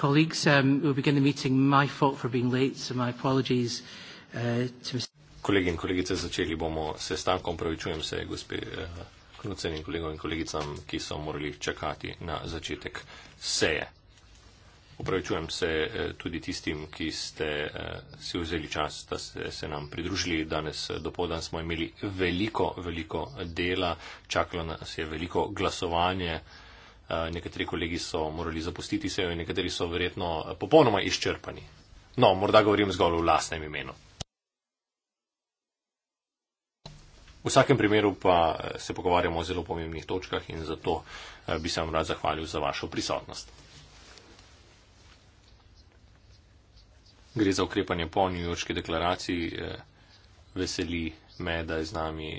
colleagues. Um, we'll begin the meeting. My fault for being late, so my apologies uh, to Mr. Kolegi in kolegice, začeli bomo sestankom. Pravičujem se, gospe eh, Knudsen in kolegom in kolegicam, ki so morali čakati na začetek seje. Opravičujem se eh, tudi tistim, ki ste eh, si vzeli čas, da ste se nam pridružili. Danes eh, dopoledan smo imeli veliko, veliko dela, čakalo nas je veliko glasovanje. Eh, Eh, nekateri kolegi so morali zapustiti sejo in nekateri so verjetno eh, popolnoma izčrpani. No, morda govorim zgolj v lasnem imenu. V vsakem primeru pa eh, se pogovarjamo o zelo pomembnih točkah in zato bi se vam rad zahvalil za vašo prisotnost. Gre za ukrepanje po njujorški deklaraciji. Veseli me, da je z nami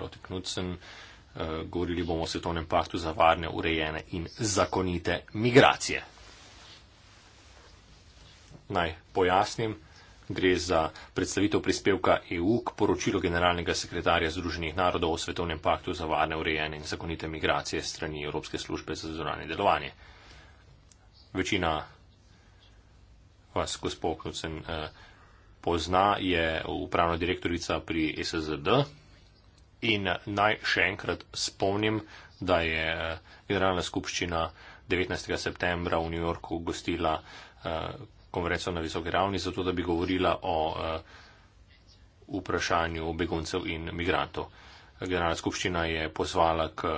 Lotte Knudsen. Eh, govorili bomo o svetovnem paktu za varne, urejene in zakonite migracije. Naj pojasnim, gre za predstavitev prispevka EU k poročilu generalnega sekretarja Združenih narodov o svetovnem paktu za varne, urejene in zakonite migracije strani Evropske službe za zunanje delovanje. Večina vas, gospod Knudsen, eh, pozna, je upravna direktorica pri SZD. In naj še enkrat spomnim, da je eh, generalna skupščina 19. septembra v New Yorku gostila eh, konferenco na visoki ravni, zato da bi govorila o eh, vprašanju beguncev in migrantov. Generalna skupščina je pozvala k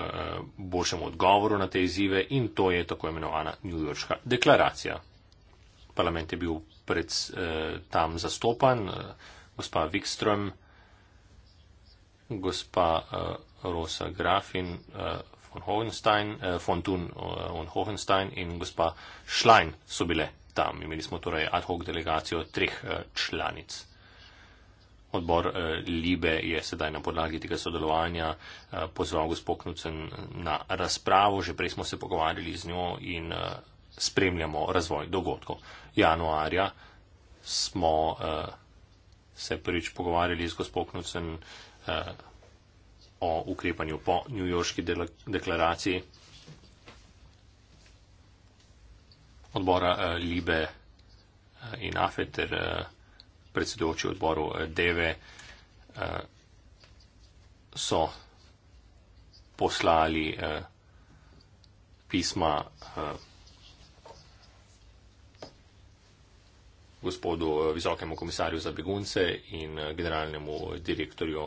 boljšemu odgovoru na te izzive in to je tako imenovana New Yorkska deklaracija. Parlament je bil pred tam zastopan, gospa Wikström, gospa uh, Rosa Grafin uh, von, Hohenstein, uh, von Thun uh, von Hohenstein in gospa Schlein so bile tam. Imeli smo torej ad hoc delegacijo treh uh, članic. Odbor uh, Libe je sedaj na podlagi tega sodelovanja uh, pozval gospod Knudsen na razpravo, že prej smo se pogovarjali z njo in uh, spremljamo razvoj dogodkov. Januarja smo uh, se prvič pogovarjali z gospod Knudsen. Uh, Eh, o ukrepanju po njujorški deklaraciji. Odbora eh, Libe eh, in Afe ter predsedujoči odboru Deve so poslali pisma gospodu eh, visokemu komisarju za begunce in eh, generalnemu direktorju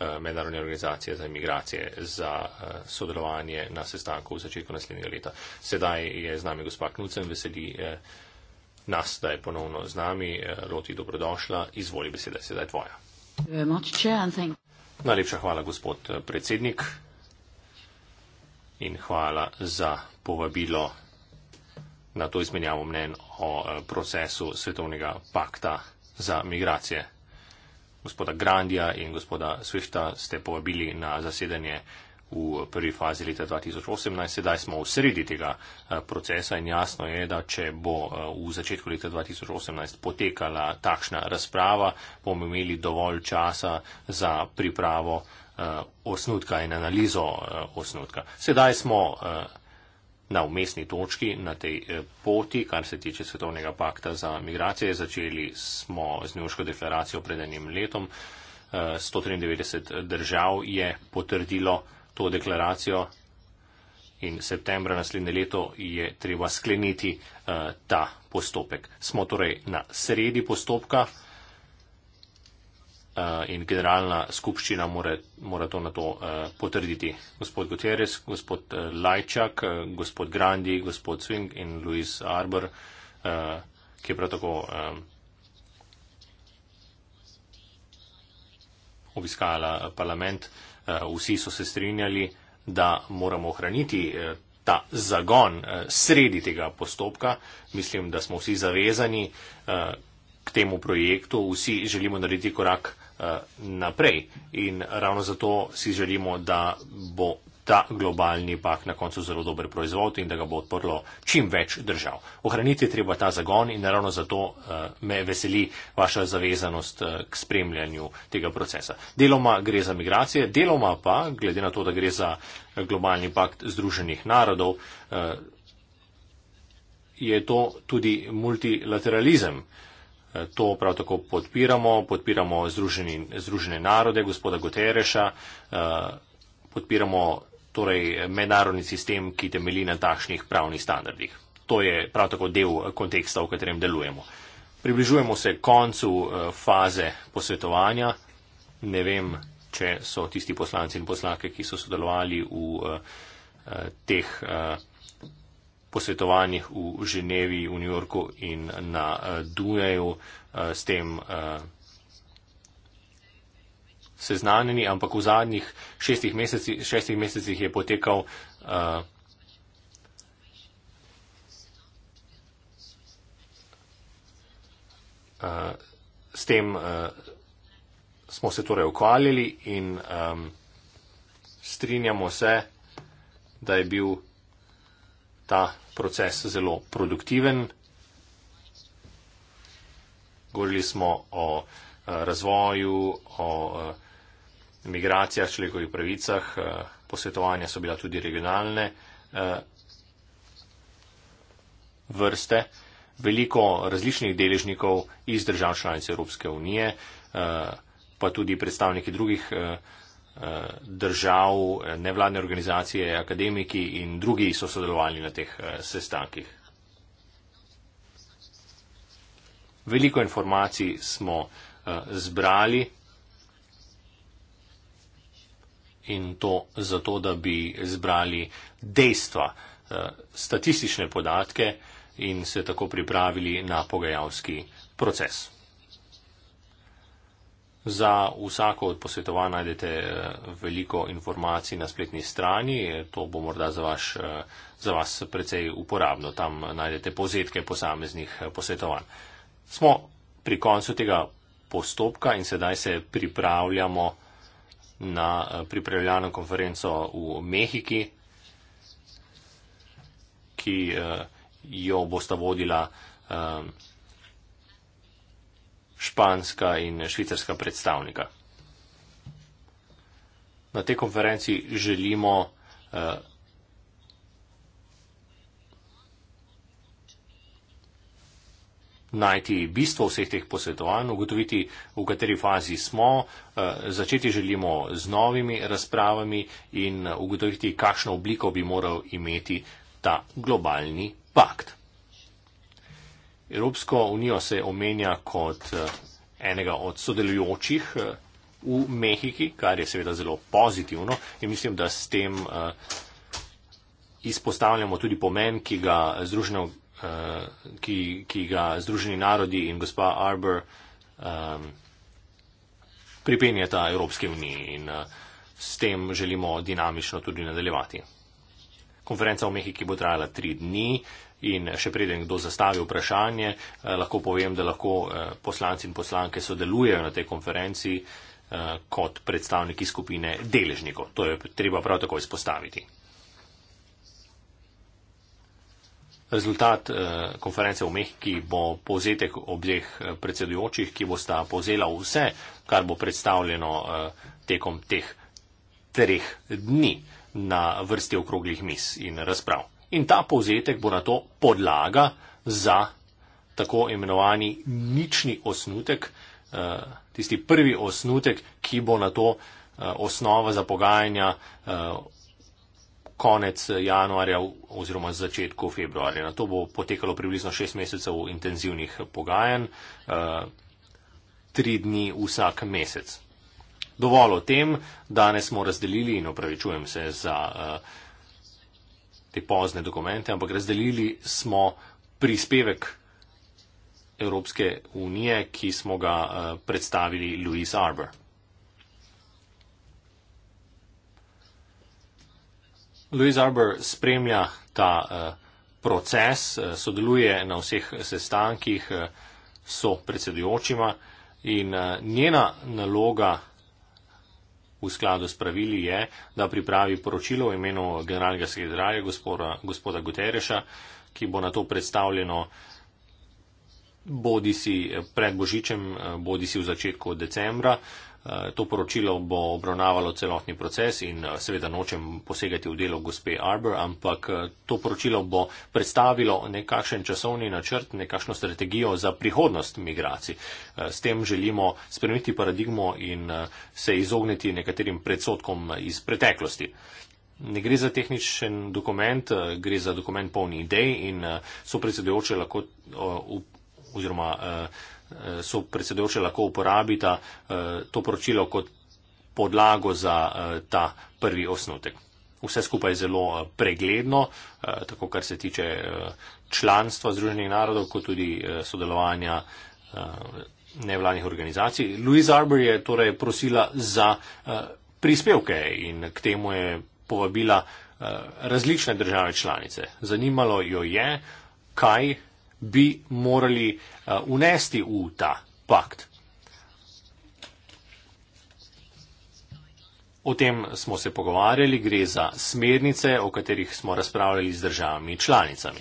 eh, mednarodne organizacije za imigracije za sodelovanje na sestanku v začetku naslednjega leta. Sedaj je z nami gospa Knucem, veseli nas, da je ponovno z nami. Roti, dobrodošla. Izvoli besede, sedaj tvoja. Najlepša hvala, gospod predsednik. In hvala za povabilo na to izmenjavo mnen o eh, procesu svetovnega pakta za migracije. Gospoda Grandija in gospoda Swifta ste povabili na zasedanje v prvi fazi leta 2018. Sedaj smo v sredi tega eh, procesa in jasno je, da če bo eh, v začetku leta 2018 potekala takšna razprava, bomo imeli dovolj časa za pripravo osnutka in analizo osnutka. Sedaj smo Na umestni točki na tej eh, poti, kar se tiče Svetovnega pakta za migracije, začeli smo z njoško deklaracijo pred enim letom. 193 eh, držav je potrdilo to deklaracijo in septembra naslednje leto je treba skleniti eh, ta postopek. Smo torej na sredi postopka. Eh, in generalna skupščina more, mora to na to eh, potrditi. Gospod Guterres, gospod eh, Lajčak, gospod Grandi, gospod Swing in Luis Arbor, ki je prav tako obiskala parlament, vsi so se strinjali, da moramo ohraniti ta zagon sredi tega postopka. Mislim, da smo vsi zavezani k temu projektu, vsi želimo narediti korak, Eh, naprej. In ravno zato si želimo, da bo ta globalni pak na koncu zelo dober proizvod in da ga bo odprlo čim več držav. Ohraniti treba ta zagon in ravno zato uh, me veseli vaša zavezanost uh, k spremljanju tega procesa. Deloma gre za migracije, deloma pa, glede na to, da gre za globalni pakt Združenih narodov, uh, je to tudi multilateralizem. Uh, To prav tako podpiramo, podpiramo Združeni, Združene narode, gospoda Gotereša, eh, podpiramo torej mednarodni sistem, ki temelji na takšnih pravnih standardih. To je prav tako del konteksta, v katerem delujemo. Približujemo se koncu eh, faze posvetovanja. Ne vem, če so tisti poslanci in poslanke, ki so sodelovali v eh, teh posvetovanjih v Ženevi, v New Yorku in na eh, Dunaju eh, s tem eh, seznanjeni, ampak v zadnjih šestih mesecih, šestih mesecih je potekal S tem uh, smo se torej ukvarjali in um, strinjamo se, da je bil ta proces zelo produktiven. Govorili smo o eh, razvoju, o eh, migracijah, človekovih pravicah, eh, posvetovanja so bila tudi regionalne vrste. Veliko različnih deležnikov iz držav članic Evropske unije, pa tudi predstavniki drugih Eh, držav, eh, nevladne organizacije, akademiki in drugi so sodelovali na teh eh, sestankih. Veliko informacij smo zbrali in to zato, da bi zbrali dejstva, statistične podatke in se tako pripravili na pogajalski proces. Za vsako od posvetovanj najdete eh, veliko informacij na spletni strani, to bo morda za, vaš, eh, za vas precej uporabno, tam najdete pozetke posameznih eh, posvetovanj. Smo pri koncu tega postopka in sedaj se pripravljamo na pripravljalno konferenco v Mehiki, ki jo bosta vodila španska in švicarska predstavnika. Na tej konferenci želimo eh, najti bistvo vseh teh posvetovanj, ugotoviti, v kateri fazi smo, eh, začeti želimo z novimi razpravami in ugotoviti, kakšno obliko bi moral imeti ta globalni pakt. Evropsko unijo se omenja kot eh, enega od sodelujočih eh, v Mehiki, kar je seveda zelo pozitivno in mislim, da s tem eh, izpostavljamo tudi pomen, ki ga, združeno, ki, ki ga Združeni narodi in gospa Arbor pripenjata Evropske unije in s tem želimo dinamično tudi nadaljevati. Konferenca v Mehiki bo trajala tri dni in še preden kdo zastavi vprašanje, eh, lahko povem, da lahko eh, poslanci in poslanke sodelujejo na tej konferenci eh, kot predstavniki skupine deležnikov. To je treba prav tako izpostaviti. Rezultat konference v Mehiki bo povzetek obeh predsedujočih, ki bosta povzela vse, kar bo predstavljeno tekom teh treh dni na vrsti okroglih mis in razprav. In ta povzetek bo na to podlaga za tako imenovani nični osnutek, eh, tisti prvi osnutek, ki bo na to eh, osnova za pogajanja eh, konec januarja oziroma začetku februarja. Na to bo potekalo približno šest mesecev intenzivnih pogajanj, tri dni vsak mesec. Dovolj o tem, danes smo razdelili in opravičujem se za uh, te pozne dokumente, ampak razdelili smo prispevek Evropske unije, ki smo ga eh, predstavili Louis Arbor. Louis Arbor spremlja ta eh, proces, eh, sodeluje na vseh sestankih so predsedujočima in njena naloga v skladu s pravili je, da pripravi poročilo v imenu generalnega sekretarja gospoda, gospoda Gutereša, ki bo na to predstavljeno bodi si pred Božičem, bodi si v začetku decembra. To poročilo bo obravnavalo celotni proces in eh, seveda nočem posegati v delo gospe Arbor, ampak eh, to poročilo bo predstavilo nekakšen časovni načrt, nekakšno strategijo za prihodnost migracij. Eh, S tem želimo spremeniti paradigmo in se izogniti nekaterim predsotkom iz preteklosti. Ne gre za tehničen dokument, gre za dokument polni idej in so predsedujoče lahko uh, oziroma uh, so predsedujoče lahko uporabita eh, to poročilo kot podlago za eh, ta prvi osnutek. Vse skupaj je zelo eh, pregledno, tako kar se tiče članstva Združenih narodov, kot tudi sodelovanja nevladnih organizacij. Louise Arbor je torej prosila za prispevke in k temu je povabila različne države članice. Zanimalo jo je, kaj bi morali eh, unesti v ta pakt. O tem smo se pogovarjali, gre za smernice, o katerih smo razpravljali z državami članicami.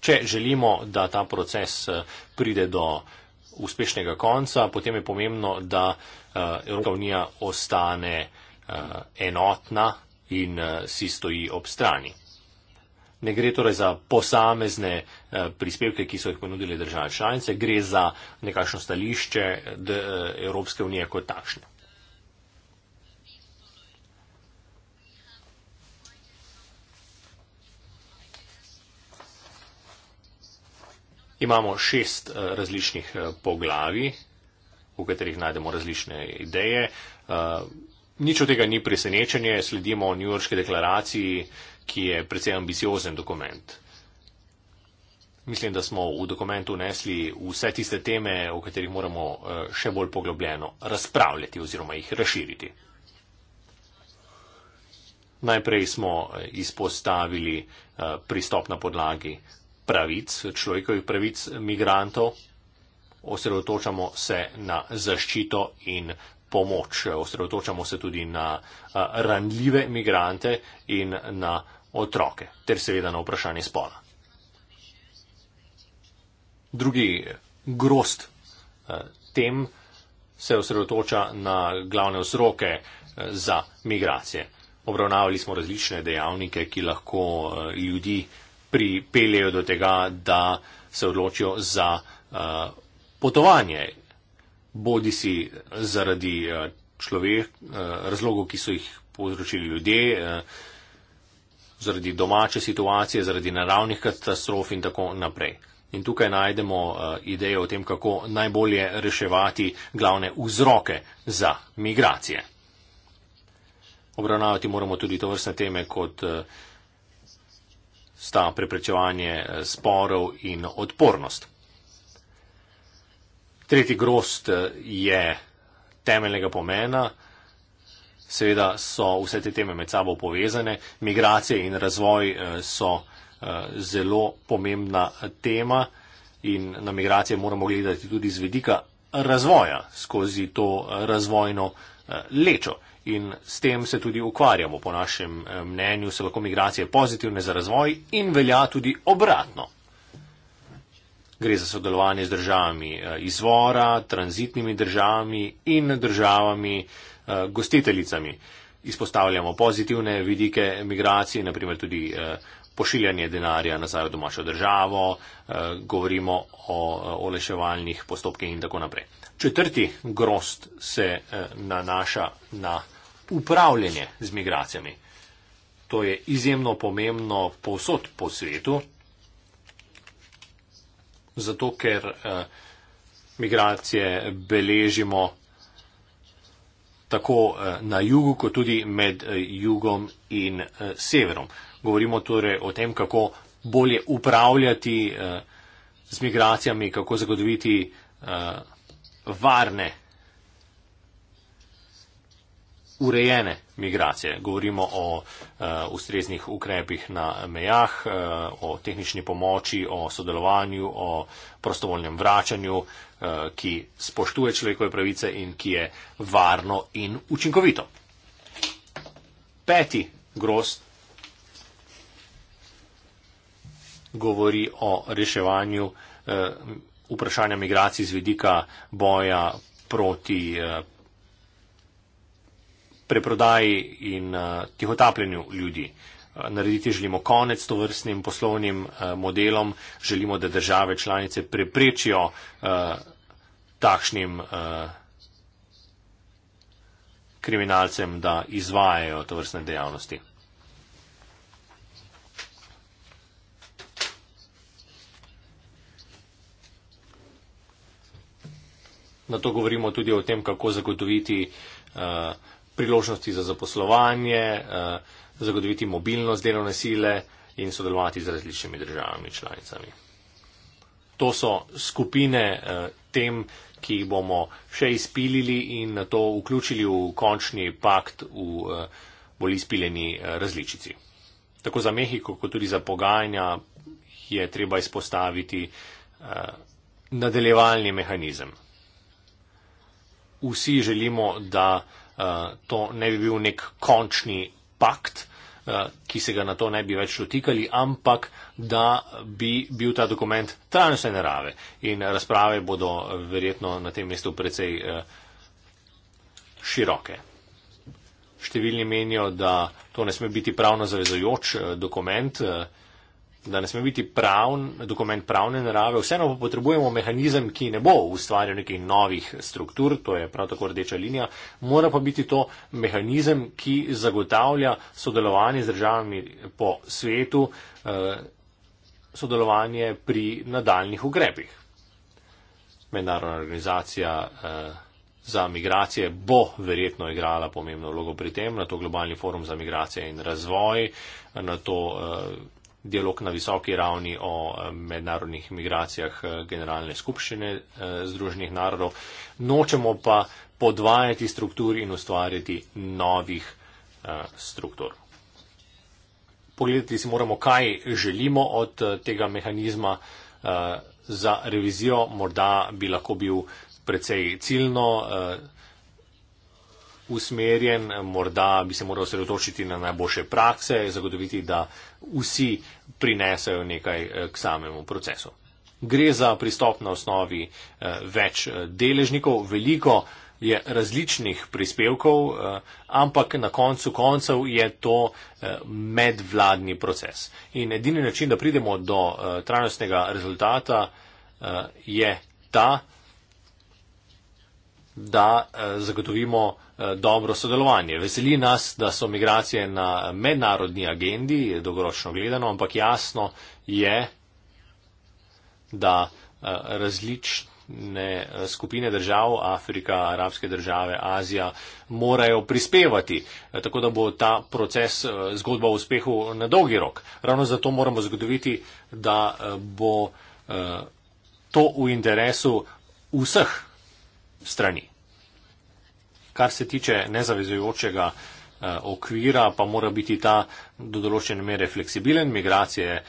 Če želimo, da ta proces eh, pride do uspešnega konca, potem je pomembno, da eh, Evropska unija ostane enotna in si stoji ob strani. Ne gre torej za posamezne eh, prispevke, ki so jih ponudili države članice, gre za nekakšno stališče eh, Evropske unije kot takšne. Imamo šest eh, različnih poglavi, v katerih najdemo različne ideje nič od tega ni presenečenje, sledimo New Yorkske deklaraciji, ki je precej ambiciozen dokument. Mislim, da smo v dokumentu nesli vse tiste teme, o katerih moramo eh, še bolj poglobljeno razpravljati oziroma jih razširiti. Najprej smo eh, izpostavili eh, pristop na podlagi pravic, človekovih pravic migrantov. Osredotočamo se na zaščito in pomoč. Osredotočamo se tudi na ranljive migrante in na otroke, ter seveda na vprašanje spola. Drugi grost tem se osredotoča na glavne vzroke za migracije. Obravnavali smo različne dejavnike, ki lahko ljudi pripeljejo do tega, da se odločijo za potovanje bodi si zaradi eh, človek, eh, razlogov, ki so jih povzročili ljudje, eh, zaradi domače situacije, zaradi naravnih katastrof in tako naprej. In tukaj najdemo ideje o tem, kako najbolje reševati glavne vzroke za migracije. Obravnavati moramo tudi to vrstne teme kot sta preprečevanje sporov in odpornost. Tretji grost eh, je temeljnega pomena. Seveda so vse te teme med sabo povezane. Migracije in razvoj eh, so eh, zelo pomembna tema in na migracije moramo gledati tudi z vedika razvoja skozi to razvojno lečo. In s tem se tudi ukvarjamo. Po našem mnenju so lahko migracije pozitivne za razvoj in velja tudi obratno. Gre za sodelovanje z državami eh, izvora, tranzitnimi državami in državami eh, gostiteljicami. Izpostavljamo pozitivne vidike migracij, naprimer tudi eh, pošiljanje denarja nazaj v domačo državo, govorimo o oleševalnih postopkih in tako naprej. Četrti grost se nanaša na upravljanje z migracijami. To je izjemno pomembno povsod po svetu, zato ker eh, migracije beležimo tako eh, na jugu, kot tudi med eh, jugom in eh, severom. Govorimo torej o tem, kako bolje upravljati eh, z migracijami, kako zagotoviti eh, varne urejene migracije. Govorimo o uh, ustreznih ukrepih na mejah, uh, o tehnični pomoči, o sodelovanju, o prostovoljnem vračanju, uh, ki spoštuje človekove pravice in ki je varno in učinkovito. Peti grost govori o reševanju uh, vprašanja migracij z vidika boja proti. Uh, preprodaji in uh, tihotapljenju ljudi. Eh, narediti želimo konec to vrstnim poslovnim eh, modelom, želimo, da države članice preprečijo uh, takšnim uh, kriminalcem, da izvajajo to vrstne dejavnosti. Na to govorimo tudi o tem, kako zagotoviti uh, priložnosti za zaposlovanje, eh, zagotoviti mobilnost delovne sile in sodelovati z različnimi državami članicami. To so skupine eh, tem, ki jih bomo še izpilili in na to vključili v končni pakt v eh, bolj izpiljeni različici. Tako za Mehiko, kot tudi za pogajanja je treba izpostaviti nadaljevalni mehanizem. Vsi želimo, da Eh, to ne bi bil nek končni pakt, eh, ki se ga na to ne bi več dotikali, ampak da bi bil ta dokument trajnostne narave. In razprave bodo verjetno na tem mestu precej eh, široke. Številni menijo, da to ne sme biti pravno zavezojoč dokument, da ne sme biti pravn, dokument pravne narave, vseeno pa potrebujemo mehanizem, ki ne bo ustvarjal nekih novih struktur, to je prav tako rdeča linija, mora pa biti to mehanizem, ki zagotavlja sodelovanje z državami po svetu, eh, sodelovanje pri nadaljnih ukrepih. Mednarodna organizacija eh, za migracije bo verjetno igrala pomembno vlogo pri tem, na to globalni forum za migracije in razvoj, na to eh, dialog na visoki ravni o eh, mednarodnih migracijah eh, Generalne skupščine eh, Združenih narodov. Nočemo pa podvajati struktur in ustvarjati novih struktur. Pogledati si moramo, kaj želimo od tega mehanizma za revizijo. Morda bi lahko bil precej ciljno usmerjen, morda bi se moral osredotočiti na najboljše prakse, zagotoviti, da uh, vsi prinesajo nekaj eh, k samemu procesu. Gre za pristop na osnovi eh, več eh, deležnikov, veliko je različnih prispevkov, ampak na koncu koncev je to medvladni proces. In edini način, da pridemo do trajnostnega rezultata, je ta, da zagotovimo, Eh, dobro sodelovanje. Veseli nas, da so migracije na mednarodni agendi, dolgoročno gledano, ampak jasno je, da eh, različne eh, skupine držav, Afrika, arabske države, Azija, morajo prispevati, tako da bo ta proces zgodba o uspehu na dolgi rok. Ravno zato moramo zagotoviti, da bo to v interesu vseh strani kar se tiče nezavezujočega eh, okvira, pa mora biti ta do določene mere fleksibilen. Migracije eh,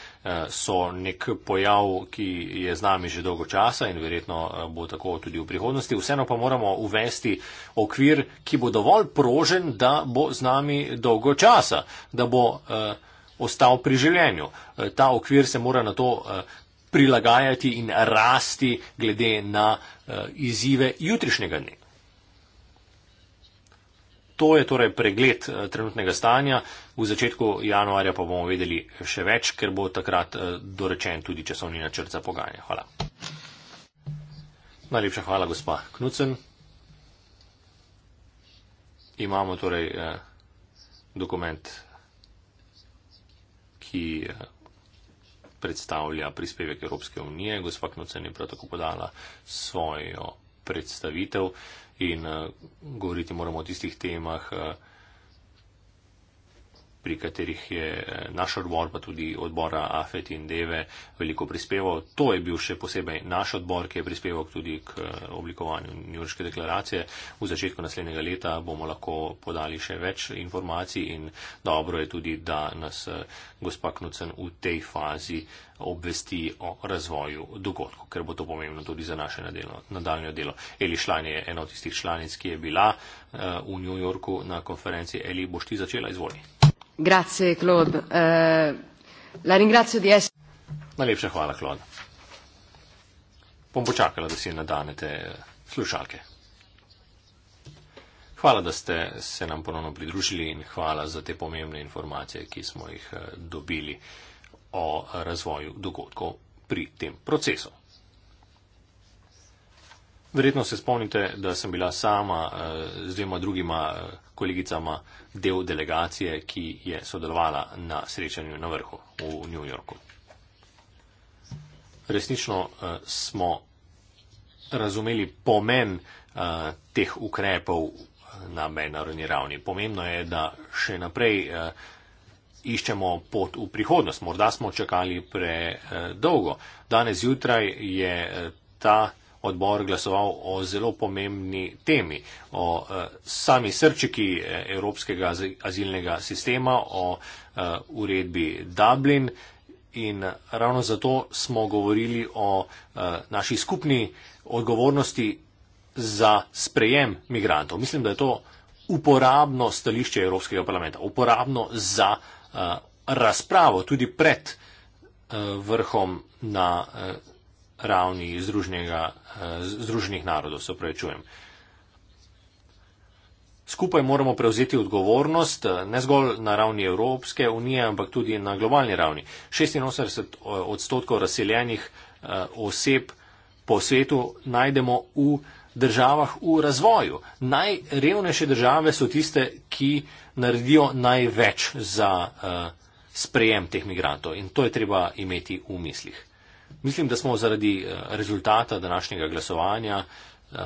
so nek pojav, ki je z nami že dolgo časa in verjetno eh, bo tako tudi v prihodnosti. Vseeno pa moramo uvesti okvir, ki bo dovolj prožen, da bo z nami dolgo časa, da bo ostal pri življenju. Ta okvir se mora na to prilagajati in rasti glede na izzive jutrišnjega dne. To je torej pregled eh, trenutnega stanja. V začetku januarja pa bomo vedeli še več, ker bo takrat eh, dorečen tudi časovni načrt za pogajanje. Hvala. Najlepša hvala, gospa Knudsen. Imamo torej eh, dokument, ki eh, predstavlja prispevek Evropske unije. Gospa Knudsen je prav tako podala svojo predstavitev. Eh, in uh, govoriti moramo o tistih temah, uh, pri katerih je eh, naš odbor, pa tudi odbora AFET in DEVE, veliko prispeval. To je bil še posebej naš odbor, ki je prispeval tudi k eh, oblikovanju New Yorkske deklaracije. V začetku naslednjega leta bomo lahko podali še več informacij in dobro je tudi, da nas eh, gospa Knudsen v tej fazi obvesti o razvoju dogodkov, ker bo to pomembno tudi za naše nadaljno delo. Eli Šlan je ena od tistih članic, ki je bila uh, v New Yorku na konferenci. Eli, boš ti začela? Izvoli grazie Claude. Eh, la ringrazio di essere. Najlepša hvala, Claude. Bom počakala, da si nadanete eh, slušalke. Hvala, da ste se nam ponovno pridružili in hvala za te pomembne informacije, ki smo jih eh, dobili o razvoju dogodkov pri tem procesu. Verjetno se spomnite, da sem bila sama eh, z dvema drugima kolegicama del delegacije, ki je sodelovala na srečanju na vrhu v New Yorku. Resnično uh, smo razumeli pomen uh, teh ukrepov eh, na mednarodni ravni. Pomembno je, da še naprej uh, iščemo pot v prihodnost. Morda smo čakali predolgo. Uh, Danes zjutraj je uh, ta odbor glasoval o zelo pomembni temi, o eh, sami srčiki eh, evropskega azilnega sistema, o eh, uredbi Dublin in ravno zato smo govorili o naši skupni odgovornosti za sprejem migrantov. Mislim, da je to uporabno stališče Evropskega parlamenta, uporabno za razpravo tudi pred vrhom na ravni eh, Združenih narodov, se prevečujem. Skupaj moramo prevzeti odgovornost eh, ne zgolj na ravni Evropske unije, ampak tudi na globalni ravni. 86 eh, odstotkov razseljenih oseb po svetu najdemo v državah v razvoju. Najrevnejše države so tiste, ki naredijo največ za sprejem teh migrantov in to je treba imeti v mislih mislim, da smo zaradi eh, rezultata današnjega glasovanja eh,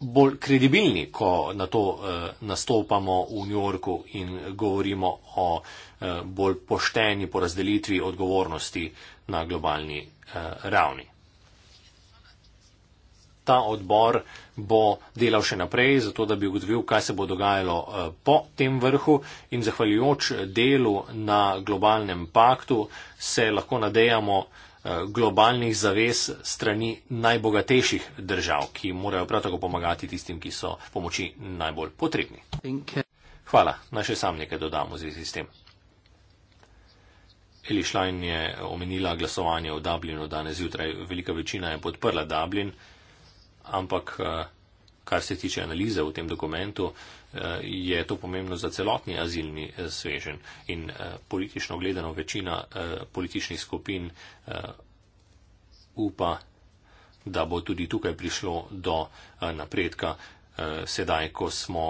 bolj kredibilni, ko na to eh, nastopamo v New Yorku in govorimo o bolj pošteni porazdelitvi odgovornosti na globalni ravni. Ta odbor bo delal še naprej, zato da bi ugotovil, kaj se bo dogajalo po tem vrhu in zahvaljujoč delu na globalnem paktu se lahko nadejamo, Eh, globalnih zavez strani najbogatejših držav, ki morajo prav tako pomagati tistim, ki so pomoči najbolj potrebni. Hvala, naj še sam nekaj dodam v zvezi s tem. Eli Schlein je omenila glasovanje v Dublinu danes zjutraj. Velika večina je podprla Dublin, ampak eh, kar se tiče analize v tem dokumentu, uh, je to pomembno za celotni azilni eh, svežen in eh, politično gledano večina eh, političnih skupin upa, da bo tudi tukaj prišlo do napredka. Sedaj, ko smo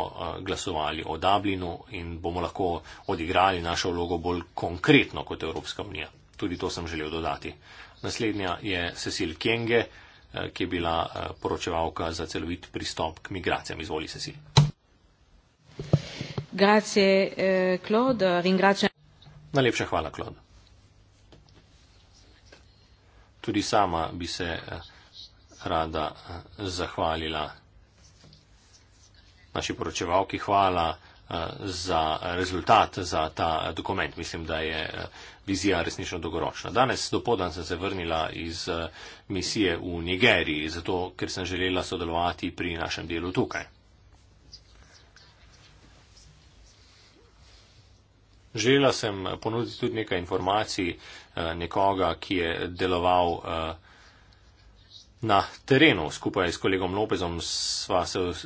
glasovali o Dublinu in bomo lahko odigrali našo vlogo bolj konkretno kot Evropska unija. Tudi to sem želel dodati. Naslednja je Cecil Kenge, ki je bila poročevalka za celovit pristop k migracijam. Izvoli Cecil. Grazie, eh, Claude. Ringrazio... Najlepša hvala, Claude. Tudi sama bi se eh, rada eh, zahvalila naši poročevalki. Hvala za rezultat, za ta dokument. Mislim, da je vizija resnično dolgoročna. Danes dopodan sem se vrnila iz misije v Nigeriji, zato ker sem želela sodelovati pri našem delu tukaj. Želela sem ponuditi tudi nekaj informacij eh, nekoga, ki je deloval eh, na terenu. Skupaj s kolegom Lopezom sva se eh,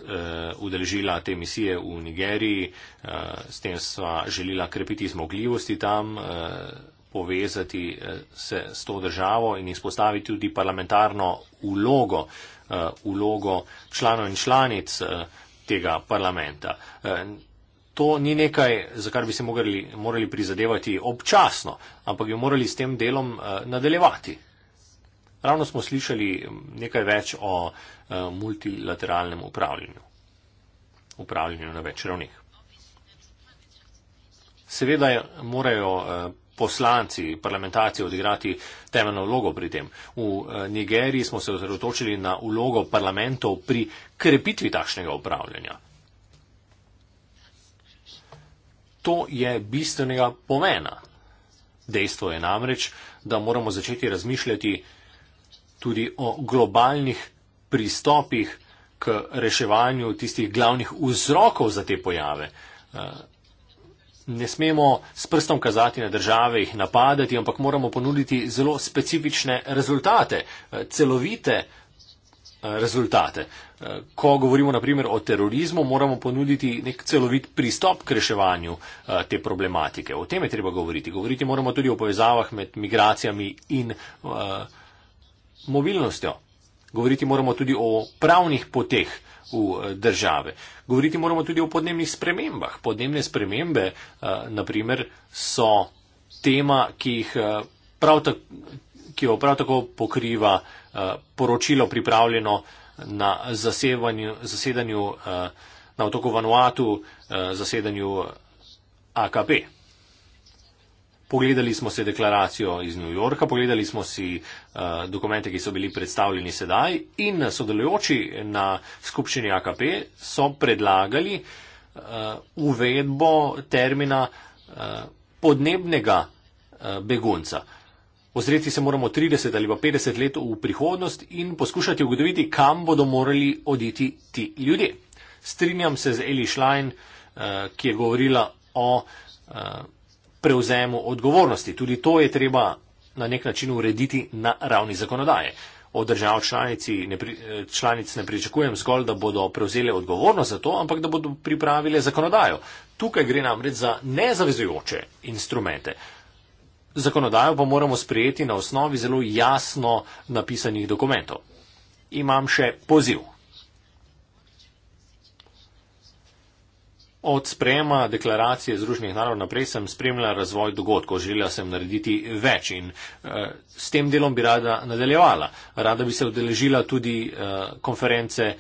udeležila te misije v Nigeriji, s tem sva želila krepiti zmogljivosti tam, povezati se s to državo in izpostaviti tudi parlamentarno ulogo, ulogo članov in članic tega parlamenta to ni nekaj, za kar bi se morali, morali prizadevati občasno, ampak bi morali s tem delom eh, nadaljevati. Ravno smo slišali nekaj več o eh, multilateralnem upravljanju, upravljanju na več ravnih. Seveda morajo eh, poslanci, parlamentarci odigrati temeljno vlogo pri tem. V Nigeriji smo se osredotočili na vlogo parlamentov pri krepitvi takšnega upravljanja. To je bistvenega pomena. Dejstvo je namreč, da moramo začeti razmišljati tudi o globalnih pristopih k reševanju tistih glavnih vzrokov za te pojave. Eh, ne smemo s prstom kazati na države, jih napadati, ampak moramo ponuditi zelo specifične rezultate, eh, celovite rezultate Eh, rezultate. Eh, ko govorimo naprimer o terorizmu, moramo ponuditi nek celovit pristop k reševanju eh, te problematike. O tem je treba govoriti. Govoriti moramo tudi o povezavah med migracijami in uh, mobilnostjo. Govoriti moramo tudi o pravnih poteh v države. Govoriti moramo tudi o podnebnih spremembah. Podnebne spremembe, uh, naprimer, so tema, ki jih uh, prav tako ki jo prav tako pokriva eh, poročilo pripravljeno na zasedanju eh, na otoku Vanuatu, eh, zasedanju AKP. Pogledali smo se deklaracijo iz New Yorka, pogledali smo si dokumente, ki so bili predstavljeni sedaj in sodelujoči na skupščini AKP so predlagali uvedbo termina podnebnega begunca. Ozreti se moramo 30 ali pa 50 let v prihodnost in poskušati ugotoviti, kam bodo morali oditi ti ljudje. Strinjam se z Eli Schlein, eh, ki je govorila o eh, prevzemu odgovornosti. Tudi to je treba na nek način urediti na ravni zakonodaje. Od držav ne pri, eh, članic ne pričakujem zgolj, da bodo prevzele odgovornost za to, ampak da bodo pripravile zakonodajo. Tukaj gre namreč za nezavezujoče instrumente. Zakonodajo pa moramo sprejeti na osnovi zelo jasno napisanih dokumentov. Imam še poziv. Od sprejema deklaracije Združenih narodov naprej sem spremljala razvoj dogodkov, želela sem narediti več in eh, s tem delom bi rada nadaljevala. Rada bi se odeležila tudi eh, konference eh,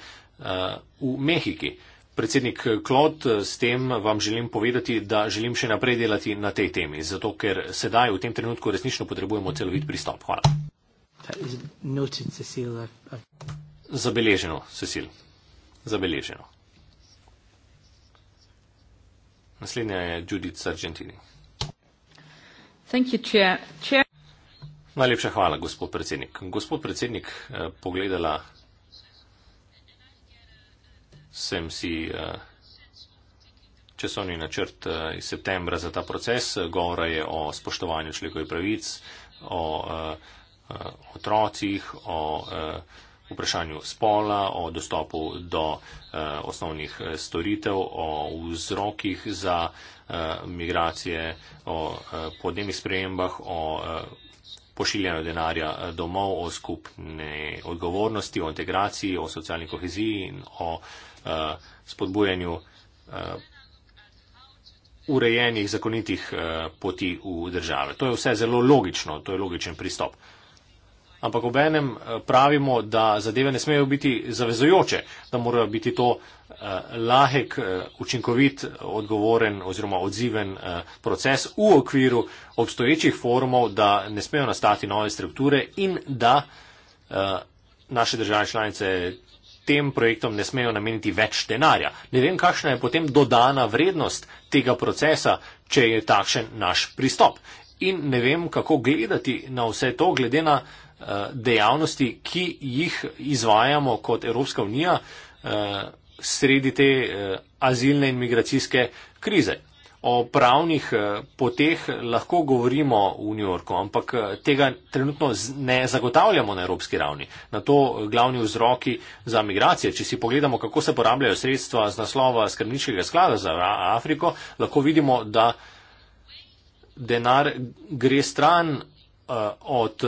v Mehiki. Eh, Predsednik Klot, eh, s tem vam želim povedati, da želim še naprej delati na tej temi, zato ker sedaj v tem trenutku resnično potrebujemo celovit pristop. Hvala. Zabeleženo, Cecil. Zabeleženo. Naslednja je Judith Sargentini. Najlepša hvala, gospod predsednik. Gospod predsednik, eh, pogledala sem si eh, časovni načrt eh, iz septembra za ta proces. Govora je o spoštovanju človekovih pravic, o eh, otrocih, o vprašanju spola, o dostopu do osnovnih storitev, o vzrokih za migracije, o podnebnih spremembah, o pošiljanju denarja eh, domov, o skupni odgovornosti, o integraciji, o socialni koheziji in o eh, spodbujanju eh, urejenih zakonitih poti v države. To je vse zelo logično, to je logičen pristop ampak obenem eh, pravimo, da zadeve ne smejo biti zavezojoče, da morajo biti to eh, lahek, eh, učinkovit, odgovoren oziroma odziven proces v okviru obstoječih forumov, da ne smejo nastati nove strukture in da naše države članice tem projektom ne smejo nameniti več denarja. Ne vem, kakšna je potem dodana vrednost tega procesa, če je takšen naš pristop. In ne vem, kako gledati na vse to, glede na uh, Eh, dejavnosti, ki jih izvajamo kot Evropska unija eh, sredi te eh, azilne in migracijske krize. O pravnih poteh lahko govorimo v New Yorku, ampak tega trenutno ne zagotavljamo na evropski ravni. Na to glavni vzroki za migracije. Če si pogledamo, kako se porabljajo sredstva z naslova skrbničkega sklada za Afriko, lahko vidimo, da denar gre stran od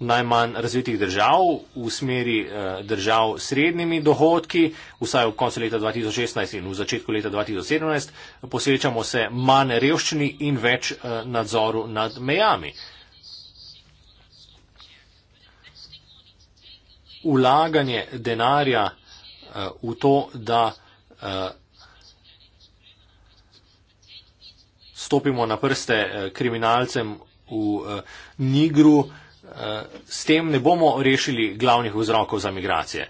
najmanj razvitih držav v smeri eh, držav s srednjimi dohodki, vsaj v koncu leta 2016 in v začetku leta 2017, posvečamo se manj revščini in več eh, nadzoru nad mejami. Ulaganje denarja eh, v to, da stopimo na prste kriminalcem v Nigru, Eh, s tem ne bomo rešili glavnih vzrokov za migracije.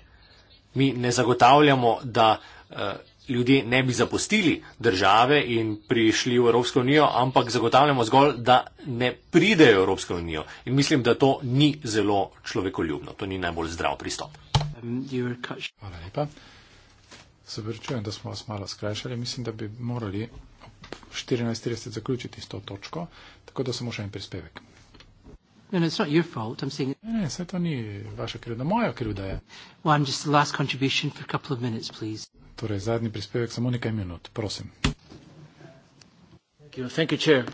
Mi ne zagotavljamo, da eh, ljudje ne bi zapustili države in prišli v Evropsko unijo, ampak zagotavljamo zgolj, da ne pridejo v Evropsko unijo. In mislim, da to ni zelo človekoljubno, to ni najbolj zdrav pristop. Hvala lepa. Se vrčujem, da smo vas malo skrajšali. Mislim, da bi morali 14.30 zaključiti s to točko, tako da samo še en prispevek. No, no, it's not your fault. I'm saying. Ne, se to ni vaša krivda, moja krivda je. Well, I'm just the last contribution for a couple of minutes, please. Torej, zadnji prispevek samo nekaj minut, prosim. Thank you. Thank you, chair.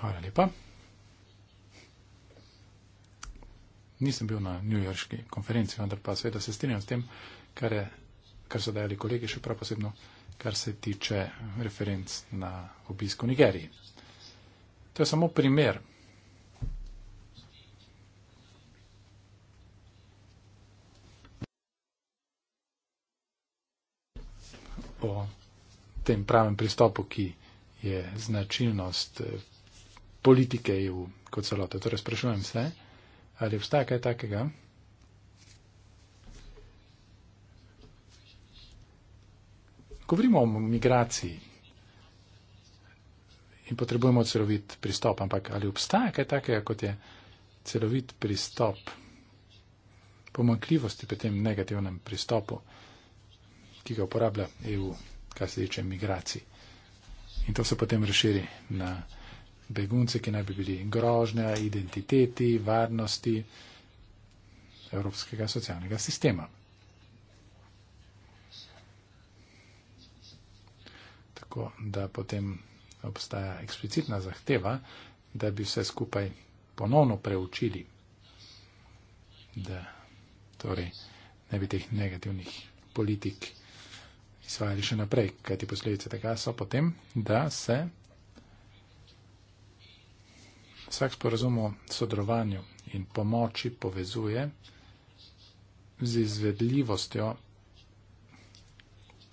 Hvala lepa. Nisem bil na New Yorkški konferenci, vendar pa seveda se strinjam s tem, kar, je, kar so dajali kolegi še prav posebno, kar se tiče referenc na obisko v Nigeriji. To je samo primer po tem pravem pristopu, ki je značilnost eh, politike EU kot celote. Torej sprašujem se, ali obstaja kaj takega? Govorimo o migraciji in potrebujemo celovit pristop, ampak ali obstaja kaj takega, kot je celovit pristop pomankljivosti pri tem negativnem pristopu? ki ga uporablja EU, kar se tiče migracij. In to se potem razširi na begunce, ki naj bi bili grožnja identiteti, varnosti evropskega socialnega sistema. Tako da potem obstaja eksplicitna zahteva, da bi vse skupaj ponovno preučili, da torej ne bi teh negativnih politik izvajali še naprej, kaj ti posledice tega so potem, da se vsak sporazum o sodelovanju in pomoči povezuje z izvedljivostjo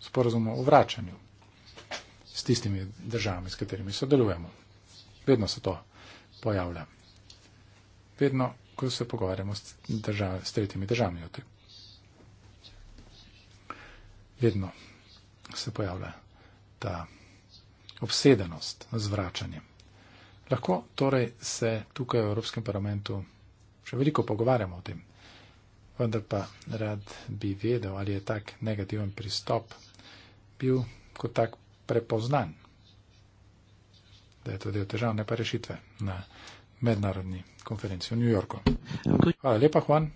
sporazumu o vračanju s tistimi državami, s katerimi sodelujemo. Vedno se to pojavlja. Vedno, ko se pogovarjamo s, država, s tretjimi državami o tem. Vedno se pojavlja ta obsedenost z vračanjem. Lahko torej se tukaj v Evropskem parlamentu še veliko pogovarjamo o tem, vendar pa rad bi vedel, ali je tak negativen pristop bil kot tak prepoznan, da je to del težavne pa rešitve na mednarodni konferenci v New Yorku. Hvala lepa, Juan.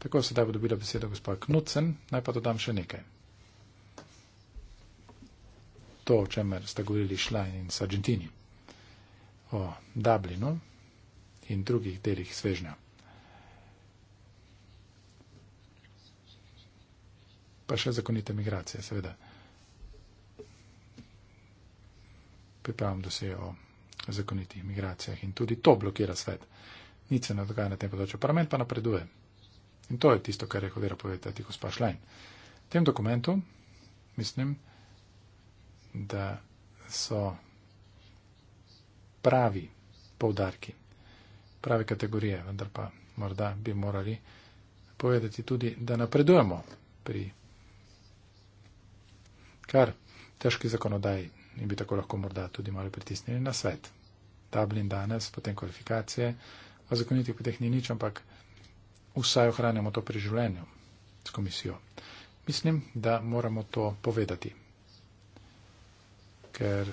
Tako sedaj bo dobila beseda gospod Knudsen, naj pa dodam še nekaj to, o čemer sta govorili Šlajn in Sargentini, o Dublinu in drugih delih svežnja. Pa še zakonite migracije, seveda. Pripravljam, da se je o zakonitih migracijah in tudi to blokira svet. Nič se ne dogaja na tem področju. Parlament pa napreduje. In to je tisto, kar je hodila povedati gospa Šlajn. V tem dokumentu, mislim, da so pravi povdarki, prave kategorije, vendar pa morda bi morali povedati tudi, da napredujemo pri kar težki zakonodaji in bi tako lahko morda tudi malo pritisnili na svet. Dublin danes, potem kvalifikacije, o zakonitih poteh ni nič, ampak vsaj ohranjamo to pri življenju s komisijo. Mislim, da moramo to povedati ker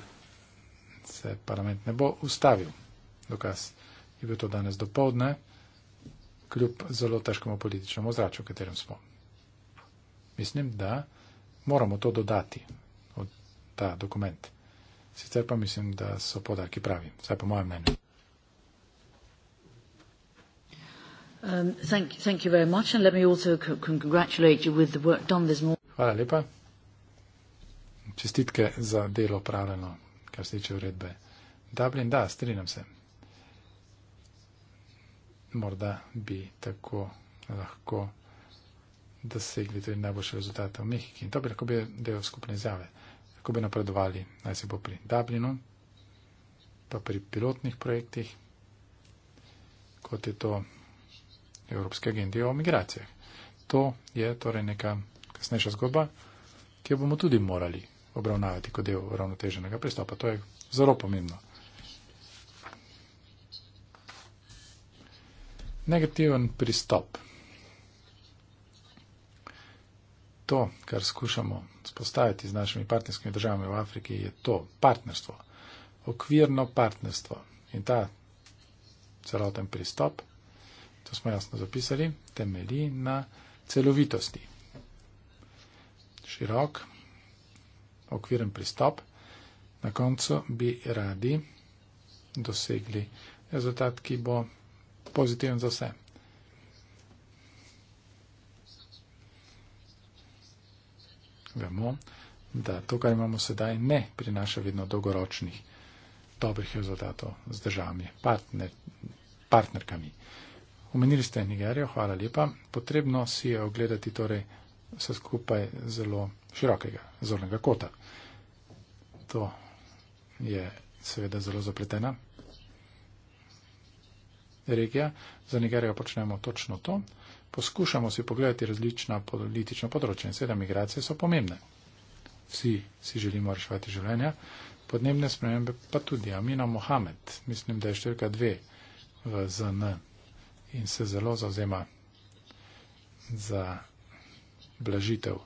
se parlament ne bo ustavil. Dokaz je bil to danes do povdne, kljub zelo težkemu političnemu zraču, v katerem smo. Mislim, da moramo to dodati v ta dokument. Sicer pa mislim, da so podarki pravi, vsaj po mojem mnenju. Um, thank, thank you very much and let me also congratulate you with the work done this morning čestitke za delo upravljeno, kar se tiče uredbe. Dublin, da, strinjam se. Morda bi tako lahko dosegli tudi najboljše rezultate v Mehiki. To bi lahko bil del skupne izjave. Lahko bi napredovali, naj se bo pri Dublinu, pa pri pilotnih projektih, kot je to Evropske agendije o migracijah. To je torej neka kasnejša zgodba, ki jo bomo tudi morali obravnavati kot del ravnoteženega pristopa. To je zelo pomembno. Negativen pristop. To, kar skušamo spostaviti z našimi partnerskimi državami v Afriki, je to partnerstvo, okvirno partnerstvo. In ta celoten pristop, to smo jasno zapisali, temelji na celovitosti. Širok okviren pristop. Na koncu bi radi dosegli rezultat, ki bo pozitiven za vse. Vemo, da to, kar imamo sedaj, ne prinaša vedno dolgoročnih dobrih rezultatov z državami, partner, partnerkami. Omenili ste Nigerijo, hvala lepa. Potrebno si je ogledati torej vse skupaj zelo širokega zornega kota. To je seveda zelo zapletena regija. Za Nigerijo počnemo točno to. Poskušamo si pogledati različna politična področja in seveda migracije so pomembne. Vsi si želimo reševati življenja, podnebne spremembe pa tudi. Amina Mohamed, mislim, da je številka dve v ZN in se zelo zauzema za blažitev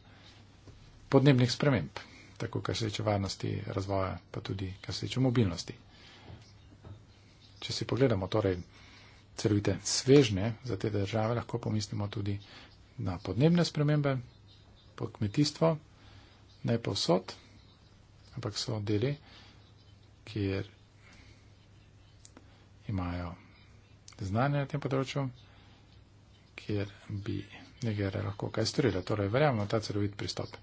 podnebnih sprememb, tako kar se tiče varnosti, razvoja, pa tudi kar se tiče mobilnosti. Če si pogledamo torej celovite svežne za te države, lahko pomislimo tudi na podnebne spremembe, po kmetijstvo, ne povsod, ampak so deli, kjer imajo znanje na tem področju, kjer bi Nigerija lahko kaj storila. Torej, verjamem v ta celovit pristop.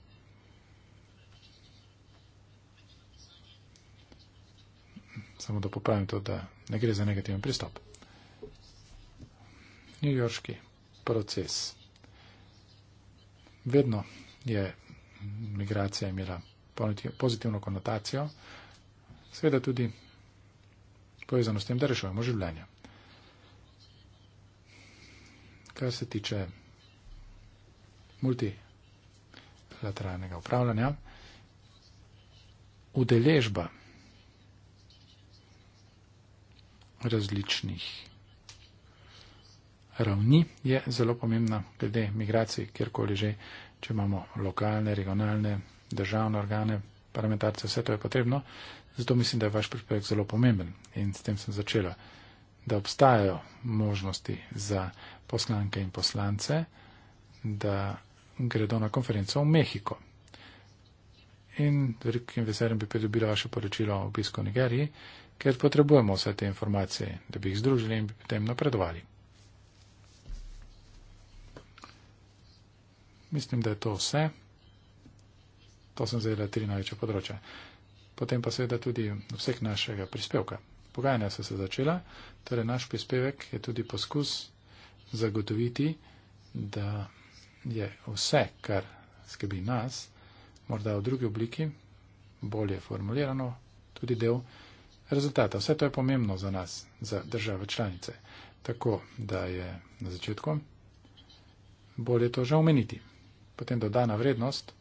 samo da popravim to, da ne gre za negativen pristop. New Yorkski proces. Vedno je migracija imela pozitivno konotacijo, seveda tudi povezano s tem, da rešujemo življenje. Kar se tiče multilateralnega upravljanja, udeležba različnih ravni je zelo pomembna glede migracij, kjerkoli že, če imamo lokalne, regionalne, državne organe, parlamentarce, vse to je potrebno. Zato mislim, da je vaš prispevek zelo pomemben in s tem sem začela, da obstajajo možnosti za poslanke in poslance, da gredo na konferenco v Mehiko. In velikim veseljem bi pridobila vaše poročilo o obisku Nigeriji ker potrebujemo vse te informacije, da bi jih združili in potem napredovali. Mislim, da je to vse. To sem zdaj le tri največje področje. Potem pa seveda tudi vseh našega prispevka. Pogajanja so se začela, torej naš prispevek je tudi poskus zagotoviti, da je vse, kar skrbi nas, morda v drugi obliki, bolje formulirano, tudi del rezultata. Vse to je pomembno za nas, za države članice. Tako da je na začetku bolje to že omeniti. Potem dodana vrednost.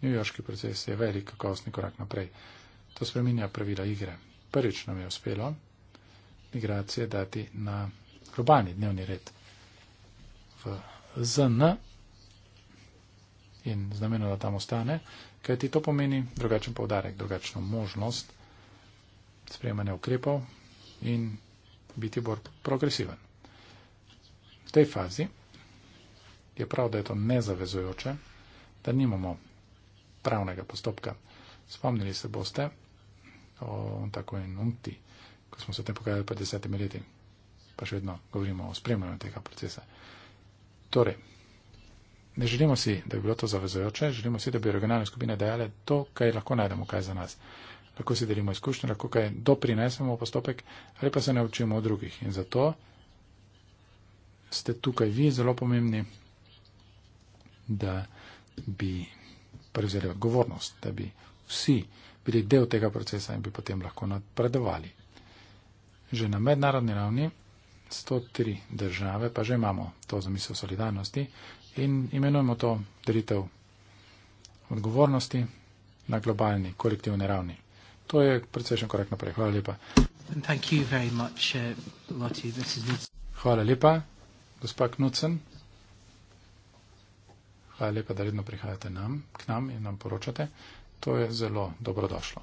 New Yorkski proces je velik kakovostni korak naprej. To spreminja pravila igre. Prvič nam je uspelo migracije dati na globalni dnevni red v ZN in z namenom, da tam ostane, Kaj ti to pomeni? Drugačen povdarek, drugačno možnost sprejemanja ukrepov in biti bolj progresiven. V tej fazi je prav, da je to nezavezujoče, da nimamo pravnega postopka. Spomnili se boste o tako in unkti, ko smo se tem pokazali pred desetimi leti, pa še vedno govorimo o spremljanju tega procesa. Torej, Ne želimo si, da bi bilo to zavezojoče, želimo si, da bi regionalne skupine dajale to, kaj lahko najdemo, kaj za nas. Lahko si delimo izkušnje, lahko kaj doprinesemo v postopek, ali pa se naučimo od drugih. In zato ste tukaj vi zelo pomembni, da bi prevzeli odgovornost, da bi vsi bili del tega procesa in bi potem lahko napredovali. Že na mednarodni ravni. 103 države, pa že imamo to zamisel solidarnosti, in imenujemo to delitev odgovornosti na globalni, kolektivni ravni. To je precejšen korak naprej. Hvala lepa. Much, uh, Lottie, Hvala lepa, gospod Knudsen. Hvala lepa, da redno prihajate nam, k nam in nam poročate. To je zelo dobrodošlo.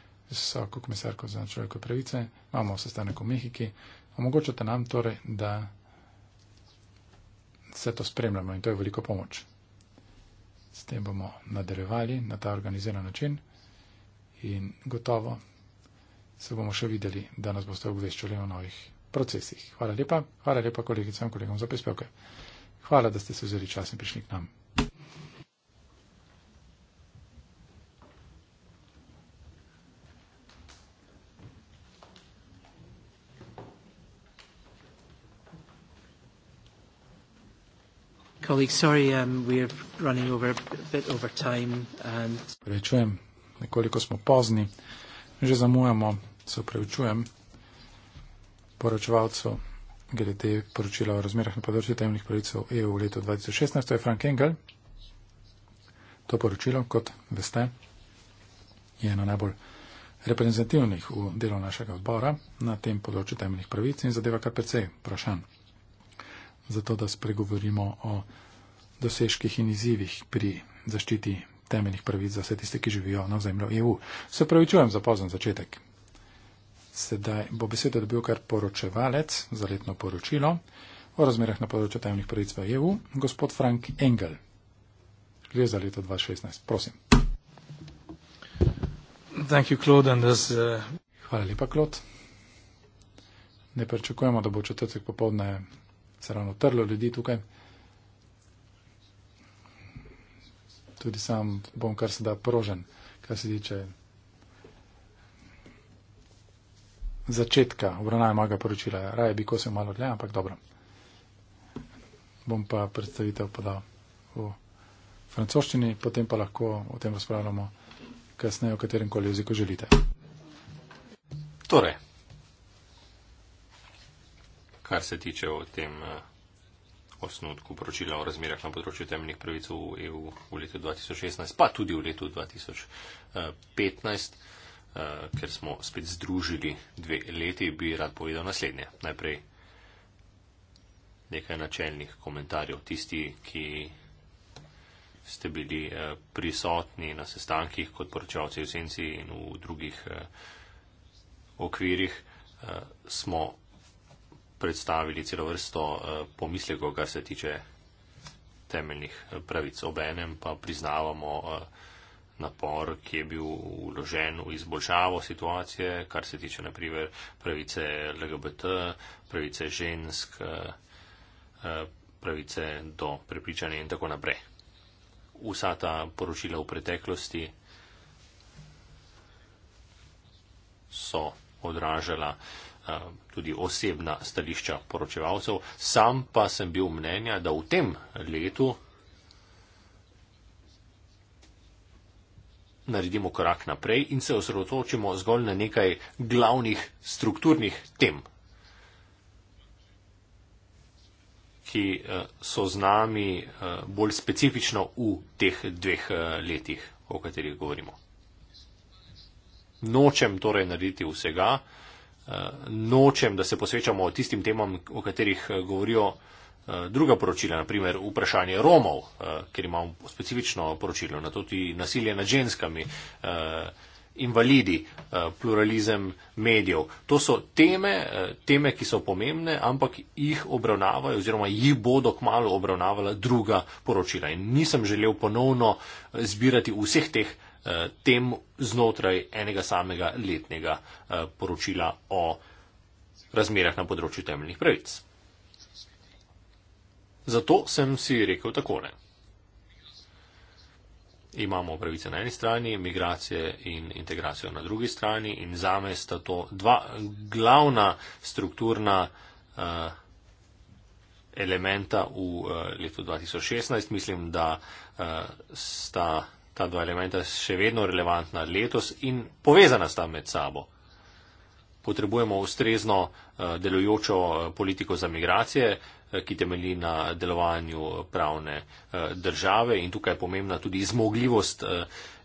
visoko komisarko za človekove pravice, imamo sestanek v Mehiki, omogočate nam torej, da se to spremljamo in to je veliko pomoč. S tem bomo nadaljevali na ta organiziran način in gotovo se bomo še videli, da nas boste obveščali o novih procesih. Hvala lepa, hvala lepa kolegicam in kolegom za prispevke. Hvala, da ste se vzeli čas in prišli k nam. colleagues, sorry, um, we are running over a bit over time. And... Prevečujem, nekoliko smo pozni, že zamujamo, se prevečujem poročevalcu GDT poročila o razmerah na področju temeljnih pravicev EU v letu 2016, to je Frank Engel. To poročilo, kot veste, je eno najbolj reprezentativnih v delu našega odbora na tem področju temeljnih pravic in zadeva kar precej vprašanj zato da spregovorimo o dosežkih in izzivih pri zaščiti temeljnih pravic za vse tiste, ki živijo na ozemlju EU. Se pravi, čujem za pozen začetek. Sedaj bo besedo dobil kar poročevalec za letno poročilo o razmerah na področju temeljnih pravic v EU, gospod Frank Engel. Gre za leto 2016. Prosim. You, Claude, this, uh... Hvala lepa, Klod. Ne pričakujemo, da bo četrtek popovdne se ravno trlo ljudi tukaj. Tudi sam bom kar se da prožen, kar se tiče začetka obravnave mojega poročila. Raje bi kosil malo dlje, ampak dobro. Bom pa predstavitev podal v francoščini, potem pa lahko o tem razpravljamo kasneje o katerem koli jeziku želite. Torej, kar se tiče o tem uh, osnutku poročila o razmerah na področju temeljnih pravic v EU v letu 2016, pa tudi v letu 2015, uh, eh, ker smo spet združili dve leti, bi rad povedal naslednje. Najprej nekaj načeljnih komentarjev. Tisti, ki ste bili uh, prisotni na sestankih kot poročevalci v senci in v drugih uh, okvirih, uh, smo predstavili celo vrsto eh, pomislekov, kar se tiče temeljnih eh, pravic. Obenem pa priznavamo eh, napor, ki je bil uložen v izboljšavo situacije, kar se tiče naprimer pravice LGBT, pravice žensk, pravice do prepričanja in tako naprej. Vsa ta poročila v preteklosti so odražala uh, Um, tudi osebna stališča poročevalcev. Sam pa sem bil mnenja, da v tem letu naredimo korak naprej in se osredotočimo zgolj na nekaj glavnih strukturnih tem, ki uh, so z nami uh, bolj specifično v teh dveh uh, letih, o katerih govorimo. Nočem torej narediti vsega, nočem, da se posvečamo tistim temam, o katerih eh, govorijo eh, druga poročila, naprimer vprašanje Romov, eh, ker imamo specifično poročilo, na to tudi nasilje nad ženskami, invalidi, pluralizem medijev. To so teme, teme, ki so pomembne, ampak jih obravnavajo oziroma jih bodo kmalo obravnavala druga poročila. In nisem želel ponovno zbirati vseh teh Eh, tem znotraj enega samega letnega eh, poročila o razmerah na področju temeljnih pravic. Zato sem si rekel takole. Imamo pravice na eni strani, migracije in integracijo na drugi strani in za me sta to dva glavna strukturna uh, elementa v uh, letu 2016. Mislim, da uh, sta ta dva elementa še vedno relevantna letos in povezana sta med sabo. Potrebujemo ustrezno eh, delujočo eh, politiko za migracije, eh, ki temelji na delovanju pravne države in tukaj je pomembna tudi zmogljivost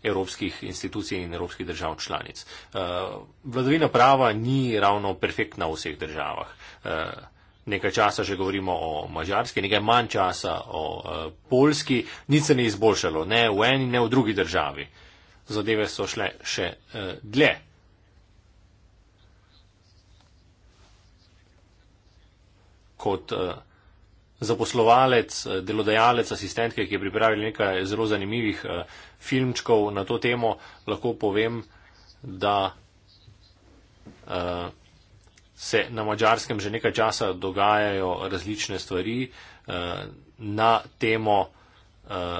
evropskih institucij in evropskih držav članic. Vladavina prava ni ravno perfektna v vseh državah nekaj časa že govorimo o mađarski, nekaj manj časa o uh, e, polski, nič se ni izboljšalo, ne v eni, ne v drugi državi. Zadeve so šle še uh, dlje. Kot uh, zaposlovalec, delodajalec, asistentke, ki je pripravil nekaj zelo zanimivih uh, filmčkov na to temo, lahko povem, da uh, se na mačarskem že nekaj časa dogajajo različne stvari eh, na temo eh,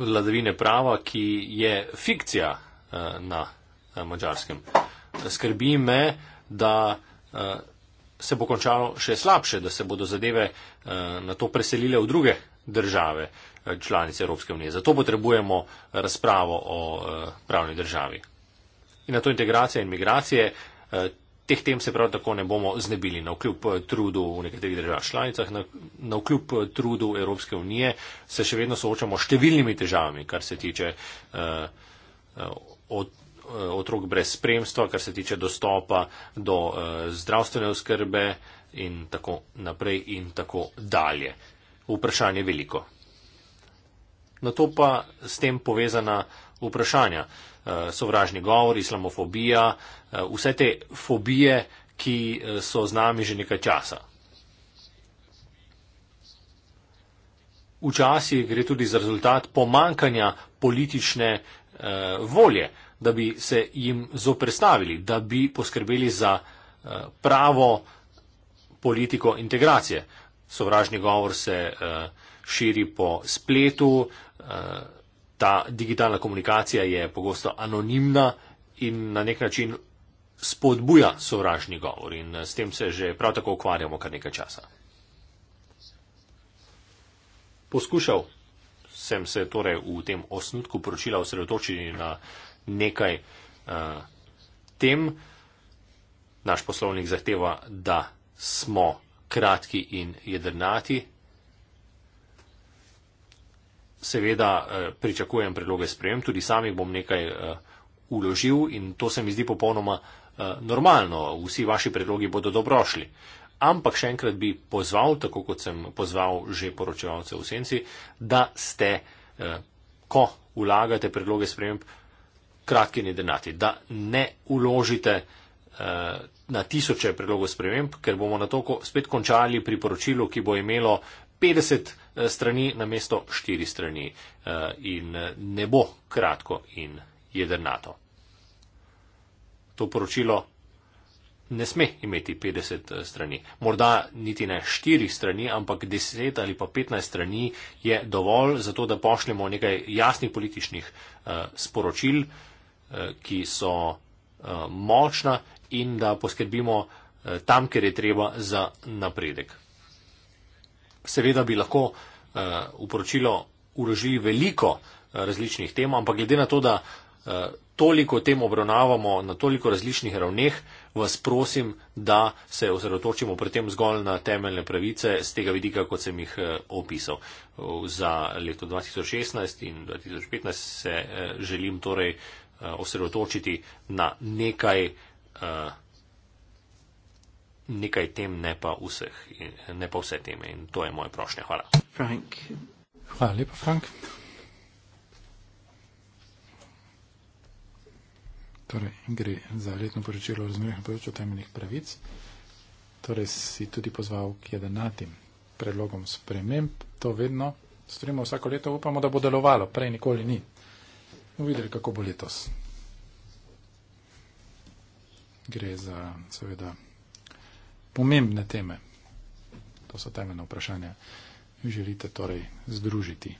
vladavine prava, ki je fikcija eh, na mačarskem. Skrbi me, da se bo končalo še slabše, da se bodo zadeve na to preselile v druge države članice Evropske unije. Zato potrebujemo razpravo o pravni državi. In na to integracija in migracije, Eh, teh tem se prav tako ne bomo znebili, na vkljub eh, trudu v nekaterih državah članicah, na vkljub eh, trudu Evropske unije se še vedno soočamo s številnimi težavami, kar se tiče uh, od otrok brez spremstva, kar se tiče dostopa do uh, zdravstvene oskrbe in tako naprej in tako dalje. Vprašanje veliko. Na to pa s tem povezana vprašanja. Uh, Eh, sovražni govor, islamofobija, eh, vse te fobije, ki eh, so z nami že nekaj časa. Včasih gre tudi za rezultat pomankanja politične volje, da bi se jim zoprestavili, da bi poskrbeli za pravo politiko integracije. Sovražni govor se širi po spletu, ta digitalna komunikacija je pogosto anonimna in na nek način spodbuja sovražni govor in s tem se že prav tako ukvarjamo kar nekaj časa. Poskušal sem se torej v tem osnutku poročila osredotočiti na nekaj uh, tem. Naš poslovnik zahteva, da smo kratki in jedrnati, seveda eh, pričakujem predloge sprejem, tudi sam jih bom nekaj eh, uložil in to se mi zdi popolnoma eh, normalno. Vsi vaši predlogi bodo dobrošli. Ampak še enkrat bi pozval, tako kot sem pozval že poročevalce v senci, da ste, ko vlagate predloge sprejem, kratki nedenati, da ne uložite na tisoče predlogov sprememb, ker bomo na to spet končali priporočilo, ki bo imelo 50 eh, strani na mesto 4 strani eh, in eh, ne bo kratko in jedrnato. To poročilo ne sme imeti 50 strani. Morda niti ne 4 strani, ampak 10 ali pa 15 strani je dovolj za to, da pošljemo nekaj jasnih političnih sporočil, ki so močna in da poskrbimo tam, kjer je treba za napredek. Seveda bi lahko eh, v poročilo uložili veliko eh, različnih tem, ampak glede na to, da eh, toliko tem obravnavamo na toliko različnih ravneh, vas prosim, da se osredotočimo pri tem zgolj na temeljne pravice z tega vidika, kot sem jih opisal. Za leto 2016 in 2015 se želim torej osredotočiti na nekaj nekaj tem, ne pa, vseh, ne pa vse teme. In to je moja prošnja. Hvala. Frank. Hvala lepa, Frank. Torej, gre za letno poročilo o razmerah na področju temeljnih pravic. Torej, si tudi pozval k jedenatim predlogom sprememb. To vedno storimo vsako leto, upamo, da bo delovalo. Prej nikoli ni. Bomo videli, kako bo letos. Gre za, seveda, pomembne teme. To so temeljna vprašanja. Želite torej združiti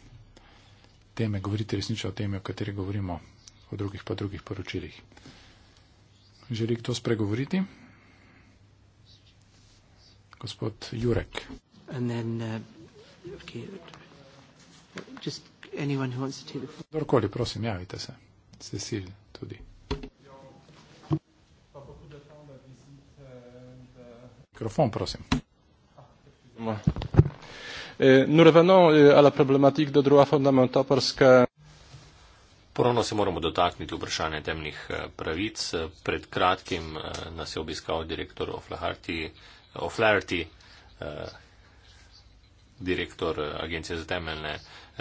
teme, govoriti resnično o teme, o kateri govorimo o drugih pa drugih poročilih. Želi kdo spregovoriti? Gospod Jurek. Uh, Kdorkoli, prosim, javite se. Cecil tudi. mikrofon, prosim. Eh, nous revenons eh, à la problématique de droit fondamental parce que... Ponovno se moramo dotakniti vprašanja temnih eh, pravic. Pred kratkim nas je obiskal direktor O'Flaherty, direktor Agencije za temeljne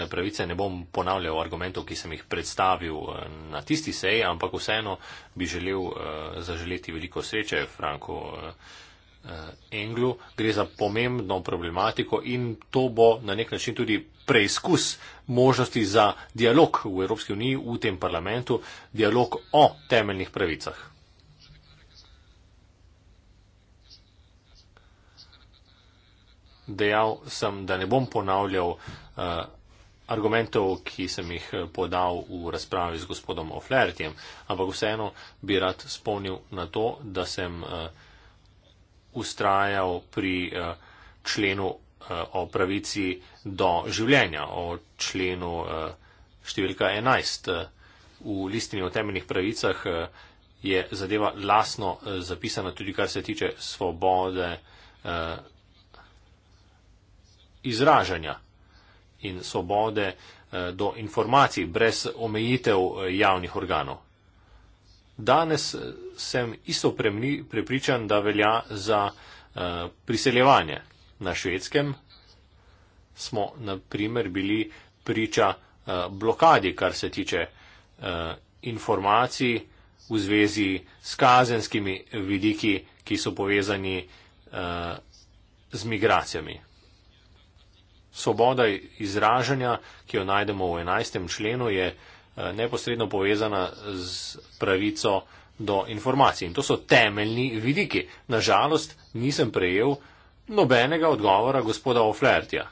pravice. Ne bom ponavljal argumentov, ki sem jih predstavil na tisti seji, ampak vseeno bi želel zaželeti veliko sreče, Franko. Eh, Englu, gre za pomembno problematiko in to bo na nek način tudi preizkus možnosti za dialog v Evropski uniji, v tem parlamentu, dialog o temeljnih pravicah. Dejal sem, da ne bom ponavljal uh, argumentov, ki sem jih eh, podal v razpravi z gospodom Oflertjem, ampak vseeno bi rad spomnil na to, da sem uh, ustrajal pri eh, členu eh, o pravici do življenja, o členu eh, številka 11. V listini o temeljnih pravicah je zadeva lasno zapisana tudi kar se tiče svobode izražanja in svobode do informacij brez omejitev javnih organov danes eh, sem isto premni, prepričan, da velja za uh, priseljevanje. Na švedskem smo, na primer, bili priča uh, blokadi, kar se tiče uh, informacij v zvezi s kazenskimi vidiki, ki so povezani uh, z migracijami. Svoboda izražanja, ki jo najdemo v 11. členu, je uh, Eh, neposredno povezana z pravico do informacij. In to so temeljni vidiki. Nažalost, nisem prejel nobenega odgovora gospoda Oflertja.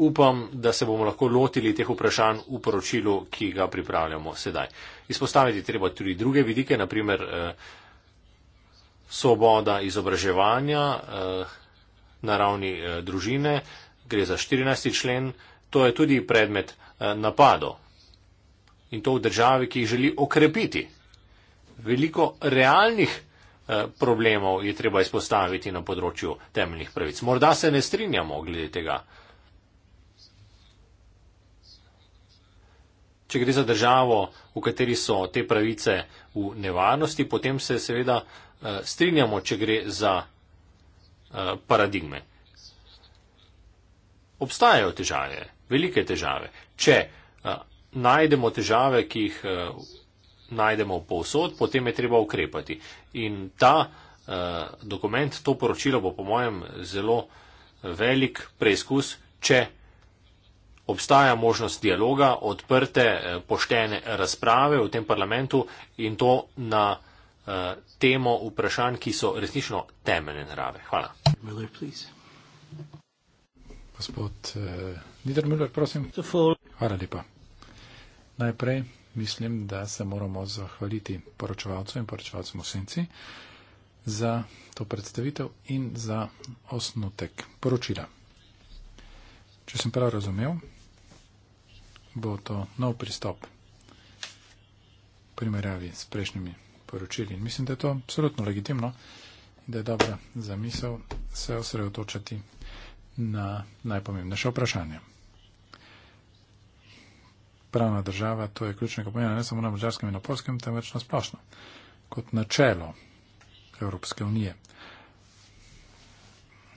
Upam, da se bomo lahko lotili teh vprašanj v poročilu, ki ga pripravljamo sedaj. Izpostaviti treba tudi druge vidike, naprimer eh, svoboda izobraževanja, eh, na ravni eh, družine, gre za 14. člen, to je tudi predmet eh, napadov. In to v državi, ki jih želi okrepiti. Veliko realnih eh, problemov je treba izpostaviti na področju temeljnih pravic. Morda se ne strinjamo glede tega. Če gre za državo, v kateri so te pravice v nevarnosti, potem se seveda strinjamo, če gre za Eh, paradigme. Obstajajo težave, velike težave. Če eh, najdemo težave, ki jih eh, najdemo povsod, potem je treba ukrepati. In ta dokument, to poročilo bo po mojem zelo velik preizkus, če obstaja možnost dialoga, odprte, poštene razprave v tem parlamentu in to na uh, temo vprašanj, ki so resnično temeljne narave. Hvala. Miller, Gospod uh, eh, Niedermüller, prosim. Hvala lepa. Najprej mislim, da se moramo zahvaliti poročevalcu in poročevalcem v senci za to predstavitev in za osnutek poročila. Če sem prav razumel, bo to nov pristop v primerjavi s prejšnjimi priporočili. In mislim, da je to absolutno legitimno in da je dobra zamisel se osredotočati na najpomembnejše vprašanje. Pravna država, to je ključnega pomena ne samo na mađarskem in na polskem, temveč na splošno, kot načelo Evropske unije.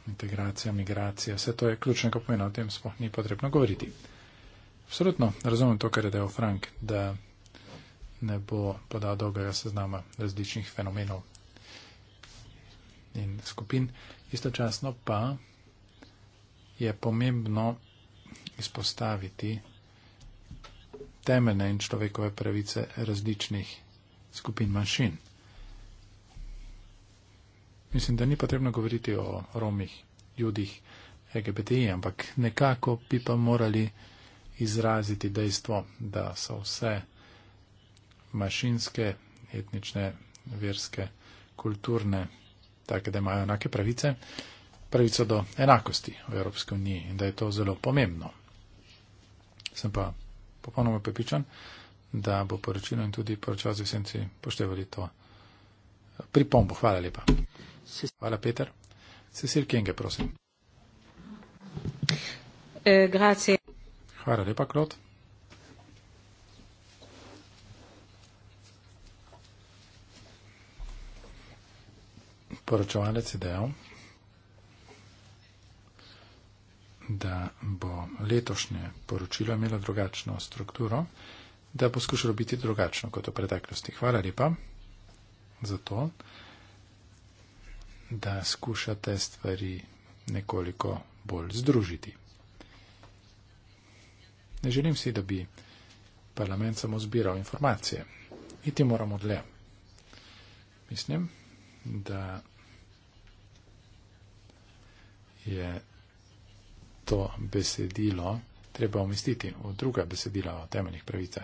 Integracija, migracija, vse to je ključnega pomena, o tem sploh ni potrebno govoriti. Absolutno razumem to, kar je dejal Frank, da ne bo podal dolgega seznama različnih fenomenov in skupin. Istočasno pa je pomembno izpostaviti temeljne in človekove pravice različnih skupin manjšin. Mislim, da ni potrebno govoriti o Romih, Judih, LGBTI, ampak nekako bi pa morali izraziti dejstvo, da so vse manjšinske, etnične, verske, kulturne, take, da imajo enake pravice, pravico do enakosti v Evropski uniji in da je to zelo pomembno. Sem pa popolnoma prepričan, da bo poročilo in tudi poročilo z vsemci poštevali to pripombo. Hvala lepa. Hvala, Peter. Cecil Kenge, prosim. Eh, grazie. Hvala lepa, Klot. poročevalec je dejal, da bo letošnje poročilo imelo drugačno strukturo, da bo skušalo biti drugačno kot v preteklosti. Hvala lepa za to, da skušate stvari nekoliko bolj združiti. Ne želim si, da bi parlament samo zbiral informacije. Iti moramo dlje. Mislim, da je to besedilo treba umestiti v druga besedila o temeljnih pravicah.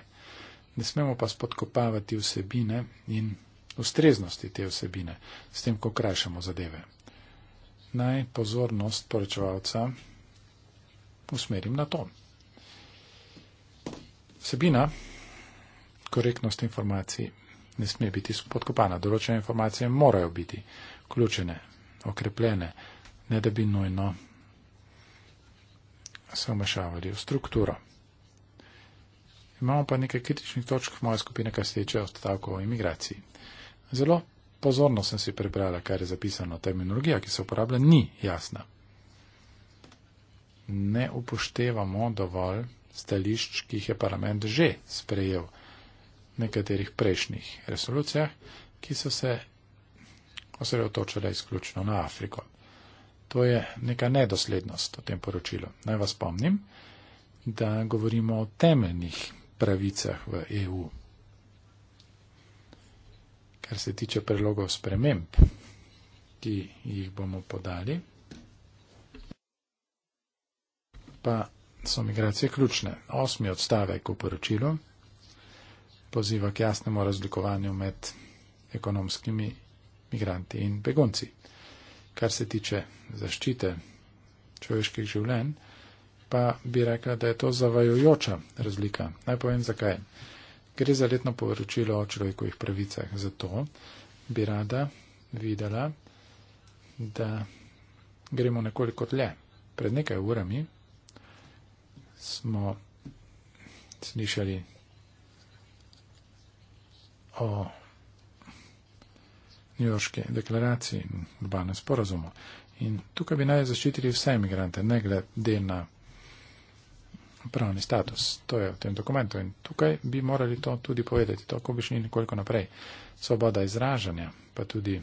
Ne smemo pa spodkopavati vsebine in ustreznosti te vsebine, s tem, ko krašamo zadeve. Naj pozornost poročevalca usmerim na to. Vsebina, korektnost informacij ne sme biti spodkopana. Določene informacije morajo biti vključene, okrepljene, ne da bi nujno se vmešavali v strukturo. Imamo pa nekaj kritičnih točk moje skupine, kar se tiče odstavkov o imigraciji. Zelo pozorno sem si prebrala, kar je zapisano. Terminologija, ki se uporablja, ni jasna. Ne upoštevamo dovolj stališč, ki jih je parlament že sprejel v nekaterih prejšnjih resolucijah, ki so se osredotočale izključno na Afriko. To je neka nedoslednost v tem poročilu. Naj vas spomnim, da govorimo o temeljnih pravicah v EU. Kar se tiče predlogov sprememb, ki jih bomo podali, pa so migracije ključne. Osmi odstavek v poročilu poziva k jasnemu razlikovanju med ekonomskimi migranti in begunci kar se tiče zaščite človeških življenj, pa bi rekla, da je to zavajojoča razlika. Naj povem zakaj. Gre za letno poročilo o človekovih pravicah. Zato bi rada videla, da gremo nekoliko tle. Pred nekaj urami smo slišali o njurške deklaracije in urbane sporazumo. In tukaj bi naj zaščitili vse imigrante, ne glede na pravni status. To je v tem dokumentu in tukaj bi morali to tudi povedati, to, ko bi šli nekoliko naprej. Svoboda izražanja, pa tudi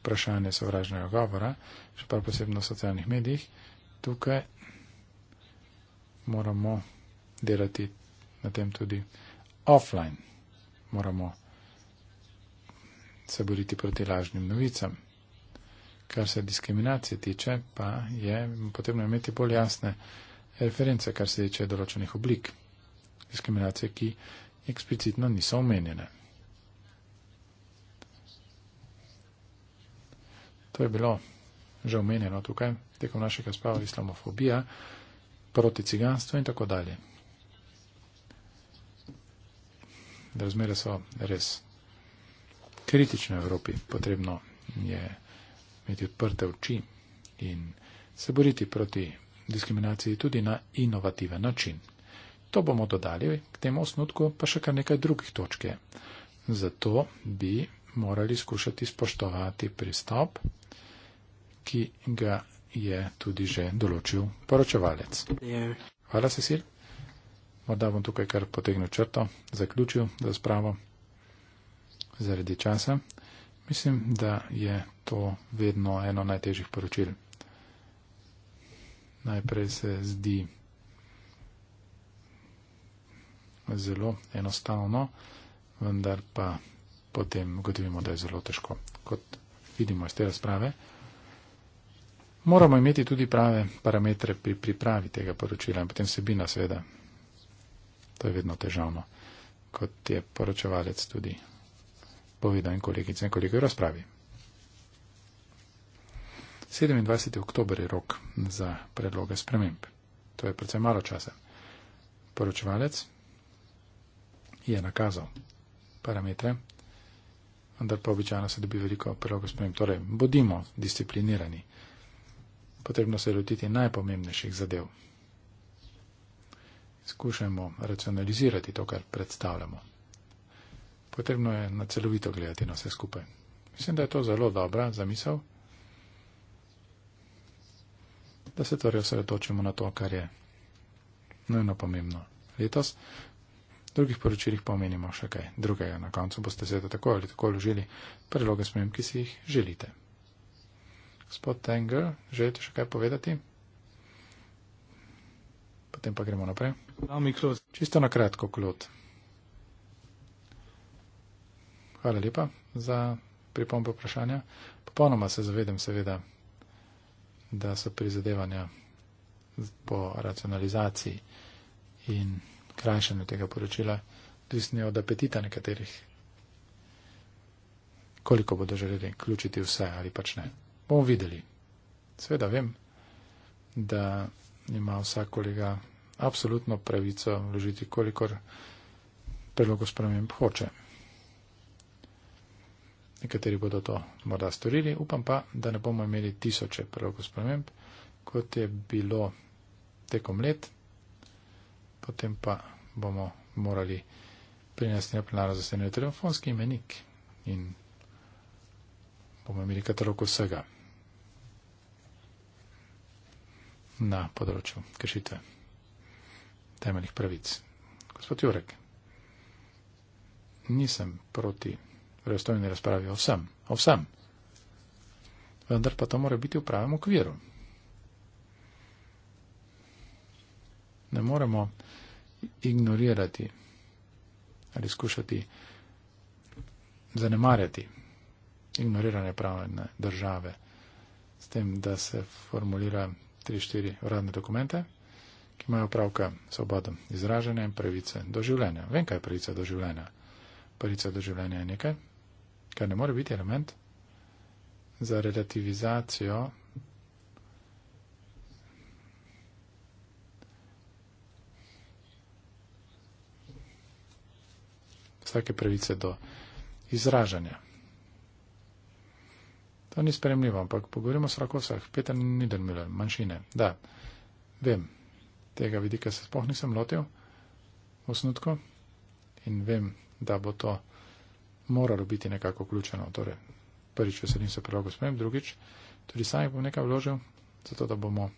vprašanje sovražnega govora, še prav posebno v socialnih medijih, tukaj moramo delati na tem tudi offline. Moramo se boriti proti lažnim novicam. Kar se diskriminacije tiče, pa je potrebno imeti bolj jasne reference, kar se tiče določenih oblik diskriminacije, ki eksplicitno niso omenjene. To je bilo že omenjeno tukaj, tekom našega spava, islamofobija, proti ciganstvu in tako dalje. Razmere so res kritično Evropi. Potrebno je imeti odprte oči in se boriti proti diskriminaciji tudi na inovativen način. To bomo dodali k temu osnutku, pa še kar nekaj drugih točke. Zato bi morali skušati spoštovati pristop, ki ga je tudi že določil poročevalec. Hvala, Cecil. Morda bom tukaj kar potegnil črto, zaključil za spravo zaradi časa, mislim, da je to vedno eno najtežjih poročil. Najprej se zdi zelo enostavno, vendar pa potem ugotovimo, da je zelo težko. Kot vidimo iz te razprave, moramo imeti tudi prave parametre pri pripravi tega poročila in potem sebina, seveda. To je vedno težavno, kot je poročevalec tudi povedan kolegice in kolege v razpravi. 27. oktober je rok za predloge sprememb. To je predvsem malo časa. Poročevalec je nakazal parametre, vendar pa običajno se dobi veliko predlogov sprememb. Torej, bodimo disciplinirani. Potrebno se je lotiti najpomembnejših zadev. Skušajmo racionalizirati to, kar predstavljamo potrebno je na celovito gledati na vse skupaj. Mislim, da je to zelo dobra zamisel, da se torej osredotočimo na to, kar je nujno pomembno letos. V drugih poročilih pa omenimo še kaj drugega. Na koncu boste seveda tako ali tako vložili predloge smem, ki si jih želite. Gospod Tengel, želite še kaj povedati? Potem pa gremo naprej. Čisto na kratko, Klod. Hvala lepa za pripombo vprašanja. Popolnoma se zavedam, seveda, da so prizadevanja po racionalizaciji in krajšanju tega poročila odvisni od apetita nekaterih, koliko bodo želeli vključiti vse ali pač ne. Bomo videli. Sveda vem, da ima vsak kolega absolutno pravico vložiti, kolikor predlogo spremem hoče. Nekateri bodo to morda storili, upam pa, da ne bomo imeli tisoče prorokov sprememb, kot je bilo tekom let, potem pa bomo morali prinesti na plenarno zasedanje telefonski imenik in bomo imeli katalog vsega na področju kršitve temeljnih pravic. Gospod Jurek, nisem proti verjetno razpravi o vsem, o vsem. Vendar pa to mora biti v pravem okviru. Ne moremo ignorirati ali skušati zanemarjati ignoriranje pravne države s tem, da se formulira 3-4 uradne dokumente, ki imajo pravka svobodo izražanja in pravice do življenja. Vem, kaj je pravica do življenja. Pravica do življenja je nekaj, kar ne more biti element za relativizacijo vsake pravice do izražanja. To ni spremljivo, ampak pogovorimo s Rakovsah, Peter Nidermüller, manjšine. Da, vem, tega vidika se spohnil, sem lotil v osnutku in vem, da bo to moralo biti nekako vključeno. Torej, prvič veselim se prilogo spremem, drugič tudi sami bom nekaj vložil, zato da bomo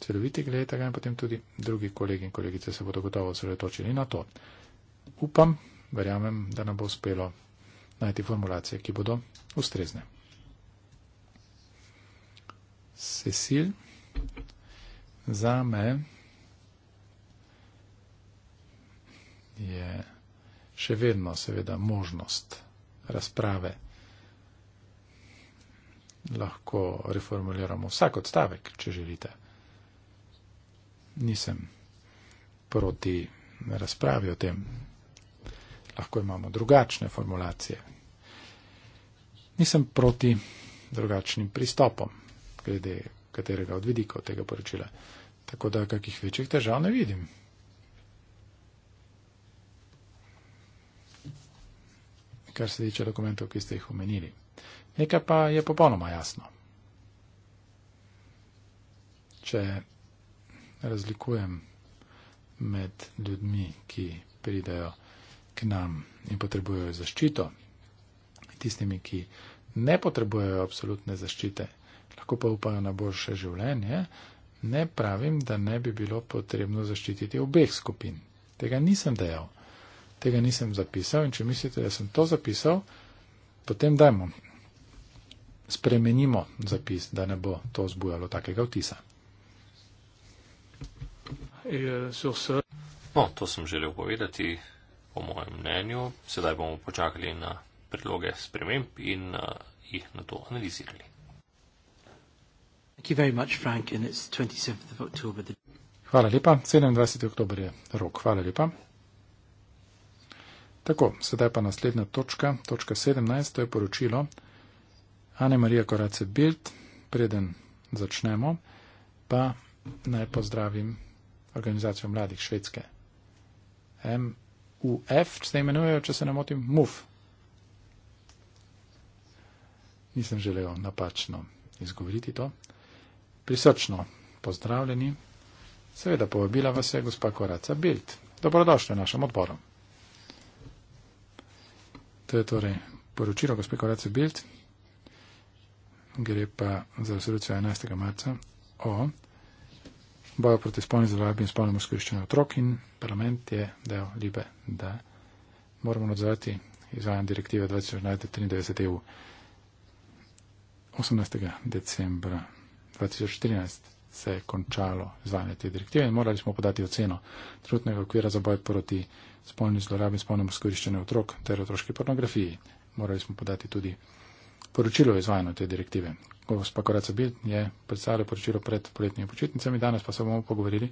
celoviti glede tega in potem tudi drugi kolegi in kolegice se bodo gotovo sredotočili na to. Upam, verjamem, da nam bo uspelo najti formulacije, ki bodo ustrezne. Cecil, za me je. Yeah še vedno seveda možnost razprave. Lahko reformuliramo vsak odstavek, če želite. Nisem proti razpravi o tem. Lahko imamo drugačne formulacije. Nisem proti drugačnim pristopom, glede katerega od vidika od tega poročila. Tako da kakih večjih težav ne vidim. kar se tiče dokumentov, ki ste jih omenili. Nekaj pa je popolnoma jasno. Če razlikujem med ljudmi, ki pridejo k nam in potrebujejo zaščito, in tistimi, ki ne potrebujejo absolutne zaščite, lahko pa upajo na boljše življenje, ne pravim, da ne bi bilo potrebno zaščititi obeh skupin. Tega nisem dejal tega nisem zapisal in če mislite, da sem to zapisal, potem dajmo. Spremenimo zapis, da ne bo to zbujalo takega vtisa. No, to sem želel povedati, po mojem mnenju. Sedaj bomo počakali na predloge sprememb in uh, jih na to analizirali. Hvala lepa. 27. oktober je rok. Hvala lepa. Tako, sedaj pa naslednja točka, točka 17, to je poročilo Ane Marije Korace Bild, preden začnemo, pa naj pozdravim organizacijo mladih švedske. MUF, če se imenujejo, če se ne motim, MUF. Nisem želel napačno izgovoriti to. Prisrčno pozdravljeni. Seveda povabila vas je gospa Koraca Bild. Dobrodošli našem odborom. To je torej poročilo gospe Korace Bild. Gre pa za resolucijo 11. marca o boju proti spolni zlorabi in spolnemu skoriščenju otrok in parlament je dal libe, da moramo nadzorati izvajanje direktive 2093 EU 18. decembra 2014 se je končalo izvajanje te direktive in morali smo podati oceno trenutnega okvira za boj proti spolnemu spolni zlorabi, spolnemu skoriščenju otrok ter otroški pornografiji. Morali smo podati tudi poročilo o izvajanju te direktive. Gospa Koraca Bil je predstavila poročilo pred poletnimi počitnicami, danes pa se bomo pogovorili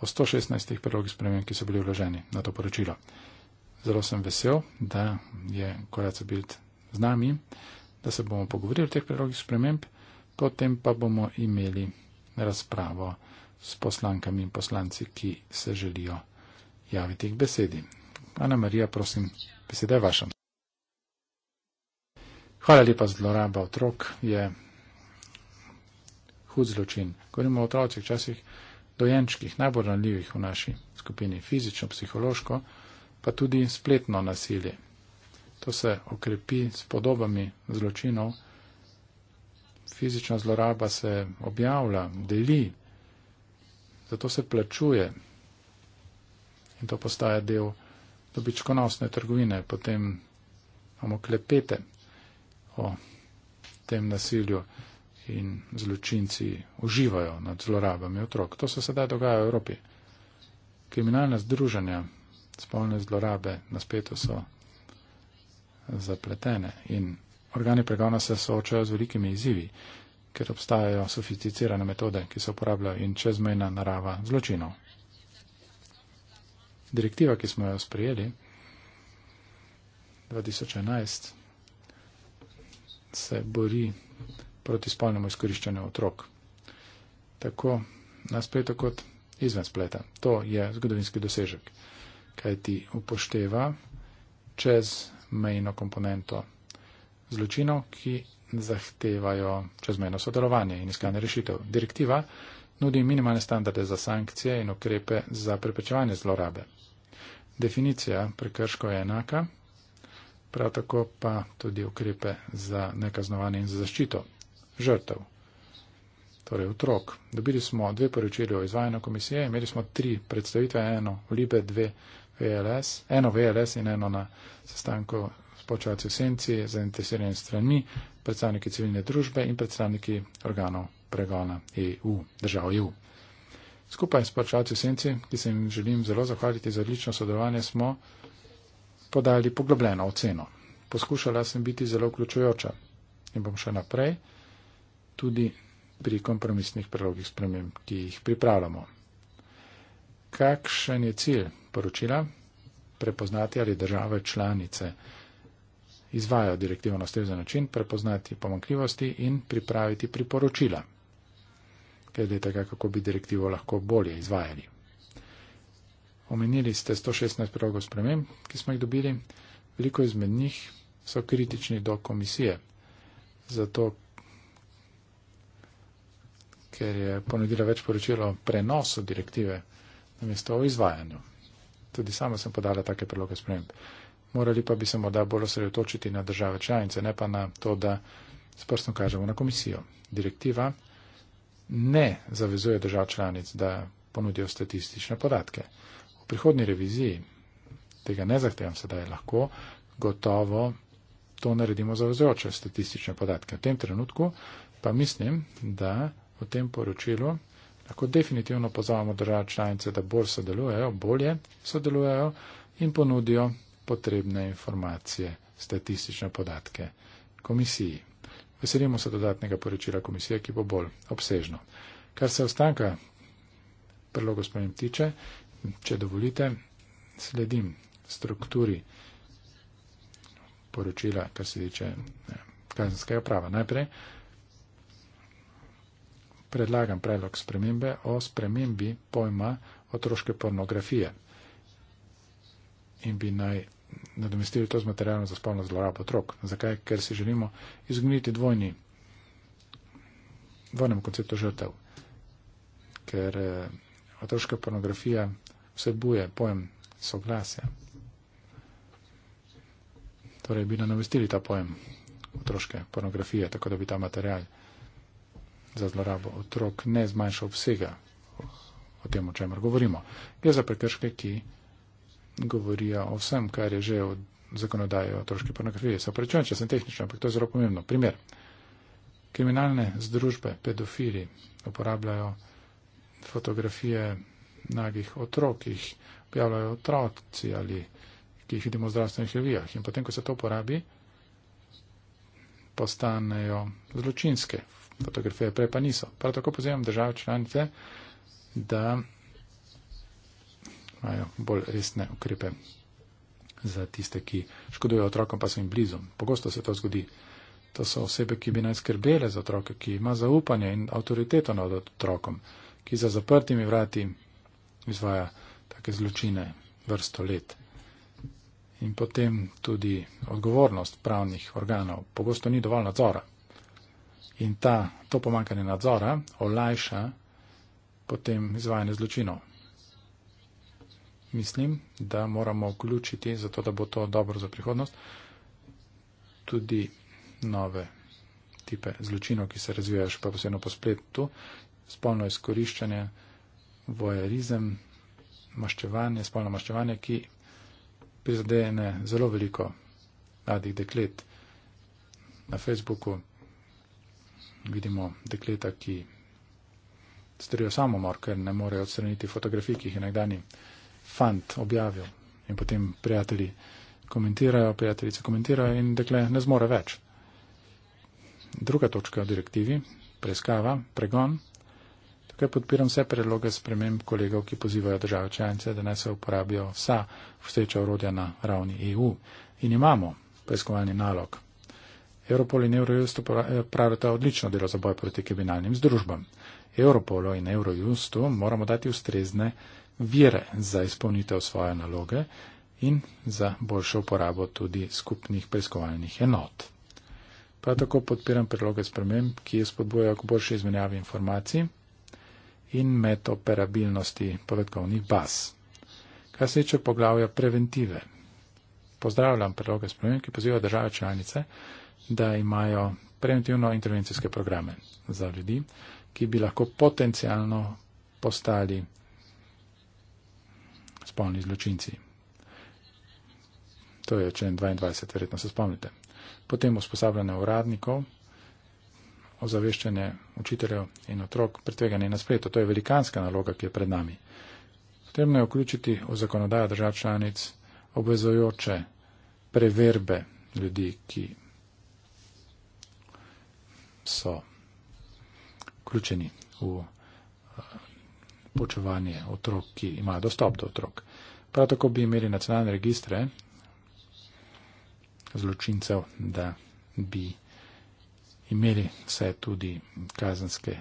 o 116 predlogih sprememb, ki so bili vloženi na to poročilo. Zelo sem vesel, da je Koraca Bil z nami, da se bomo pogovorili o teh predlogih sprememb, potem pa bomo imeli razpravo s poslankami in poslanci, ki se želijo javiti k besedi. Ana Marija, prosim, beseda je vaša. Hvala lepa, zloraba otrok je hud zločin. Govorimo o otrocih, včasih dojenčkih, najbolj ranljivih v naši skupini, fizično, psihološko, pa tudi spletno nasilje. To se okrepi s podobami zločinov. Fizična zloraba se objavlja, deli, zato se plačuje in to postaja del dobičkonosne trgovine. Potem imamo klepete o tem nasilju in zločinci uživajo nad zlorabami otrok. To se sedaj dogaja v Evropi. Kriminalna združanja, spolne zlorabe na spletu so zapletene in organi pregona se soočajo z velikimi izzivi, ker obstajajo sofisticirane metode, ki se uporabljajo in čezmejna narava zločinov direktiva, ki smo jo sprejeli 2011, se bori proti spolnemu izkoriščanju otrok. Tako na spletu kot izven spleta. To je zgodovinski dosežek, kaj ti upošteva čez mejno komponento zločinov, ki zahtevajo čezmejno sodelovanje in iskanje rešitev. Direktiva nudi minimalne standarde za sankcije in ukrepe za preprečevanje zlorabe definicija prekrško je enaka, prav tako pa tudi ukrepe za nekaznovanje in za zaščito žrtev, torej otrok. Dobili smo dve poročili o izvajanju komisije, imeli smo tri predstavitve, eno v Libe, dve VLS, e eno VLS e in eno na sestanku s počevalci v senci, zainteresirani strani, predstavniki civilne družbe in predstavniki organov pregona EU, držav EU. Skupaj s počalci v senci, ki se jim želim zelo zahvaliti za odlično sodelovanje, smo podali poglobljeno oceno. Poskušala sem biti zelo vključujoča in bom še naprej tudi pri kompromisnih predlogih sprememb, ki jih pripravljamo. Kakšen je cilj poročila? Prepoznati ali države članice izvajo direktivo na stezen način, prepoznati pomankljivosti in pripraviti priporočila glede tega, kako bi direktivo lahko bolje izvajali. Omenili ste 116 prilogov sprememb, ki smo jih dobili. Veliko izmed njih so kritični do komisije, zato ker je ponudila več poročilo prenosu direktive namesto o izvajanju. Tudi sama sem podala take priloge sprememb. Morali pa bi se morda bolj osredotočiti na države članice, ne pa na to, da s prstom kažemo na komisijo. Direktiva ne zavezuje držav članic, da ponudijo statistične podatke. V prihodnji reviziji, tega ne zahtevam sedaj, lahko gotovo to naredimo zavezujoče statistične podatke. V tem trenutku pa mislim, da v tem poročilu lahko definitivno pozovemo držav članice, da bolj sodelujejo, bolje sodelujejo in ponudijo potrebne informacije, statistične podatke komisiji. Veselimo se dodatnega poročila komisije, ki bo bolj obsežno. Kar se ostanka prilogo spomin tiče, če dovolite, sledim strukturi poročila, kar se tiče kazenskega prava. Najprej predlagam predlog spremembe o spremembi pojma otroške pornografije in bi naj nadomestili to z materialno za spolno zlorabo otrok. Zakaj? Ker si želimo izogniti dvojni, dvojnemu konceptu žrtev. Ker eh, otroška pornografija vsebuje pojem soglasja. Torej bi nadomestili ta pojem otroške pornografije, tako da bi ta material za zlorabo otrok ne zmanjšal obsega o tem, o čemer govorimo. Gre za prekrške, ki govorijo o vsem, kar je že v zakonodaji o otroški pornografiji. Se oprečujem, če sem tehničen, ampak to je zelo pomembno. Primer. Kriminalne združbe, pedofili uporabljajo fotografije nagih otrok, jih objavljajo otroci ali ki jih vidimo v zdravstvenih revijah. In potem, ko se to uporabi, postanejo zločinske fotografije, prej pa niso. Prav tako pozivam države članice, da imajo bolj resne ukrepe za tiste, ki škodujejo otrokom, pa so jim blizu. Pogosto se to zgodi. To so osebe, ki bi naj skrbele za otroke, ki ima zaupanje in avtoriteto nad otrokom, ki za zaprtimi vrati izvaja take zločine vrsto let. In potem tudi odgovornost pravnih organov. Pogosto ni dovolj nadzora. In ta, to pomankanje nadzora olajša potem izvajanje zločinov mislim, da moramo vključiti, zato da bo to dobro za prihodnost, tudi nove tipe zločinov, ki se razvijajo še pa posebno po spletu, spolno izkoriščanje, vojarizem, maščevanje, spolno maščevanje, ki prizadene zelo veliko mladih deklet. Na Facebooku vidimo dekleta, ki strijo samomor, ker ne morejo odstraniti fotografij, ki jih je nekdani fant objavil. In potem prijatelji komentirajo, prijateljice komentirajo in dekle ne zmore več. Druga točka v direktivi, preiskava, pregon. Tukaj podpiram vse predloge sprememb kolegov, ki pozivajo države članice, da naj se uporabijo vsa vsteča urodja na ravni EU. In imamo preiskovalni nalog. Europol in Eurojust eh, pravita odlično delo za boj proti kriminalnim združbam. Europolu in Eurojustu moramo dati ustrezne vire za izpolnitev svoje naloge in za boljšo uporabo tudi skupnih preiskovalnih enot. Prav tako podpiram predloge sprememb, ki spodbujajo k boljši izmenjavi informacij in metoperabilnosti podatkovnih baz. Kar se tiče poglavja preventive, pozdravljam predloge sprememb, ki pozivajo države članice, da imajo preventivno intervencijske programe za ljudi, ki bi lahko potencialno postali spolni zločinci. To je člen 22, verjetno se spomnite. Potem usposabljanje uradnikov, ozaveščanje učiteljev in otrok, pretveganje na spletu. To je velikanska naloga, ki je pred nami. Potrebno je vključiti v zakonodajo držav članic obvezojoče preverbe ljudi, ki so vključeni v počevanje otrok, ki imajo dostop do otrok. Prav tako bi imeli nacionalne registre zločincev, da bi imeli vse tudi kazenske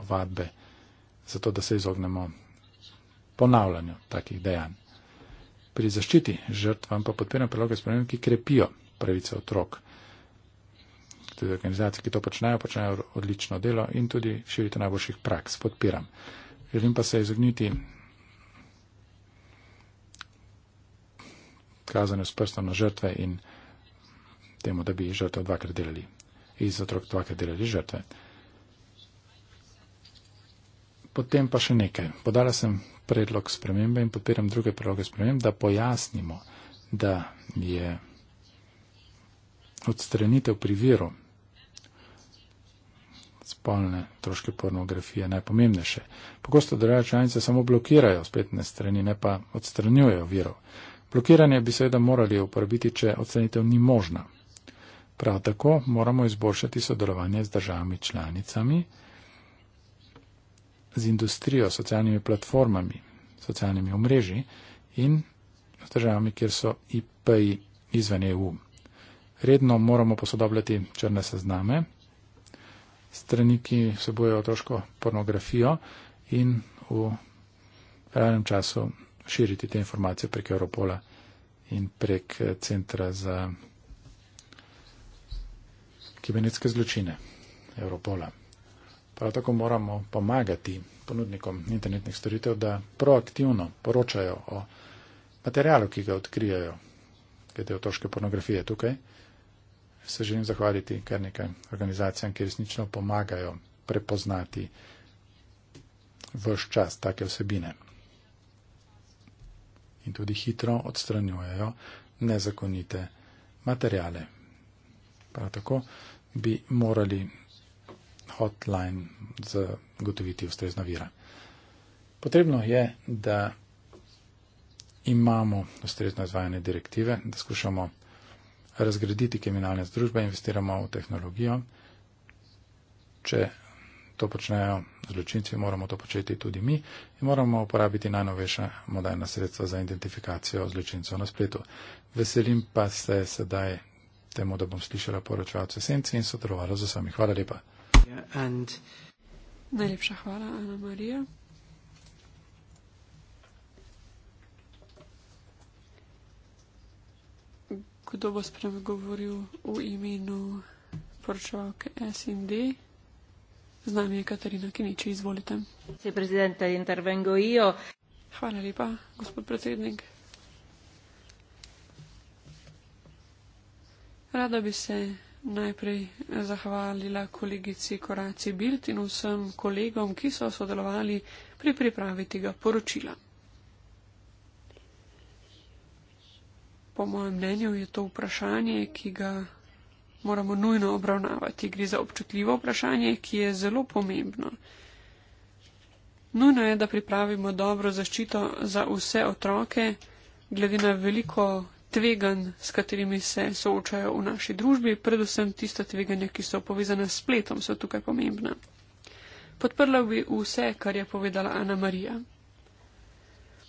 ovadbe, zato da se izognemo ponavljanju takih dejanj. Pri zaščiti žrtvam pa podpiram priloge sprememb, ki krepijo pravice otrok. Tudi organizacije, ki to počnejo, počnejo odlično delo in tudi širitev najboljših praks. Podpiram. Želim pa se izogniti kazanju s prstom na žrtve in temu, da bi žrtve dvakrat delali, iz otrok dvakrat delali žrtve. Potem pa še nekaj. Podala sem predlog spremembe in podpiram druge predloge spremembe, da pojasnimo, da je odstranitev pri viru spolne troške pornografije najpomembnejše. Pogosto države članice samo blokirajo spletne strani, ne pa odstranjujejo virov. Blokiranje bi seveda morali uporabiti, če odstranitev ni možna. Prav tako moramo izboljšati sodelovanje z državami članicami, z industrijo, socialnimi platformami, socialnimi omrežji in z državami, kjer so IP-ji izven EU. Redno moramo posodobljati črne sezname, strani, ki vsebojo otroško pornografijo in v realnem času širiti te informacije prek Europola in prek eh, Centra za kibernetske zločine Europola. Prav tako moramo pomagati ponudnikom internetnih storitev, da proaktivno poročajo o materialu, ki ga odkrijajo, glede otroške pornografije tukaj se želim zahvaliti kar nekaj organizacijam, ki resnično pomagajo prepoznati vrš čas take osebine. In tudi hitro odstranjujejo nezakonite materijale. Prav tako bi morali hotline zagotoviti ustrezna vira. Potrebno je, da imamo ustrezno izvajanje direktive, da skušamo razgraditi kriminalne združbe, investiramo v tehnologijo. Če to počnejo zločinci, moramo to početi tudi mi in moramo uporabiti najnovejša moderna sredstva za identifikacijo zločincev na spletu. Veselim pa se sedaj temu, da bom slišala poročevalce Senci in sodelovala z vsemi. Hvala lepa. Yeah, and... Najlepša hvala, Ana Marija. Kdo bo spregovoril v imenu poročevalke SND? Z nami je Katarina Kiniči, izvolite. Hvala lepa, gospod predsednik. Rada bi se najprej zahvalila kolegici Koraci Bilt in vsem kolegom, ki so sodelovali pri pripravi tega poročila. Po mojem mnenju je to vprašanje, ki ga moramo nujno obravnavati. Gre za občutljivo vprašanje, ki je zelo pomembno. Nujno je, da pripravimo dobro zaščito za vse otroke, glede na veliko tvegan, s katerimi se soočajo v naši družbi, predvsem tista tveganja, ki so povezana s spletom, so tukaj pomembna. Podprla bi vse, kar je povedala Ana Marija.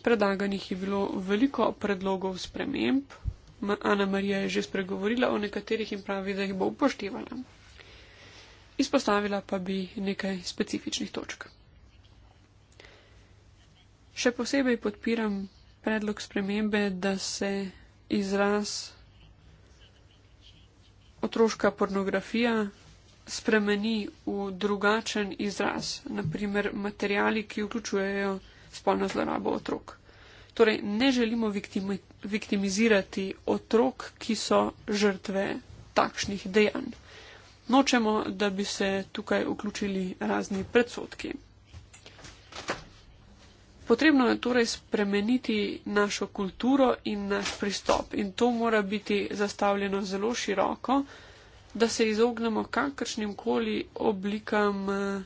Predlaganih je bilo veliko predlogov sprememb. Ana Marija je že spregovorila o nekaterih in pravi, da jih bo upoštevala. Izpostavila pa bi nekaj specifičnih točk. Še posebej podpiram predlog spremembe, da se izraz otroška pornografija spremeni v drugačen izraz, naprimer materijali, ki vključujejo spolna zloraba otrok. Torej, ne želimo viktimi, viktimizirati otrok, ki so žrtve takšnih dejanj. Nočemo, da bi se tukaj vključili razni predsotki. Potrebno je torej spremeniti našo kulturo in naš pristop in to mora biti zastavljeno zelo široko, da se izognemo kakršnim koli oblikam. Eh,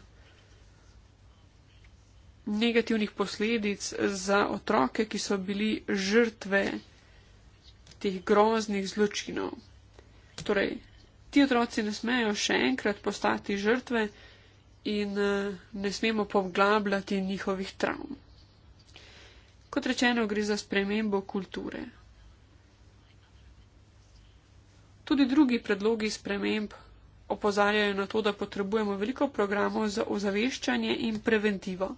negativnih posledic za otroke, ki so bili žrtve teh groznih zločinov. Torej, ti otroci ne smejo še enkrat postati žrtve in eh, ne smemo povglabljati njihovih travm. Kot rečeno, gre za spremembo kulture. Tudi drugi predlogi sprememb opozarjajo na to, da potrebujemo veliko programov za ozaveščanje in preventivo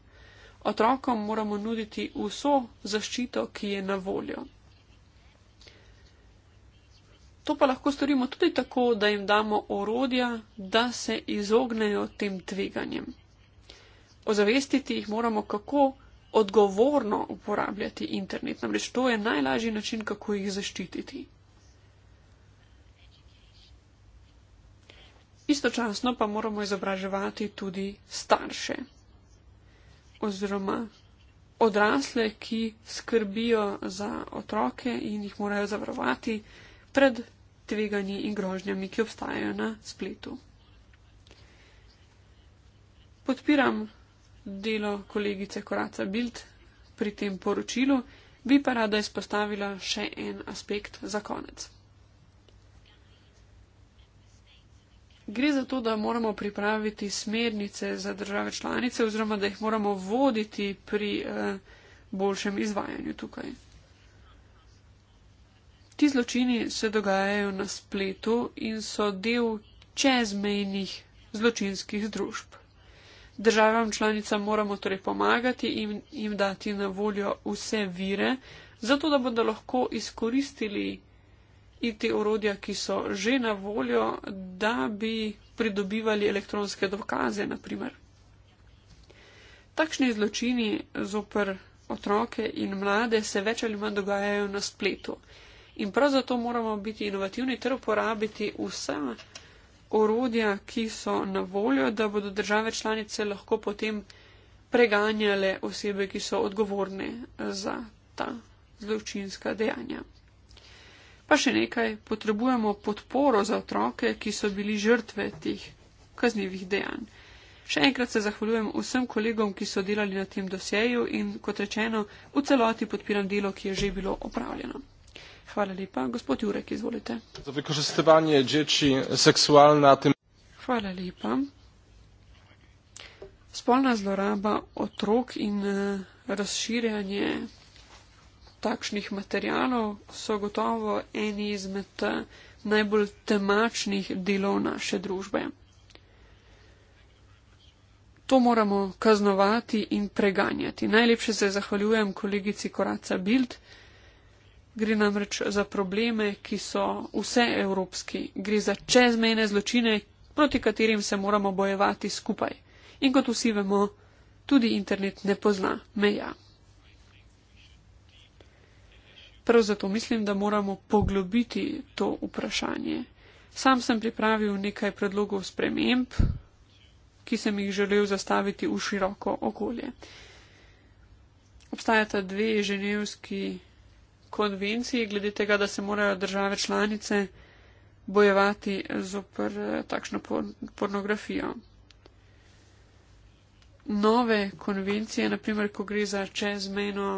otrokom moramo nuditi vso zaščito, ki je na voljo. To pa lahko storimo tudi tako, da jim damo orodja, da se izognejo tem tveganjem. Ozavestiti jih moramo, kako odgovorno uporabljati internet, namreč to je najlažji način, kako jih zaščititi. Istočasno pa moramo izobraževati tudi starše oziroma odrasle, ki skrbijo za otroke in jih morajo zavarovati pred tveganji in grožnjami, ki obstajajo na spletu. Podpiram delo kolegice Koraca Bild pri tem poročilu, bi pa rada izpostavila še en aspekt za konec. Gre za to, da moramo pripraviti smernice za države članice oziroma da jih moramo voditi pri eh, boljšem izvajanju tukaj. Ti zločini se dogajajo na spletu in so del čezmejnih zločinskih družb. Državam članicam moramo torej pomagati in jim dati na voljo vse vire, zato da bodo lahko izkoristili in te orodja, ki so že na voljo, da bi pridobivali elektronske dokaze, naprimer. Takšni zločini zoper otroke in mlade se več ali manj dogajajo na spletu. In prav zato moramo biti inovativni ter uporabiti vsa orodja, ki so na voljo, da bodo države članice lahko potem preganjale osebe, ki so odgovorne za ta zločinska dejanja. Pa še nekaj, potrebujemo podporo za otroke, ki so bili žrtve teh kaznjivih dejanj. Še enkrat se zahvaljujem vsem kolegom, ki so delali na tem doseju in, kot rečeno, v celoti podpiram delo, ki je že bilo opravljeno. Hvala lepa. Gospod Jurek, izvolite. Za vykoristovanje dječi seksualna tem. Hvala lepa. Spolna zloraba otrok in eh, razširjanje takšnih materialov so gotovo eni izmed eh, najbolj temačnih delov naše družbe. To moramo kaznovati in preganjati. Najlepše se zahvaljujem kolegici Koraca Bild. Gre namreč za probleme, ki so vse evropski. Gre za čezmejne zločine, proti katerim se moramo bojevati skupaj. In kot vsi vemo, tudi internet ne pozna meja. Prav zato mislim, da moramo poglobiti to vprašanje. Sam sem pripravil nekaj predlogov sprememb, ki sem jih želel zastaviti v široko okolje. Obstajata dve ženevski konvenciji glede tega, da se morajo države članice bojevati z opr eh, takšno por pornografijo. Nove konvencije, naprimer, ko gre za čezmeno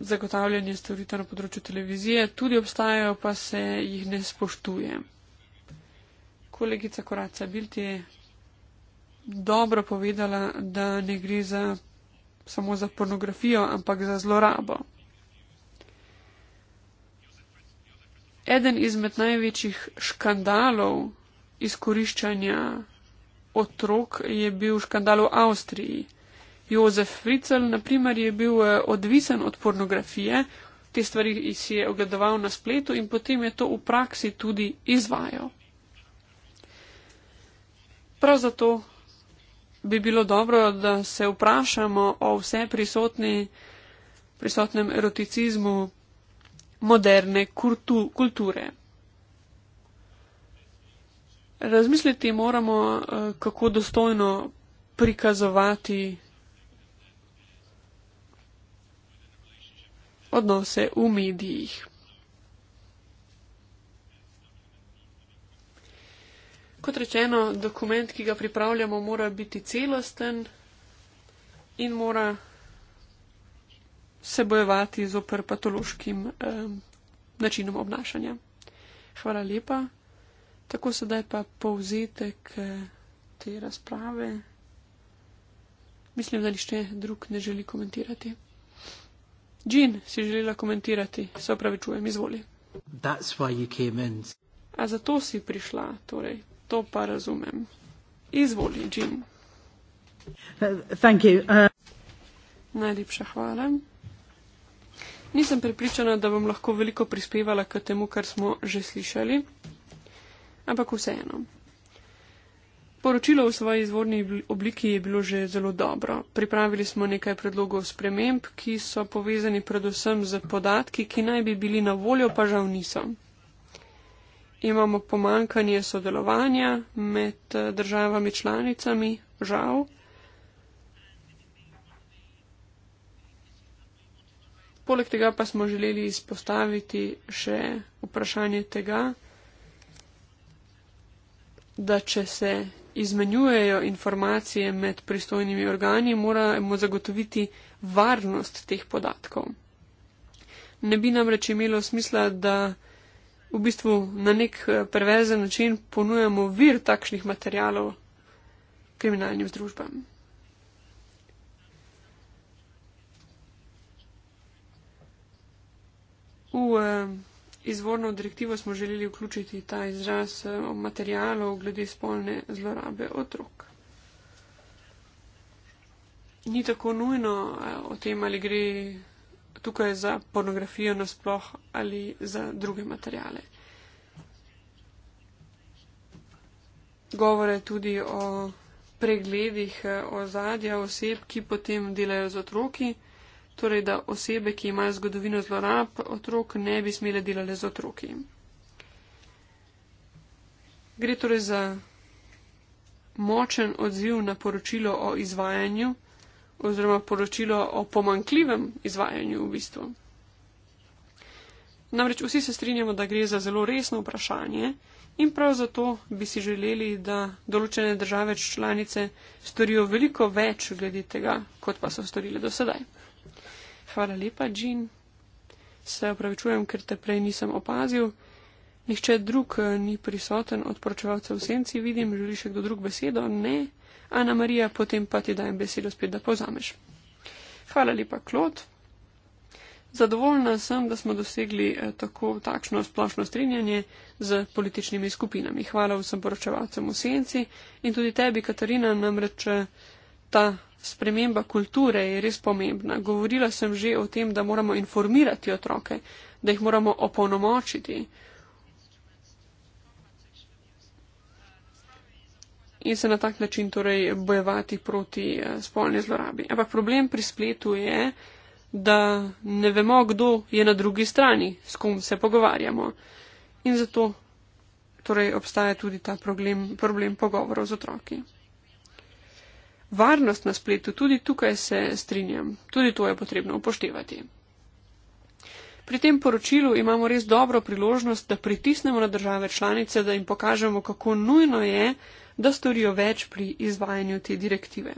zagotavljanje storitev na področju televizije, tudi obstajajo, pa se jih ne spoštuje. Kolegica Koraca Bilt je dobro povedala, da ne gre za, samo za pornografijo, ampak za zlorabo. Eden izmed največjih škandalov izkoriščanja otrok je bil škandal v Avstriji. Jozef Fricel, naprimer, je bil eh, odvisen od pornografije, te stvari si je ogledoval na spletu in potem je to v praksi tudi izvajal. Prav zato bi bilo dobro, da se vprašamo o vse prisotni, prisotnem eroticizmu moderne kurtu, kulture. Razmisliti moramo, eh, kako dostojno prikazovati odnose v medijih. Kot rečeno, dokument, ki ga pripravljamo, mora biti celosten in mora se bojevati z opr patološkim um, načinom obnašanja. Hvala lepa. Tako sedaj pa povzetek eh, te razprave. Mislim, da nišče drug ne želi komentirati. Jean, si želela komentirati, se opravičujem, izvoli. A zato si prišla, torej, to pa razumem. Izvoli, Jean. Uh, uh... Najlepša hvala. Nisem prepričana, da bom lahko veliko prispevala k temu, kar smo že slišali, ampak vseeno. Poročilo v svoji izvorni obliki je bilo že zelo dobro. Pripravili smo nekaj predlogov sprememb, ki so povezani predvsem z podatki, ki naj bi bili na voljo, pa žal niso. Imamo pomankanje sodelovanja med eh, državami članicami, žal. Poleg tega pa smo želeli izpostaviti še vprašanje tega, da če se izmenjujejo informacije med pristojnimi organi, moramo zagotoviti varnost teh podatkov. Ne bi namreč imelo smisla, da v bistvu na nek eh, prevezen način ponujamo vir takšnih materijalov kriminalnim združbam. V eh, izvorno direktivo smo želeli vključiti ta izraz eh, o materijalu glede spolne zlorabe otrok. Ni tako nujno eh, o tem, ali gre tukaj za pornografijo nasploh ali za druge materijale. Govore tudi o pregledih eh, ozadja oseb, ki potem delajo z otroki torej da osebe, ki imajo zgodovino zlorab otrok, ne bi smele delati z otroki. Gre torej za močen odziv na poročilo o izvajanju oziroma poročilo o pomankljivem izvajanju v bistvu. Namreč vsi se strinjamo, da gre za zelo resno vprašanje in prav zato bi si želeli, da določene države članice storijo veliko več glede tega, kot pa so storile do sedaj. Hvala lepa, Jean. Se opravičujem, ker te prej nisem opazil. Nihče drug eh, ni prisoten od poročevalcev v senci, vidim, želi še kdo drug besedo? Ne. Ana Marija, potem pa ti dajem besedo spet, da povzameš. Hvala lepa, Klot. Zadovoljna sem, da smo dosegli eh, tako takšno splošno strinjanje z političnimi skupinami. Hvala vsem poročevalcem v senci in tudi tebi, Katarina, namreč eh, ta sprememba kulture je res pomembna. Govorila sem že o tem, da moramo informirati otroke, da jih moramo opolnomočiti. In se na tak način torej bojevati proti eh, spolni zlorabi. Ampak problem pri spletu je, da ne vemo, kdo je na drugi strani, s kom se pogovarjamo. In zato torej obstaja tudi ta problem, problem pogovorov z otroki. Varnost na spletu, tudi tukaj se strinjam, tudi to je potrebno upoštevati. Pri tem poročilu imamo res dobro priložnost, da pritisnemo na države članice, da jim pokažemo, kako nujno je, da storijo več pri izvajanju te direktive.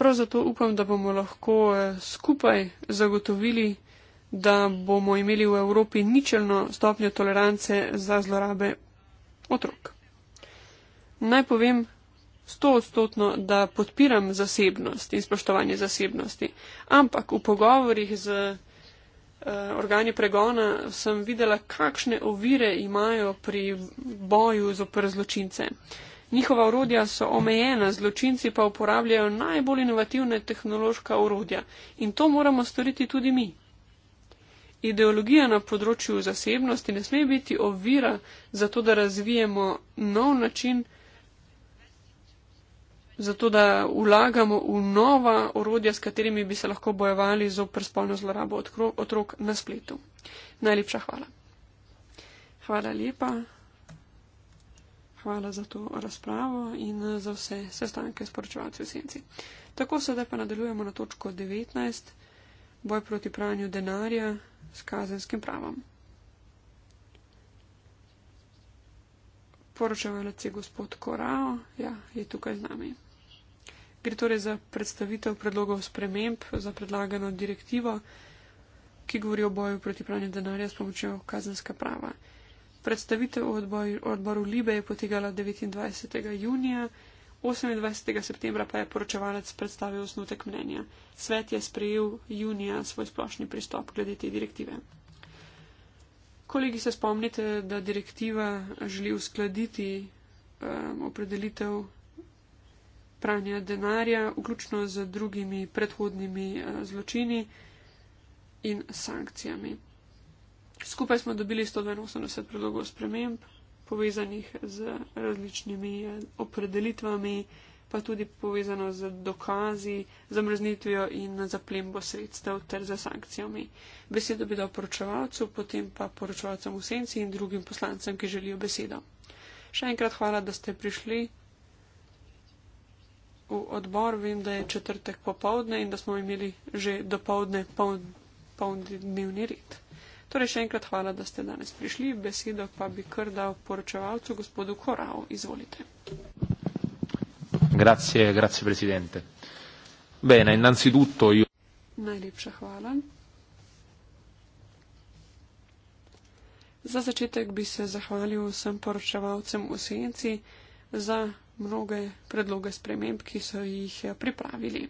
Prav zato upam, da bomo lahko eh, skupaj zagotovili, da bomo imeli v Evropi ničelno stopnjo tolerance za zlorabe otrok naj povem stoodstotno, da podpiram zasebnost in spoštovanje zasebnosti. Ampak v pogovorih z eh, organi pregona sem videla, kakšne ovire imajo pri boju z opr zločince. Njihova orodja so omejena, zločinci pa uporabljajo najbolj inovativne tehnološka orodja. In to moramo storiti tudi mi. Ideologija na področju zasebnosti ne sme biti ovira za to, da razvijemo nov način, zato da vlagamo v nova orodja, s katerimi bi se lahko bojevali zopr spolno zlorabo otrok na spletu. Najlepša hvala. Hvala lepa. Hvala za to razpravo in za vse sestanke s poročevalci v senci. Tako sedaj pa nadaljujemo na točko 19. Boj proti pranju denarja s kazenskim pravom. Poročevalec je gospod Korao, ja, je tukaj z nami. Gre torej za predstavitev predlogov sprememb za predlagano direktivo, ki govori o boju proti pranju denarja s pomočjo kazenska prava. Predstavitev v odboj, odboru Libe je potekala 29. junija, 28. septembra pa je poročevalec predstavil osnutek mnenja. Svet je sprejel junija svoj splošni pristop glede te direktive. Kolegi se spomnite, da direktiva želi uskladiti um, opredelitev pranja denarja, vključno z drugimi predhodnimi eh, zločini in sankcijami. Skupaj smo dobili 182 predlogov sprememb, povezanih z različnimi eh, opredelitvami, pa tudi povezano z dokazi, zamrznitvijo in zaplembo sredstev ter za sankcijami. Besedo bi dal poročevalcu, potem pa poročevalcem v senci in drugim poslancem, ki želijo besedo. Še enkrat hvala, da ste prišli v odbor, vem, da je četrtek popovdne in da smo imeli že do povdne poln poln dnevni red. Torej, še enkrat hvala, da ste danes prišli. Besedo pa bi kar dal poročevalcu gospodu Korau. Izvolite. Grazie, grazie, presidente. Bene, innanzitutto io... Najlepša hvala. Za začetek bi se zahvalil vsem poročevalcem v Senci za mnoge predloge sprememb, ki so jih eh, pripravili.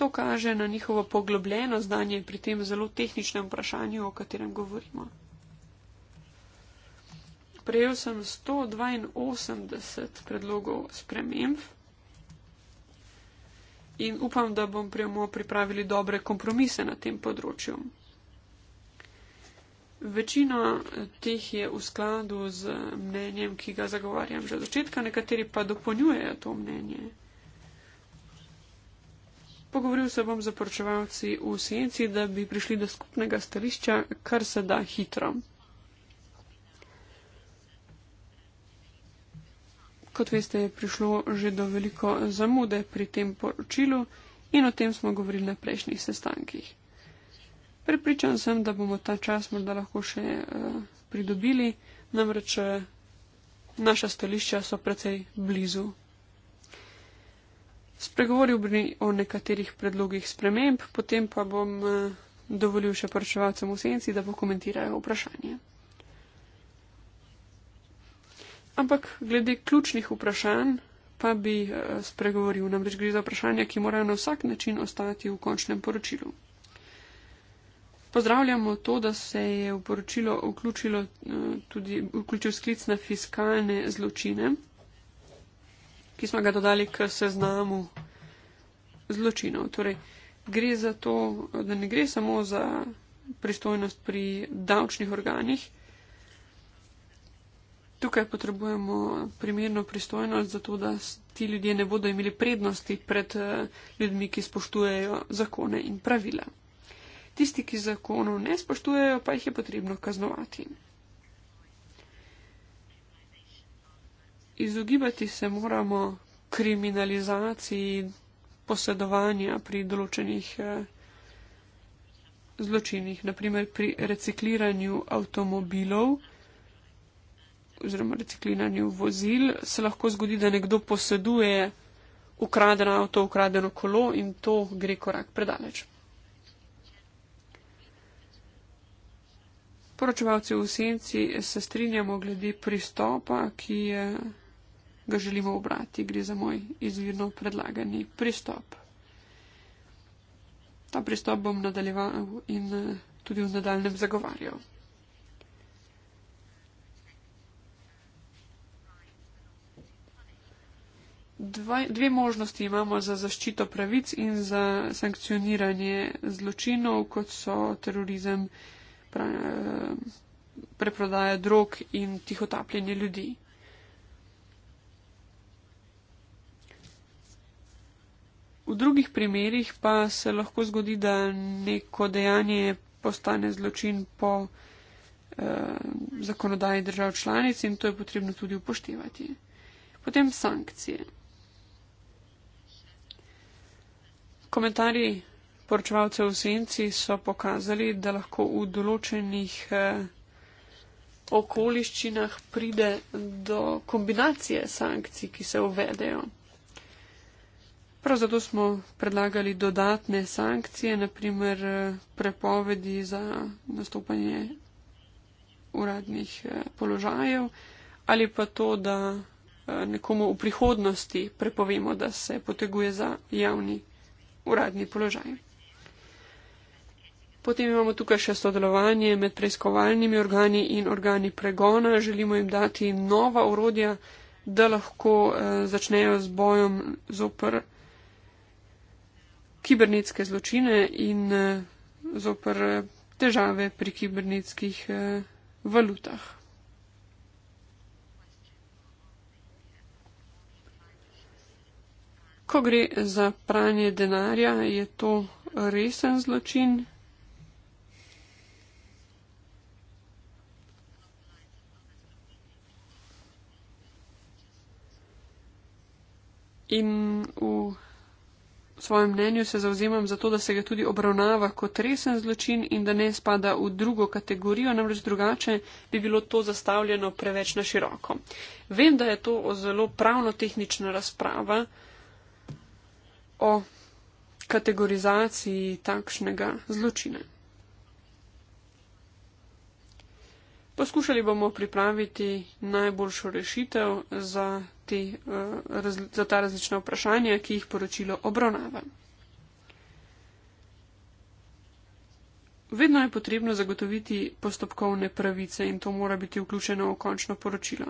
To kaže na njihovo poglobljeno znanje pri tem zelo tehničnem vprašanju, o katerem govorimo. Prejel sem 182 predlogov sprememb in upam, da bomo pripravili dobre kompromise na tem področju. Večina teh je v skladu z mnenjem, ki ga zagovarjam že od začetka, nekateri pa dopolnjujejo to mnenje. Pogovoril se bom z poročevalci v senci, da bi prišli do skupnega stališča, kar se da hitro. Kot veste, je prišlo že do veliko zamude pri tem poročilu in o tem smo govorili na prejšnjih sestankih. Pripričan sem, da bomo ta čas morda lahko še uh, pridobili, namreč uh, naša stališča so precej blizu. Spregovoril bi o nekaterih predlogih sprememb, potem pa bom uh, dovolil še poročevalcem v senci, da pokomentirajo vprašanje. Ampak glede ključnih vprašanj pa bi uh, spregovoril, namreč gre za vprašanja, ki morajo na vsak način ostati v končnem poročilu pozdravljamo to, da se je v poročilo vključilo eh, tudi vključil sklic na fiskalne zločine, ki smo ga dodali k seznamu zločinov. Torej, gre za to, da ne gre samo za pristojnost pri davčnih organih. Tukaj potrebujemo primerno pristojnost, zato da ti ljudje ne bodo imeli prednosti pred eh, ljudmi, ki spoštujejo zakone in pravila tisti, ki zakonov ne spoštujejo, pa jih je potrebno kaznovati. Izogibati se moramo kriminalizaciji posedovanja pri določenih eh, zločinih, naprimer pri recikliranju avtomobilov oziroma recikliranju vozil, se lahko zgodi, da nekdo poseduje ukradeno avto, ukradeno kolo in to gre korak predaleč. Poročevalci v senci se strinjamo glede pristopa, ki je, ga želimo obrati. Gre za moj izvirno predlagani pristop. Ta pristop bom nadaljeval in tudi v nadaljem zagovarjal. Dve, dve možnosti imamo za zaščito pravic in za sankcioniranje zločinov, kot so terorizem in Eh, preprodaje drog in tihotapljenje ljudi. V drugih primerjih pa se lahko zgodi, da neko dejanje postane zločin po eh, zakonodaji držav članic in to je potrebno tudi upoštevati. Potem sankcije. Komentarji poročevalce v senci so pokazali, da lahko v določenih eh, okoliščinah pride do kombinacije sankcij, ki se uvedejo. Prav zato smo predlagali dodatne sankcije, naprimer eh, prepovedi za nastopanje uradnih eh, položajev ali pa to, da nekomu v prihodnosti prepovemo, da se poteguje za javni uradni položaj. Potem imamo tukaj še sodelovanje med preiskovalnimi organi in organi pregona. Želimo jim dati nova urodja, da lahko eh, začnejo z bojem zopr kibernetske zločine in eh, zopr eh, težave pri kibernetskih eh, valutah. Ko gre za pranje denarja, je to resen zločin. in v svojem mnenju se zauzemam za to, da se ga tudi obravnava kot resen zločin in da ne spada v drugo kategorijo, namreč drugače bi bilo to zastavljeno preveč na široko. Vem, da je to zelo pravno-tehnična razprava o kategorizaciji takšnega zločina. Poskušali bomo pripraviti najboljšo rešitev za te, eh, za ta različna vprašanja, ki jih poročilo obravnava. Vedno je potrebno zagotoviti postopkovne pravice in to mora biti vključeno v končno poročilo.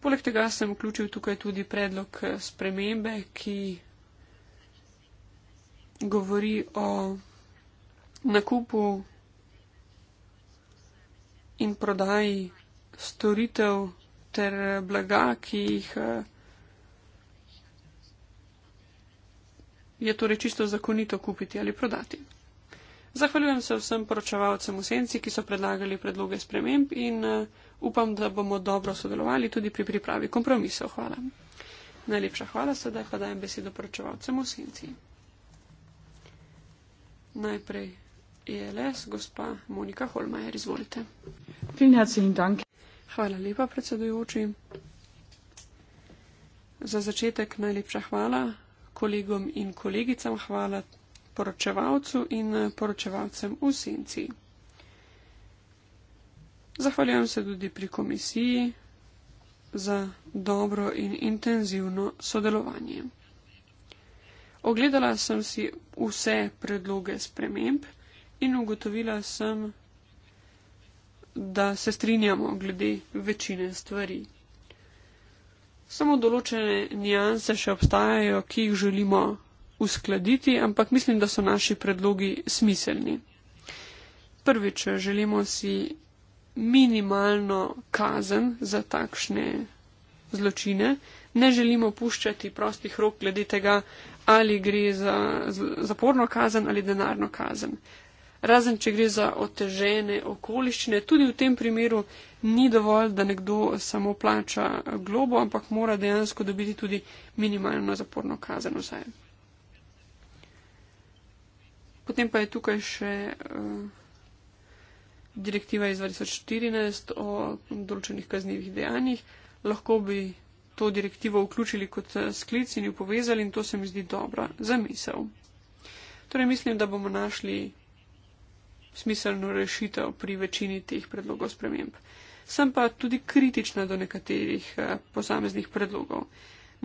Poleg tega sem vključil tukaj tudi predlog eh, spremembe, ki govori o nakupu in prodaji storitev ter eh, blaga, ki jih eh, je torej čisto zakonito kupiti ali prodati. Zahvaljujem se vsem poročevalcem v senci, ki so predlagali predloge sprememb in eh, upam, da bomo dobro sodelovali tudi pri pripravi kompromisov. Hvala. Najlepša hvala, sedaj pa dajem besedo poročevalcem v senci. Najprej ILS, e gospa Monika Holmajer, izvolite. Vielen herzlichen Dank, Hvala lepa, predsedujoči. Za začetek najlepša hvala kolegom in kolegicam, hvala poročevalcu in eh, poročevalcem v senci. Zahvaljujem se tudi pri komisiji za dobro in intenzivno sodelovanje. Ogledala sem si vse predloge sprememb in ugotovila sem da se strinjamo glede večine stvari. Samo določene nijanse še obstajajo, ki jih želimo uskladiti, ampak mislim, da so naši predlogi smiselni. Prvič, želimo si minimalno kazen za takšne zločine, ne želimo puščati prostih rok glede tega, ali gre za zaporno kazen ali denarno kazen razen če gre za otežene okoliščine. Tudi v tem primeru ni dovolj, da nekdo samo plača globo, ampak mora dejansko dobiti tudi minimalno zaporno kazen vsaj. Potem pa je tukaj še uh, direktiva iz 2014 o določenih kaznjivih dejanjih. Lahko bi to direktivo vključili kot eh, sklic in jo povezali in to se mi zdi dobra zamisel. Torej mislim, da bomo našli smiselno rešitev pri večini teh predlogov sprememb. Sem pa tudi kritična do nekaterih eh, posameznih predlogov.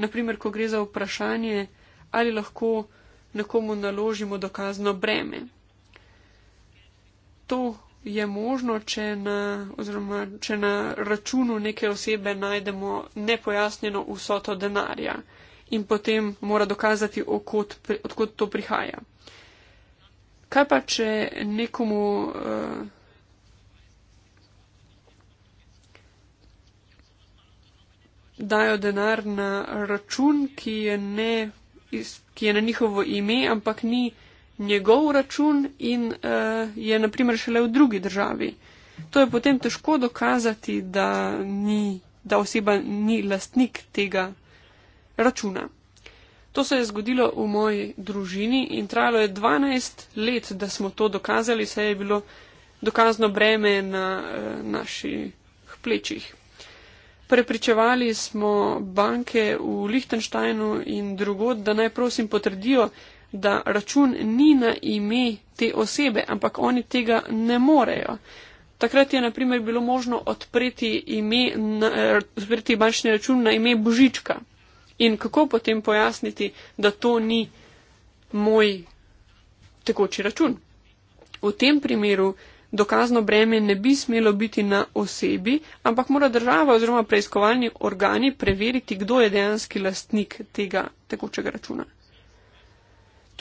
Naprimer, ko gre za vprašanje, ali lahko nekomu naložimo dokazno breme. To je možno, če na, oziroma, če na računu neke osebe najdemo nepojasnjeno vsoto denarja in potem mora dokazati, odkot, odkot to prihaja. Kaj pa, če nekomu uh, dajo denar na račun, ki je, ne, iz, ki je na njihovo ime, ampak ni njegov račun in uh, je naprimer šele v drugi državi. To je potem težko dokazati, da, ni, da oseba ni lastnik tega računa. To se je zgodilo v moji družini in trajalo je 12 let, da smo to dokazali, saj je bilo dokazno breme na eh, naših plečih. Prepričevali smo banke v Lihtenštajnu in drugod, da naj prosim potrdijo, da račun ni na ime te osebe, ampak oni tega ne morejo. Takrat je naprimer bilo možno odpreti, ime, na, eh, odpreti bančni račun na ime Božička. In kako potem pojasniti, da to ni moj tekoči račun? V tem primeru dokazno breme ne bi smelo biti na osebi, ampak mora država oziroma preiskovalni organi preveriti, kdo je dejanski lastnik tega tekočega računa.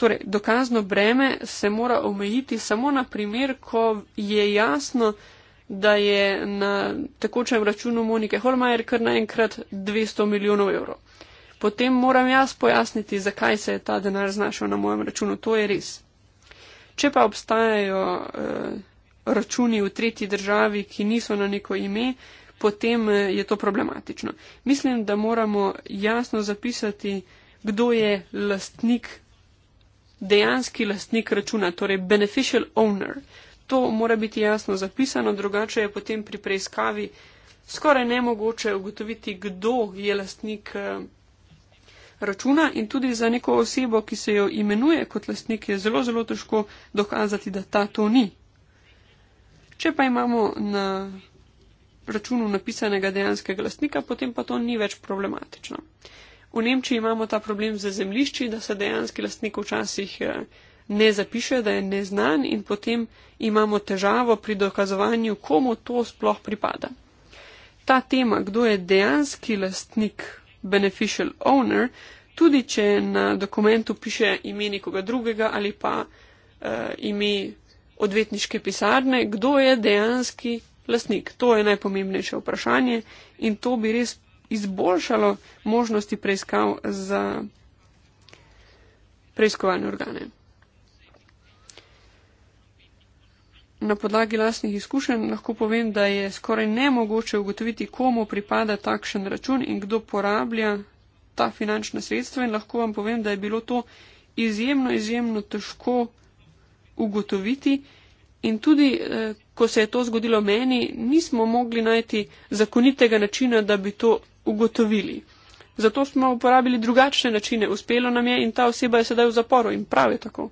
Torej, dokazno breme se mora omejiti samo na primer, ko je jasno, da je na tekočem računu Monike Holmajer kar naenkrat 200 milijonov evrov potem moram jaz pojasniti, zakaj se je ta denar znašel na mojem računu. To je res. Če pa obstajajo uh, računi v tretji državi, ki niso na neko ime, potem eh, je to problematično. Mislim, da moramo jasno zapisati, kdo je lastnik, dejanski lastnik računa, torej beneficial owner. To mora biti jasno zapisano, drugače je potem pri preiskavi skoraj nemogoče ugotoviti, kdo je lastnik. Uh, računa in tudi za neko osebo, ki se jo imenuje kot lastnik, je zelo, zelo težko dokazati, da ta to ni. Če pa imamo na računu napisanega dejanskega lastnika, potem pa to ni več problematično. V Nemčiji imamo ta problem z zemlišči, da se dejanski lastnik včasih eh, ne zapiše, da je neznan in potem imamo težavo pri dokazovanju, komu to sploh pripada. Ta tema, kdo je dejanski lastnik beneficial owner, tudi če na dokumentu piše ime nekoga drugega ali pa uh, ime odvetniške pisarne, kdo je dejanski lasnik. To je najpomembnejše vprašanje in to bi res izboljšalo možnosti preiskav za preiskovalne organe. na podlagi lastnih izkušenj lahko povem, da je skoraj nemogoče ugotoviti, komu pripada takšen račun in kdo porablja ta finančna sredstva. In lahko vam povem, da je bilo to izjemno, izjemno težko ugotoviti. In tudi, eh, ko se je to zgodilo meni, nismo mogli najti zakonitega načina, da bi to ugotovili. Zato smo uporabili drugačne načine. Uspelo nam je in ta oseba je sedaj v zaporu in prav je tako.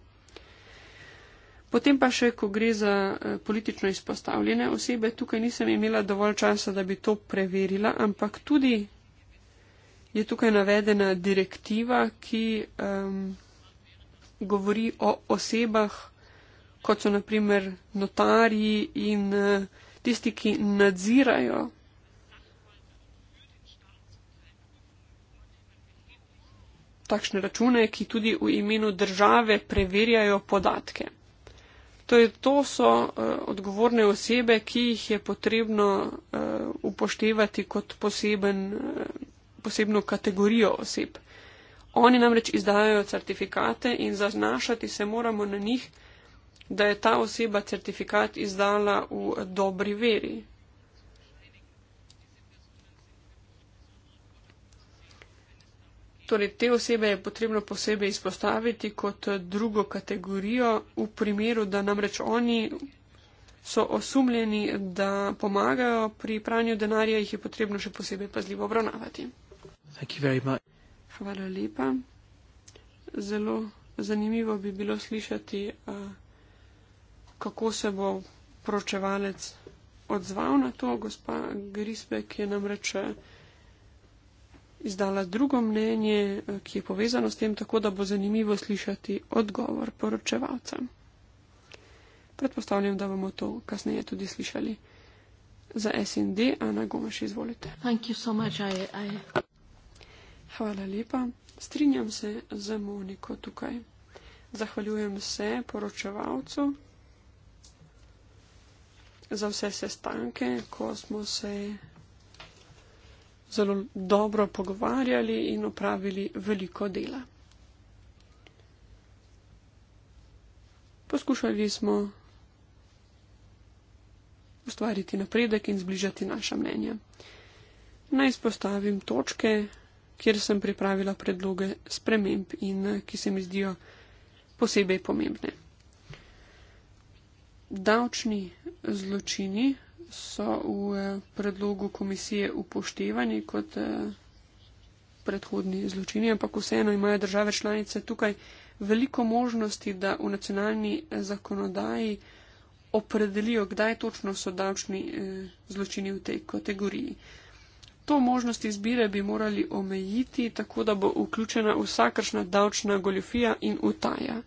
Potem pa še, ko gre za eh, politično izpostavljene osebe, tukaj nisem imela dovolj časa, da bi to preverila, ampak tudi je tukaj navedena direktiva, ki um, govori o osebah, kot so naprimer notarji in uh, tisti, ki nadzirajo. Takšne račune, ki tudi v imenu države preverjajo podatke. To, je, to so uh, odgovorne osebe, ki jih je potrebno uh, upoštevati kot poseben, uh, posebno kategorijo oseb. Oni namreč izdajajo certifikate in zaznašati se moramo na njih, da je ta oseba certifikat izdala v dobri veri, Torej, te osebe je potrebno posebej izpostaviti kot drugo kategorijo v primeru, da namreč oni so osumljeni, da pomagajo pri pranju denarja, jih je potrebno še posebej pazljivo obravnavati. Hvala lepa. Zelo zanimivo bi bilo slišati, kako se bo pročevalec odzval na to. Gospa Grisbek je namreč izdala drugo mnenje, eh, ki je povezano s tem, tako da bo zanimivo slišati odgovor poročevalca. Predpostavljam, da bomo to kasneje tudi slišali. Za SND, Ana Gomeš, izvolite. So much. I, I... Hvala lepa. Strinjam se z Moniko tukaj. Zahvaljujem se poročevalcu za vse sestanke, ko smo se zelo dobro pogovarjali in opravili veliko dela. Poskušali smo ustvariti napredek in zbližati naša mnenja. Naj izpostavim točke, kjer sem pripravila predloge sprememb in eh, ki se mi zdijo posebej pomembne. Davčni zločini so v eh, predlogu komisije upoštevani kot eh, predhodni zločini, ampak vseeno imajo države članice tukaj veliko možnosti, da v nacionalni eh, zakonodaji opredelijo, kdaj točno so davčni zločini v tej kategoriji. To možnost izbire bi morali omejiti, tako da bo vključena vsakršna davčna goljofija in utaja.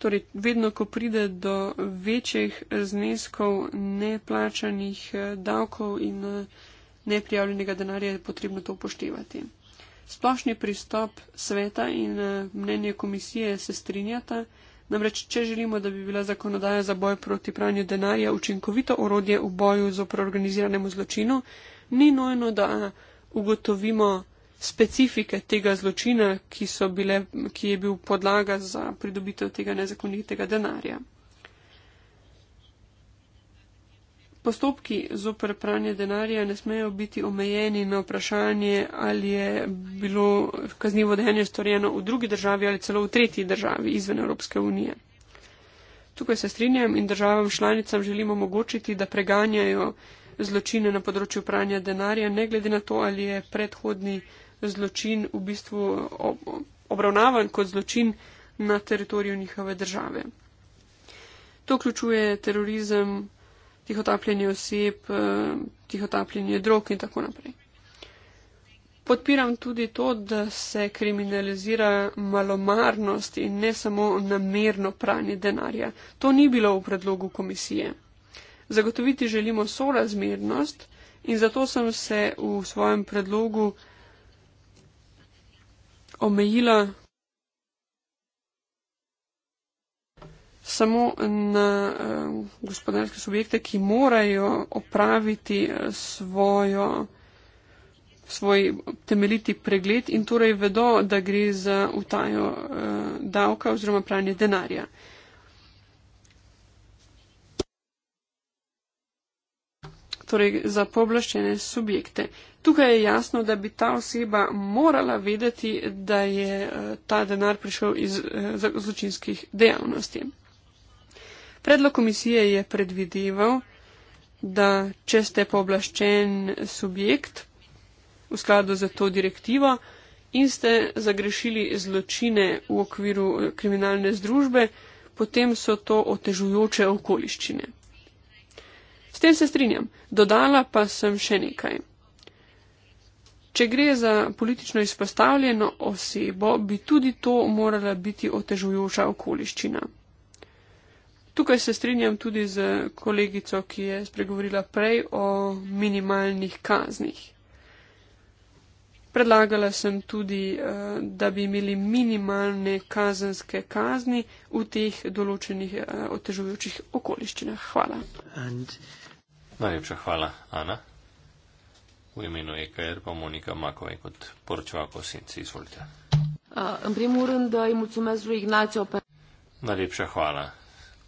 Torej, vedno, ko pride do večjih zneskov neplačanih eh, davkov in eh, neprijavljenega denarja, je potrebno to upoštevati. Splošni pristop sveta in eh, mnenje komisije se strinjata, namreč, če želimo, da bi bila zakonodaja za boj proti pranju denarja učinkovito orodje v boju z oproorganiziranemu zločinu, ni nojno, da ugotovimo, specifike tega zločina, ki, bile, ki je bil podlaga za pridobitev tega nezakonitega denarja. Postopki z oprpranje denarja ne smejo biti omejeni na vprašanje, ali je bilo kaznivo dejanje storjeno v drugi državi ali celo v tretji državi izven Evropske unije. Tukaj se strinjam in državam članicam želimo omogočiti, da preganjajo zločine na področju pranja denarja, ne glede na to, ali je predhodni zločin v bistvu obravnavan kot zločin na teritoriju njihove države. To vključuje terorizem, tihotapljenje oseb, eh, tihotapljenje drog in tako naprej. Podpiram tudi to, da se kriminalizira malomarnost in ne samo namerno pranje denarja. To ni bilo v predlogu komisije. Zagotoviti želimo sorazmernost in zato sem se v svojem predlogu omejila samo na uh, gospodarske subjekte, ki morajo opraviti eh, svojo, svoj temeljiti pregled in torej vedo, da gre za utajo uh, davka oziroma pranje denarja. Uh, torej za povlaščene subjekte. Tukaj je jasno, da bi ta oseba morala vedeti, da je eh, ta denar prišel iz eh, zločinskih dejavnosti. Predlog komisije je predvideval, da če ste povlaščen subjekt v skladu z to direktivo in ste zagrešili zločine v okviru eh, kriminalne združbe, potem so to otežujoče okoliščine tem se strinjam. Dodala pa sem še nekaj. Če gre za politično izpostavljeno osebo, bi tudi to morala biti otežujoča okoliščina. Tukaj se strinjam tudi z kolegico, ki je spregovorila prej o minimalnih kaznih. Predlagala sem tudi, eh, da bi imeli minimalne kazenske kazni v teh določenih eh, otežujočih okoliščinah. Hvala. And... Najlepša hvala, Ana. V imenu EKR pa Monika Makovej kot poročevalko Sinci. Izvolite. Uh, Najlepša hvala,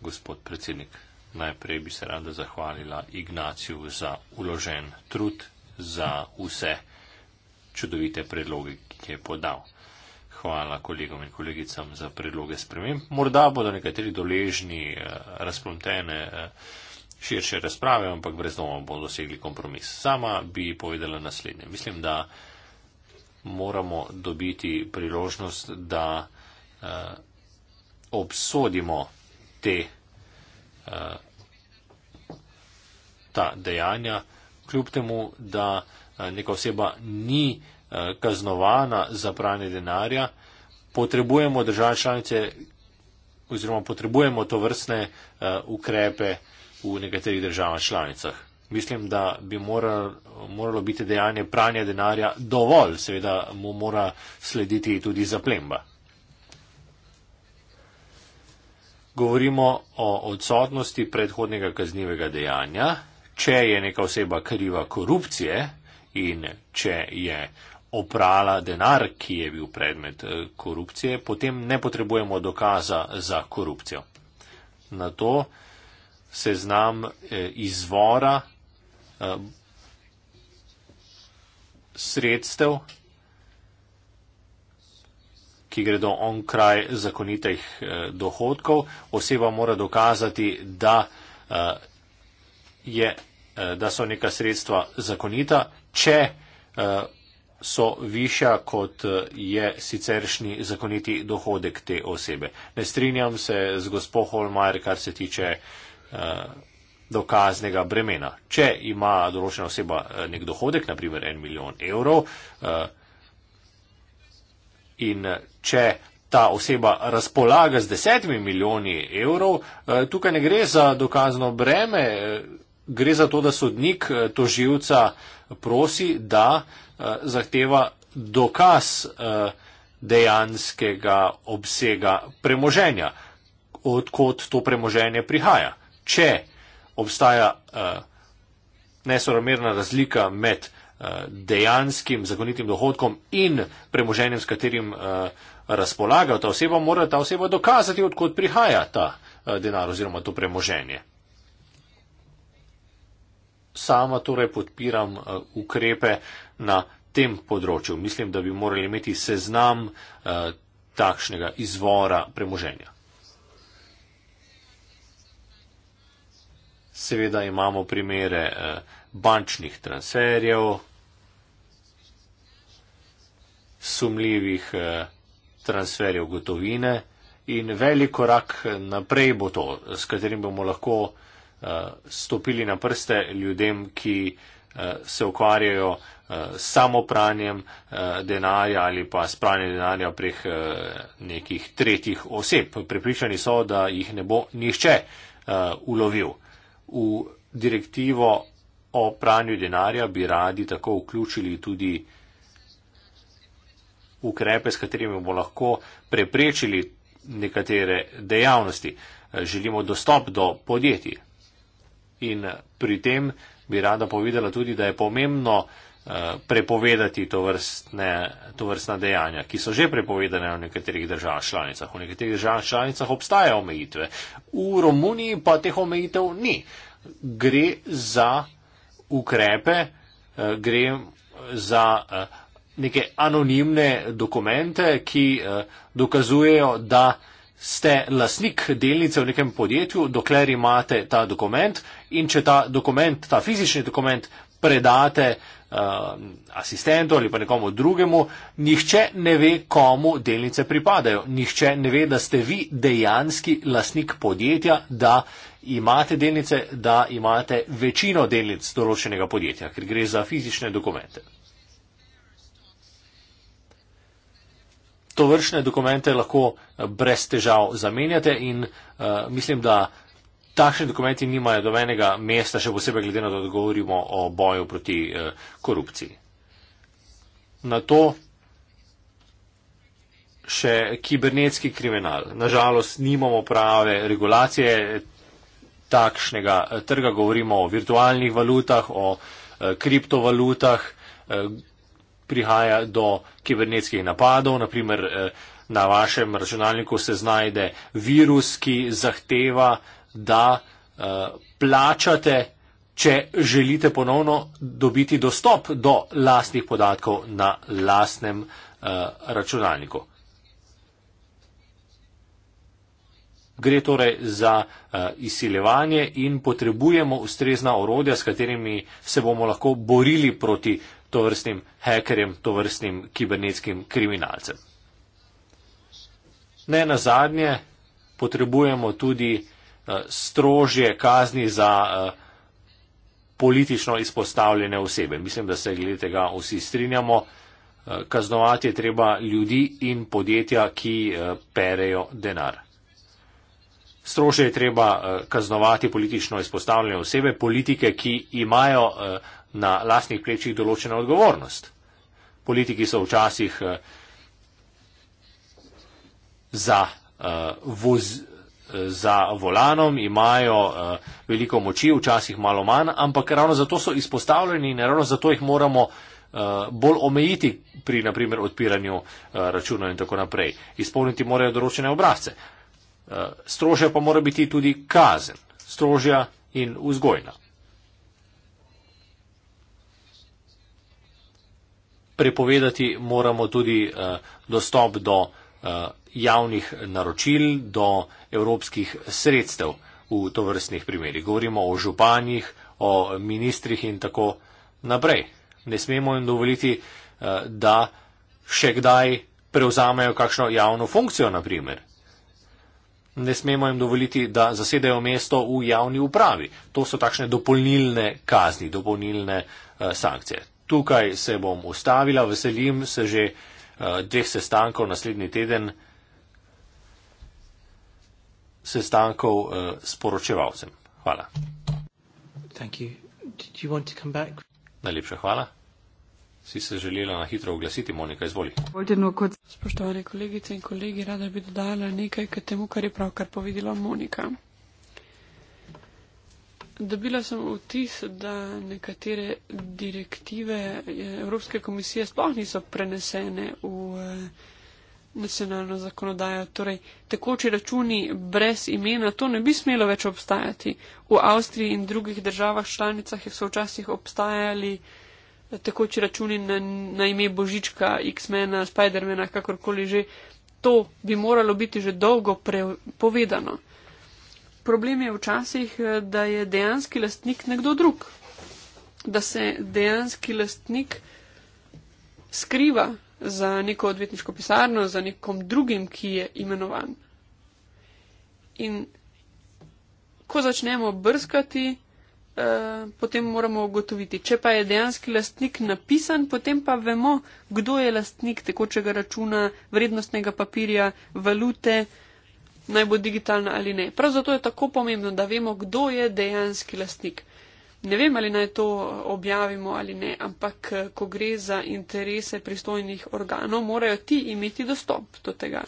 gospod predsednik. Najprej bi se rada zahvalila Ignaciju za uložen trud, za vse čudovite predloge, ki je podal. Hvala kolegom in kolegicam za predloge sprememb. Morda bodo nekateri doležni, eh, razplomtene. Eh, širše razprave, ampak brez doma bomo dosegli kompromis. Sama bi povedala naslednje. Mislim, da moramo dobiti priložnost, da eh, obsodimo te, eh, ta dejanja, kljub temu, da eh, neka oseba ni eh, kaznovana za pranje denarja, potrebujemo države članice oziroma potrebujemo to vrstne eh, ukrepe, v nekaterih državah članicah. Mislim, da bi moralo, moralo biti dejanje pranja denarja dovolj, seveda mu mora slediti tudi zaplemba. Govorimo o odsotnosti predhodnega kaznivega dejanja. Če je neka oseba kriva korupcije in če je oprala denar, ki je bil predmet eh, korupcije, potem ne potrebujemo dokaza za korupcijo. Na to seznam eh, izvora eh, sredstev, ki gredo on kraj zakonitih eh, dohodkov. Oseba mora dokazati, da, je, da so neka sredstva zakonita, če so višja, kot je siceršnji zakoniti dohodek te osebe. Ne strinjam se z gospod Holmajer, kar se tiče uh, Eh, dokaznega bremena. Če ima določena oseba eh, nek dohodek, naprimer en milijon evrov, eh, in če ta oseba razpolaga z desetimi milijoni evrov, tukaj ne gre za dokazno breme, gre za to, da sodnik toživca prosi, da zahteva dokaz dejanskega obsega premoženja, odkot to premoženje prihaja če obstaja eh, nesoramerna razlika med eh, dejanskim zakonitim dohodkom in premoženjem, s katerim eh, razpolaga ta oseba, mora ta oseba dokazati, odkot prihaja ta denar oziroma to premoženje. Sama torej podpiram ukrepe na tem področju. Mislim, da bi morali imeti seznam takšnega izvora premoženja. seveda imamo primere eh, bančnih transferjev, sumljivih eh, transferjev gotovine in velik korak naprej bo to, s katerim bomo lahko eh, stopili na prste ljudem, ki se ukvarjajo s samopranjem denarja ali pa s pranjem denarja prek nekih tretjih oseb. Pripričani so, da jih ne bo nihče ulovil v direktivo o pranju denarja bi radi tako vključili tudi ukrepe, s katerimi bomo lahko preprečili nekatere dejavnosti. Želimo dostop do podjetij. In pri tem bi rada povedala tudi, da je pomembno, Eh, prepovedati to, vrstne, to vrstna dejanja, ki so že prepovedane v nekaterih državah članicah. V nekaterih državah članicah obstajajo omejitve. V Romuniji pa teh omejitev ni. Gre za ukrepe, eh, gre za eh, neke anonimne dokumente, ki dokazujejo, da ste lasnik delnice v nekem podjetju, dokler imate ta dokument in če ta dokument, ta fizični dokument predate Um, asistentu ali pa nekomu drugemu, nihče ne ve, komu delnice pripadajo. Nihče ne ve, da ste vi dejanski lasnik podjetja, da imate delnice, da imate večino delnic določenega podjetja, ker gre za fizične dokumente. To vršne dokumente lahko brez težav zamenjate in uh, mislim, da uh, takšni dokumenti nimajo dovenega mesta, še posebej glede na to, da govorimo o boju proti eh, korupciji. Na to še kibernetski kriminal. Nažalost, nimamo prave regulacije takšnega eh, trga, govorimo o virtualnih valutah, o eh, kriptovalutah, prihaja do kibernetskih napadov, naprimer na vašem računalniku se znajde virus, ki zahteva da uh, plačate, če želite ponovno dobiti dostop do lastnih podatkov na lastnem uh, računalniku. Gre torej za uh, eh, izsilevanje in potrebujemo ustrezna orodja, s katerimi se bomo lahko borili proti tovrstnim hekerjem, tovrstnim kibernetskim kriminalcem. Ne na zadnje, potrebujemo tudi uh, Eh, strožje kazni za eh, politično izpostavljene osebe. Mislim, da se glede tega vsi strinjamo. Eh, kaznovati je treba ljudi in podjetja, ki perejo denar. Strošje je treba kaznovati politično izpostavljene osebe, politike, ki imajo na lastnih plečih določeno odgovornost. Politiki so včasih za voz, za volanom, imajo eh, veliko moči, včasih malo manj, ampak ravno zato so izpostavljeni in ravno zato jih moramo eh, bolj omejiti pri, naprimer, odpiranju eh, računov in tako naprej. Izpolniti morajo določene obrazce. Strožja pa mora biti tudi kazen, strožja in vzgojna. Prepovedati moramo tudi dostop do javnih naročil do evropskih sredstev v tovrstnih primerjih. Govorimo o županjih, o ministrih in tako naprej. Ne smemo jim dovoliti, eh, da še kdaj prevzamejo kakšno javno funkcijo, naprimer. Ne smemo jim dovoliti, da zasedajo mesto v javni upravi. To so takšne dopolnilne kazni, dopolnilne eh, sankcije. Tukaj se bom ustavila, veselim se že eh, dveh sestankov naslednji teden sestankov eh, s poročevalcem. Hvala. Najlepša hvala. Si se želela na hitro oglasiti, Monika, izvoli. Spoštovane kolegice in kolegi, rada bi dodala nekaj k temu, kar je pravkar povedala Monika. Dobila sem vtis, da nekatere direktive eh, Evropske komisije sploh niso prenesene v nacionalno zakonodajo. Torej, tekoči računi brez imena, to ne bi smelo več obstajati. V Avstriji in drugih državah članicah so včasih obstajali tekoči računi na, na ime Božička, X-mena, Spidermana, kakorkoli že. To bi moralo biti že dolgo prepovedano. Problem je včasih, da je dejanski lastnik nekdo drug, da se dejanski lastnik skriva za neko odvetniško pisarno, za nekom drugim, ki je imenovan. In ko začnemo brskati, eh, potem moramo ugotoviti, če pa je dejanski lastnik napisan, potem pa vemo, kdo je lastnik tekočega računa, vrednostnega papirja, valute, naj bo digitalna ali ne. Prav zato je tako pomembno, da vemo, kdo je dejanski lastnik. Ne vem, ali naj to objavimo ali ne, ampak eh, ko gre za interese pristojnih organov, morajo ti imeti dostop do tega.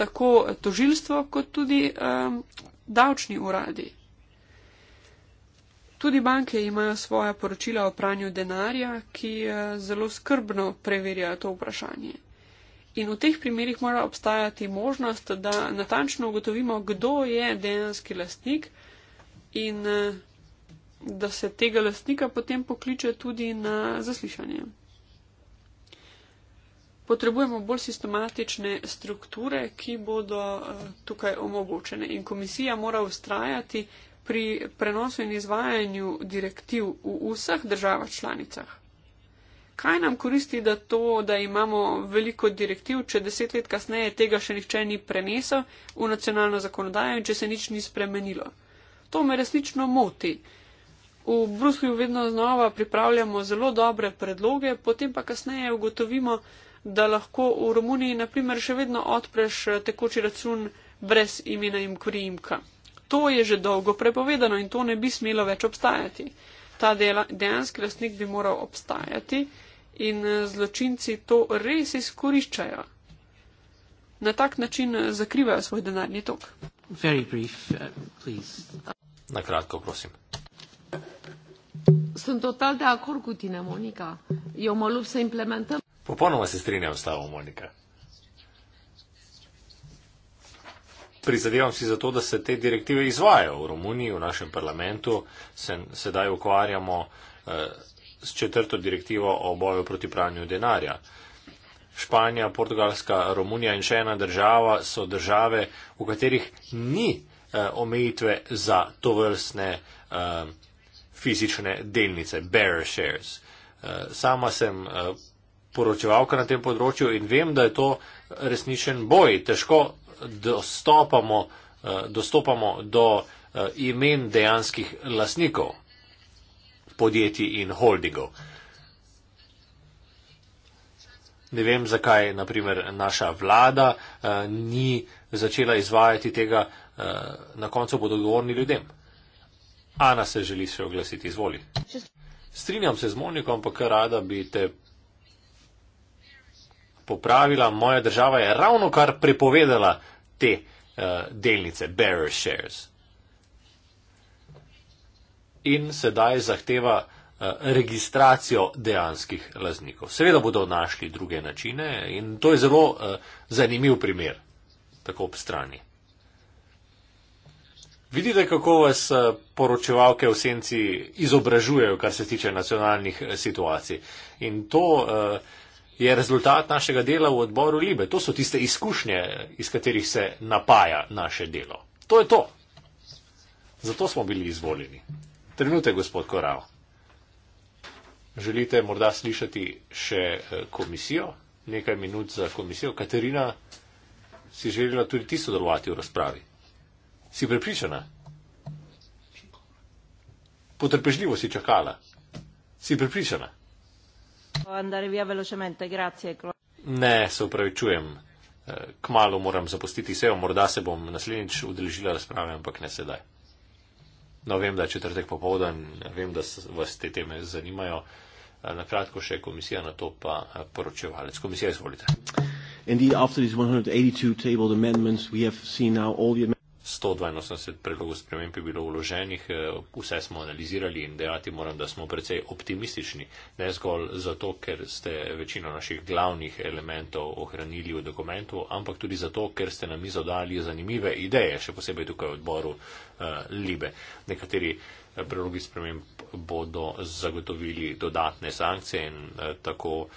Tako eh, tožilstvo, kot tudi um, davčni uradi. Tudi banke imajo svoja poročila o pranju denarja, ki zelo skrbno preverjajo to vprašanje. In v teh primerjih mora obstajati možnost, da natančno ugotovimo, kdo je dejanski lastnik in uh, da se tega lastnika potem pokliče tudi na zaslišanje. Potrebujemo bolj sistematične strukture, ki bodo eh, tukaj omogočene. In komisija mora ustrajati pri prenosu in izvajanju direktiv v vseh državah članicah. Kaj nam koristi, da, to, da imamo veliko direktiv, če deset let kasneje tega še nihče ni prenesel v nacionalno zakonodajo in če se nič ni spremenilo? To me resnično moti v Bruslju vedno znova pripravljamo zelo dobre predloge, potem pa kasneje ugotovimo, da lahko v Romuniji naprimer še vedno odpreš eh, tekoči račun brez imena in krimka. To je že dolgo prepovedano in to ne bi smelo več obstajati. Ta dejanski lastnik bi moral obstajati in eh, zločinci to res izkoriščajo. Na tak način eh, zakrivajo svoj denarni tok. Na kratko, prosim. Sunt total de acord cu tine, Monica. Eu mă lupt să implementăm. Popoanul mă se strine în stavă, Monica. Prizadevam si zato, da se te direktive izvajo v Romuniji, v našem parlamentu. Se, sedaj ukvarjamo eh, s četrto direktivo o boju proti pranju denarja. Španija, Portugalska, Romunija in še ena država so države, v katerih ni eh, omejitve za to vrstne. Eh, fizične delnice, bearer shares. Eh, sama sem eh, poročevalka na tem področju in vem, da je to resničen boj. Težko dostopamo, eh, dostopamo do imen dejanskih lasnikov podjetij in holdingov. Ne vem, zakaj naprimer naša vlada uh, ni začela izvajati tega, uh, na koncu bodo odgovorni ljudem. Ana se želi še oglasiti, izvoli. Strinjam se z Monikom, ampak rada bi te popravila. Moja država je ravno kar prepovedala te uh, delnice, bearer shares. In sedaj zahteva eh, registracijo dejanskih lasnikov. Seveda bodo našli druge načine in to je zelo uh, zanimiv primer, tako ob strani. Vidite, kako vas eh, poročevalke v senci izobražujejo, kar se tiče nacionalnih eh, situacij. In to eh, je rezultat našega dela v odboru Libe. To so tiste izkušnje, iz katerih se napaja naše delo. To je to. Zato smo bili izvoljeni. Trenutek, gospod Korav. Želite morda slišati še komisijo? Nekaj minut za komisijo. Katerina si želela tudi ti sodelovati v razpravi. Si pripričana? Potrpežljivo si čakala. Si pripričana? Ne, se upravičujem. Eh, kmalo moram zapustiti sejo, morda se bom naslednjič udeležila razprave, ampak ne sedaj. No, vem, da je četrtek popovdan, vem, da vas te teme zanimajo. Eh, na kratko še komisija, na to pa eh, poročevalec. Komisija, izvolite. Indeed, 182 predlogov sprememb je bilo vloženih, eh, vse smo analizirali in dejati moram, da smo precej optimistični, ne zgolj zato, ker ste večino naših glavnih elementov ohranili v dokumentu, ampak tudi zato, ker ste nam izodali zanimive ideje, še posebej tukaj v odboru uh, Libe. Nekateri eh, predlogi sprememb bodo zagotovili dodatne sankcije in uh, tako uh,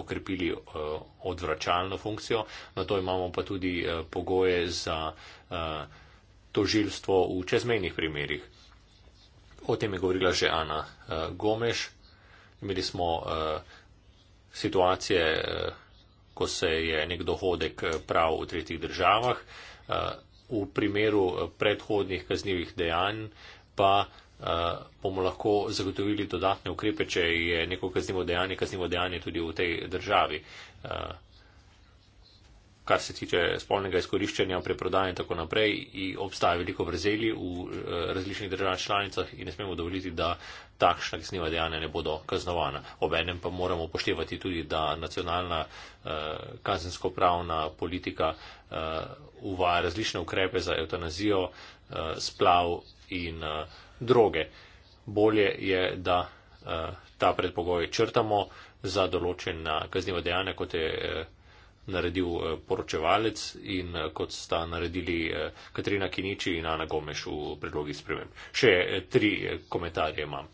okrepili uh, odvračalno funkcijo, na to imamo pa tudi uh, pogoje za uh, tožilstvo v čezmejnih primerjih. O tem je govorila že Ana eh, Gomeš. Imeli smo eh, situacije, eh, ko se je nek dohodek prav v tretjih državah. V primeru predhodnih kaznjivih dejanj pa bomo lahko zagotovili dodatne ukrepe, če je neko kaznivo dejanje, kaznivo dejanje tudi v tej državi kar se tiče spolnega izkoriščanja, preprodaje in tako naprej, in obstaja veliko vrzeli v eh, različnih državah članicah in ne smemo dovoliti, da takšna kazniva dejanja ne bodo kaznovana. Obenem pa moramo upoštevati tudi, da nacionalna eh, kazensko-pravna politika eh, uvaja različne ukrepe za eutanazijo, eh, splav in eh, droge. Bolje je, da eh, ta predpogoj črtamo za določena kazniva dejanja, kot je. Eh, naredil eh, poročevalec in eh, kot sta naredili eh, Katrina Kiniči in Ana Gomeš v predlogi sprememb. Še tri komentarje imam.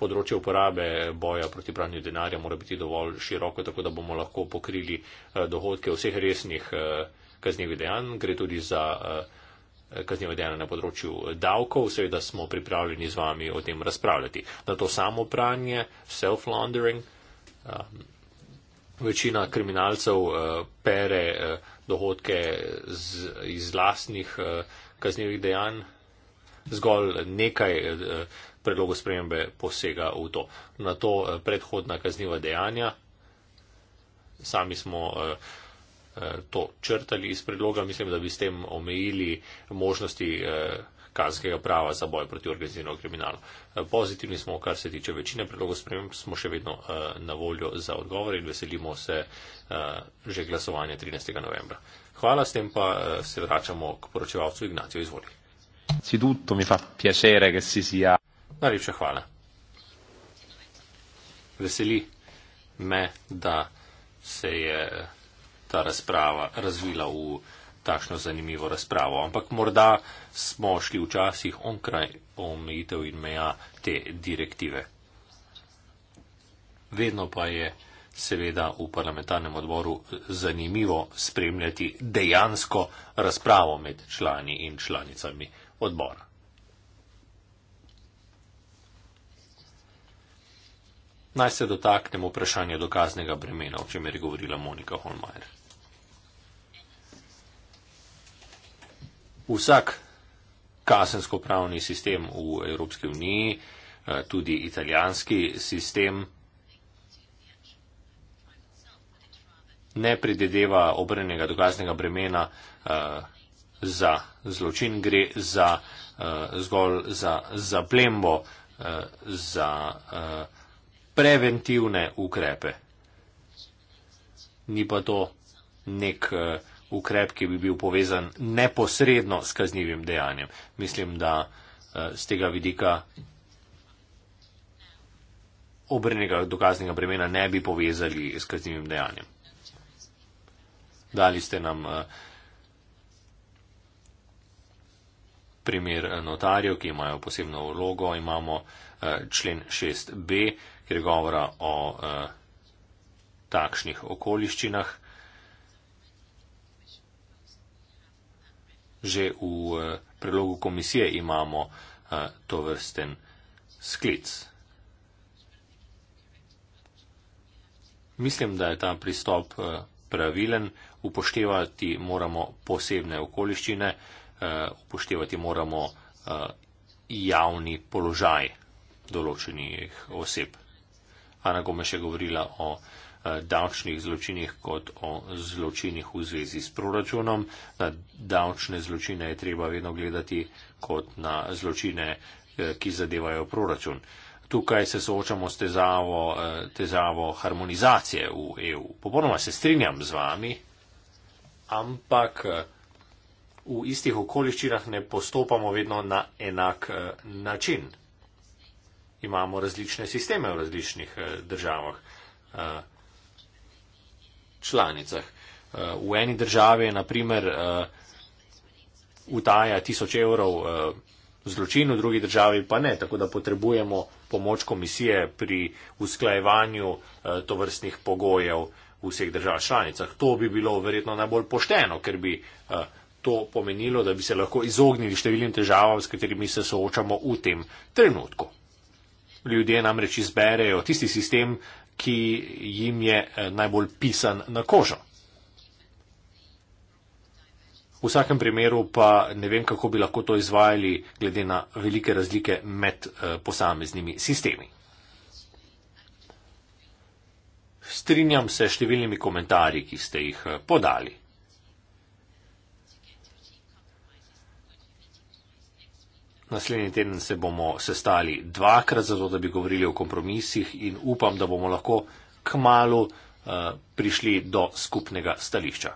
Področje uporabe boja proti pranju denarja mora biti dovolj široko, tako da bomo lahko pokrili dohodke vseh resnih kaznjevih dejanj. Gre tudi za kaznjeva dejanja na področju davkov. Seveda smo pripravljeni z vami o tem razpravljati. Na to samo pranje, self-laundering. Ehm, Večina kriminalcev uh, pere uh, dohodke z, iz vlastnih uh, eh, kaznjivih dejanj. Zgolj nekaj uh, predlogov spremembe posega v to. Na to uh, predhodna kazniva dejanja. Sami smo uh, uh, to črtali iz predloga. Mislim, da bi s tem omejili možnosti. Uh, kazenskega prava za boj proti organiziranemu kriminalu. Eh, pozitivni smo, kar se tiče večine predlogov sprememb, smo še vedno eh, na voljo za odgovore in veselimo se eh, že glasovanja 13. novembra. Hvala, s tem pa se vračamo k poročevalcu Ignacijo Izvoli. Najlepša hvala. Veseli me, da se je ta razprava razvila v takšno zanimivo razpravo, ampak morda smo šli včasih onkraj omejitev in meja te direktive. Vedno pa je seveda v parlamentarnem odboru zanimivo spremljati dejansko razpravo med člani in članicami odbora. Naj se dotaknemo vprašanja dokaznega bremena, o čem je govorila Monika Holmajer. vsak kazensko-pravni sistem v Evropski uniji, eh, tudi italijanski sistem, ne predvideva obrnenega dokaznega bremena eh, za zločin, gre za eh, zgolj za zaplembo, za preventivne ukrepe. Ni pa to nek uh, ukrep, ki bi bil povezan neposredno s kaznjivim dejanjem. Mislim, da z eh, tega vidika obrnega dokaznega bremena ne bi povezali s kaznjivim dejanjem. Dali ste nam eh, primer eh, notarjev, ki imajo posebno vlogo. Imamo člen 6b, kjer govora o takšnih okoliščinah. že v eh, predlogu komisije imamo eh, to vrsten sklic. Mislim, da je ta pristop eh, pravilen, upoštevati moramo posebne okoliščine, upoštevati moramo javni položaj določenih oseb. Ana Gomeš je govorila o Eh, davčnih zločinih kot o zločinih v zvezi s proračunom. Na davčne zločine je treba vedno gledati kot na zločine, eh, ki zadevajo proračun. Tukaj se soočamo s tezavo, eh, tezavo harmonizacije v EU. Popolnoma se strinjam z vami, ampak v istih okoliščinah ne postopamo vedno na enak način. Imamo različne sisteme v različnih državah članicah. Eh, v eni državi je naprimer eh, utaja tisoč evrov eh, zločin, v drugi državi pa ne, tako da potrebujemo pomoč komisije pri usklajevanju tovrstnih pogojev v vseh držav članicah. To bi bilo verjetno najbolj pošteno, ker bi to pomenilo, da bi se lahko izognili številnim težavam, s katerimi se soočamo v tem trenutku. Ljudje namreč izberejo tisti sistem, ki jim je eh, najbolj pisan na kožo. V vsakem primeru pa ne vem, kako bi lahko to izvajali, glede na velike razlike med eh, posameznimi sistemi. Strinjam se številnimi komentarji, ki ste jih eh, podali. Naslednji teden se bomo sestali dvakrat, zato da bi govorili o kompromisih in upam, da bomo lahko k malu uh, eh, prišli do skupnega stališča.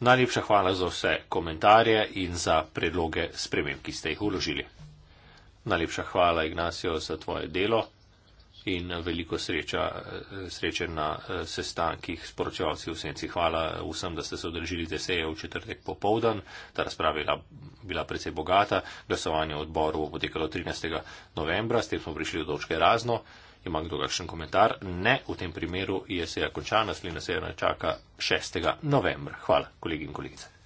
Najlepša hvala za vse komentarje in za predloge sprememb, ki ste jih uložili. Najlepša hvala, Ignacio, za tvoje delo in veliko sreča, sreče na sestankih s poročevalci v senci. Hvala vsem, da ste se odrežili deseje v četrtek popovdan. Ta razprava je bila, bila precej bogata. Glasovanje v odboru bo potekalo 13. novembra. S tem smo prišli do točke razno. Ima kdo kakšen komentar? Ne, v tem primeru je seja končana. Slina seja čaka 6. novembra. Hvala, kolegi in kolegice.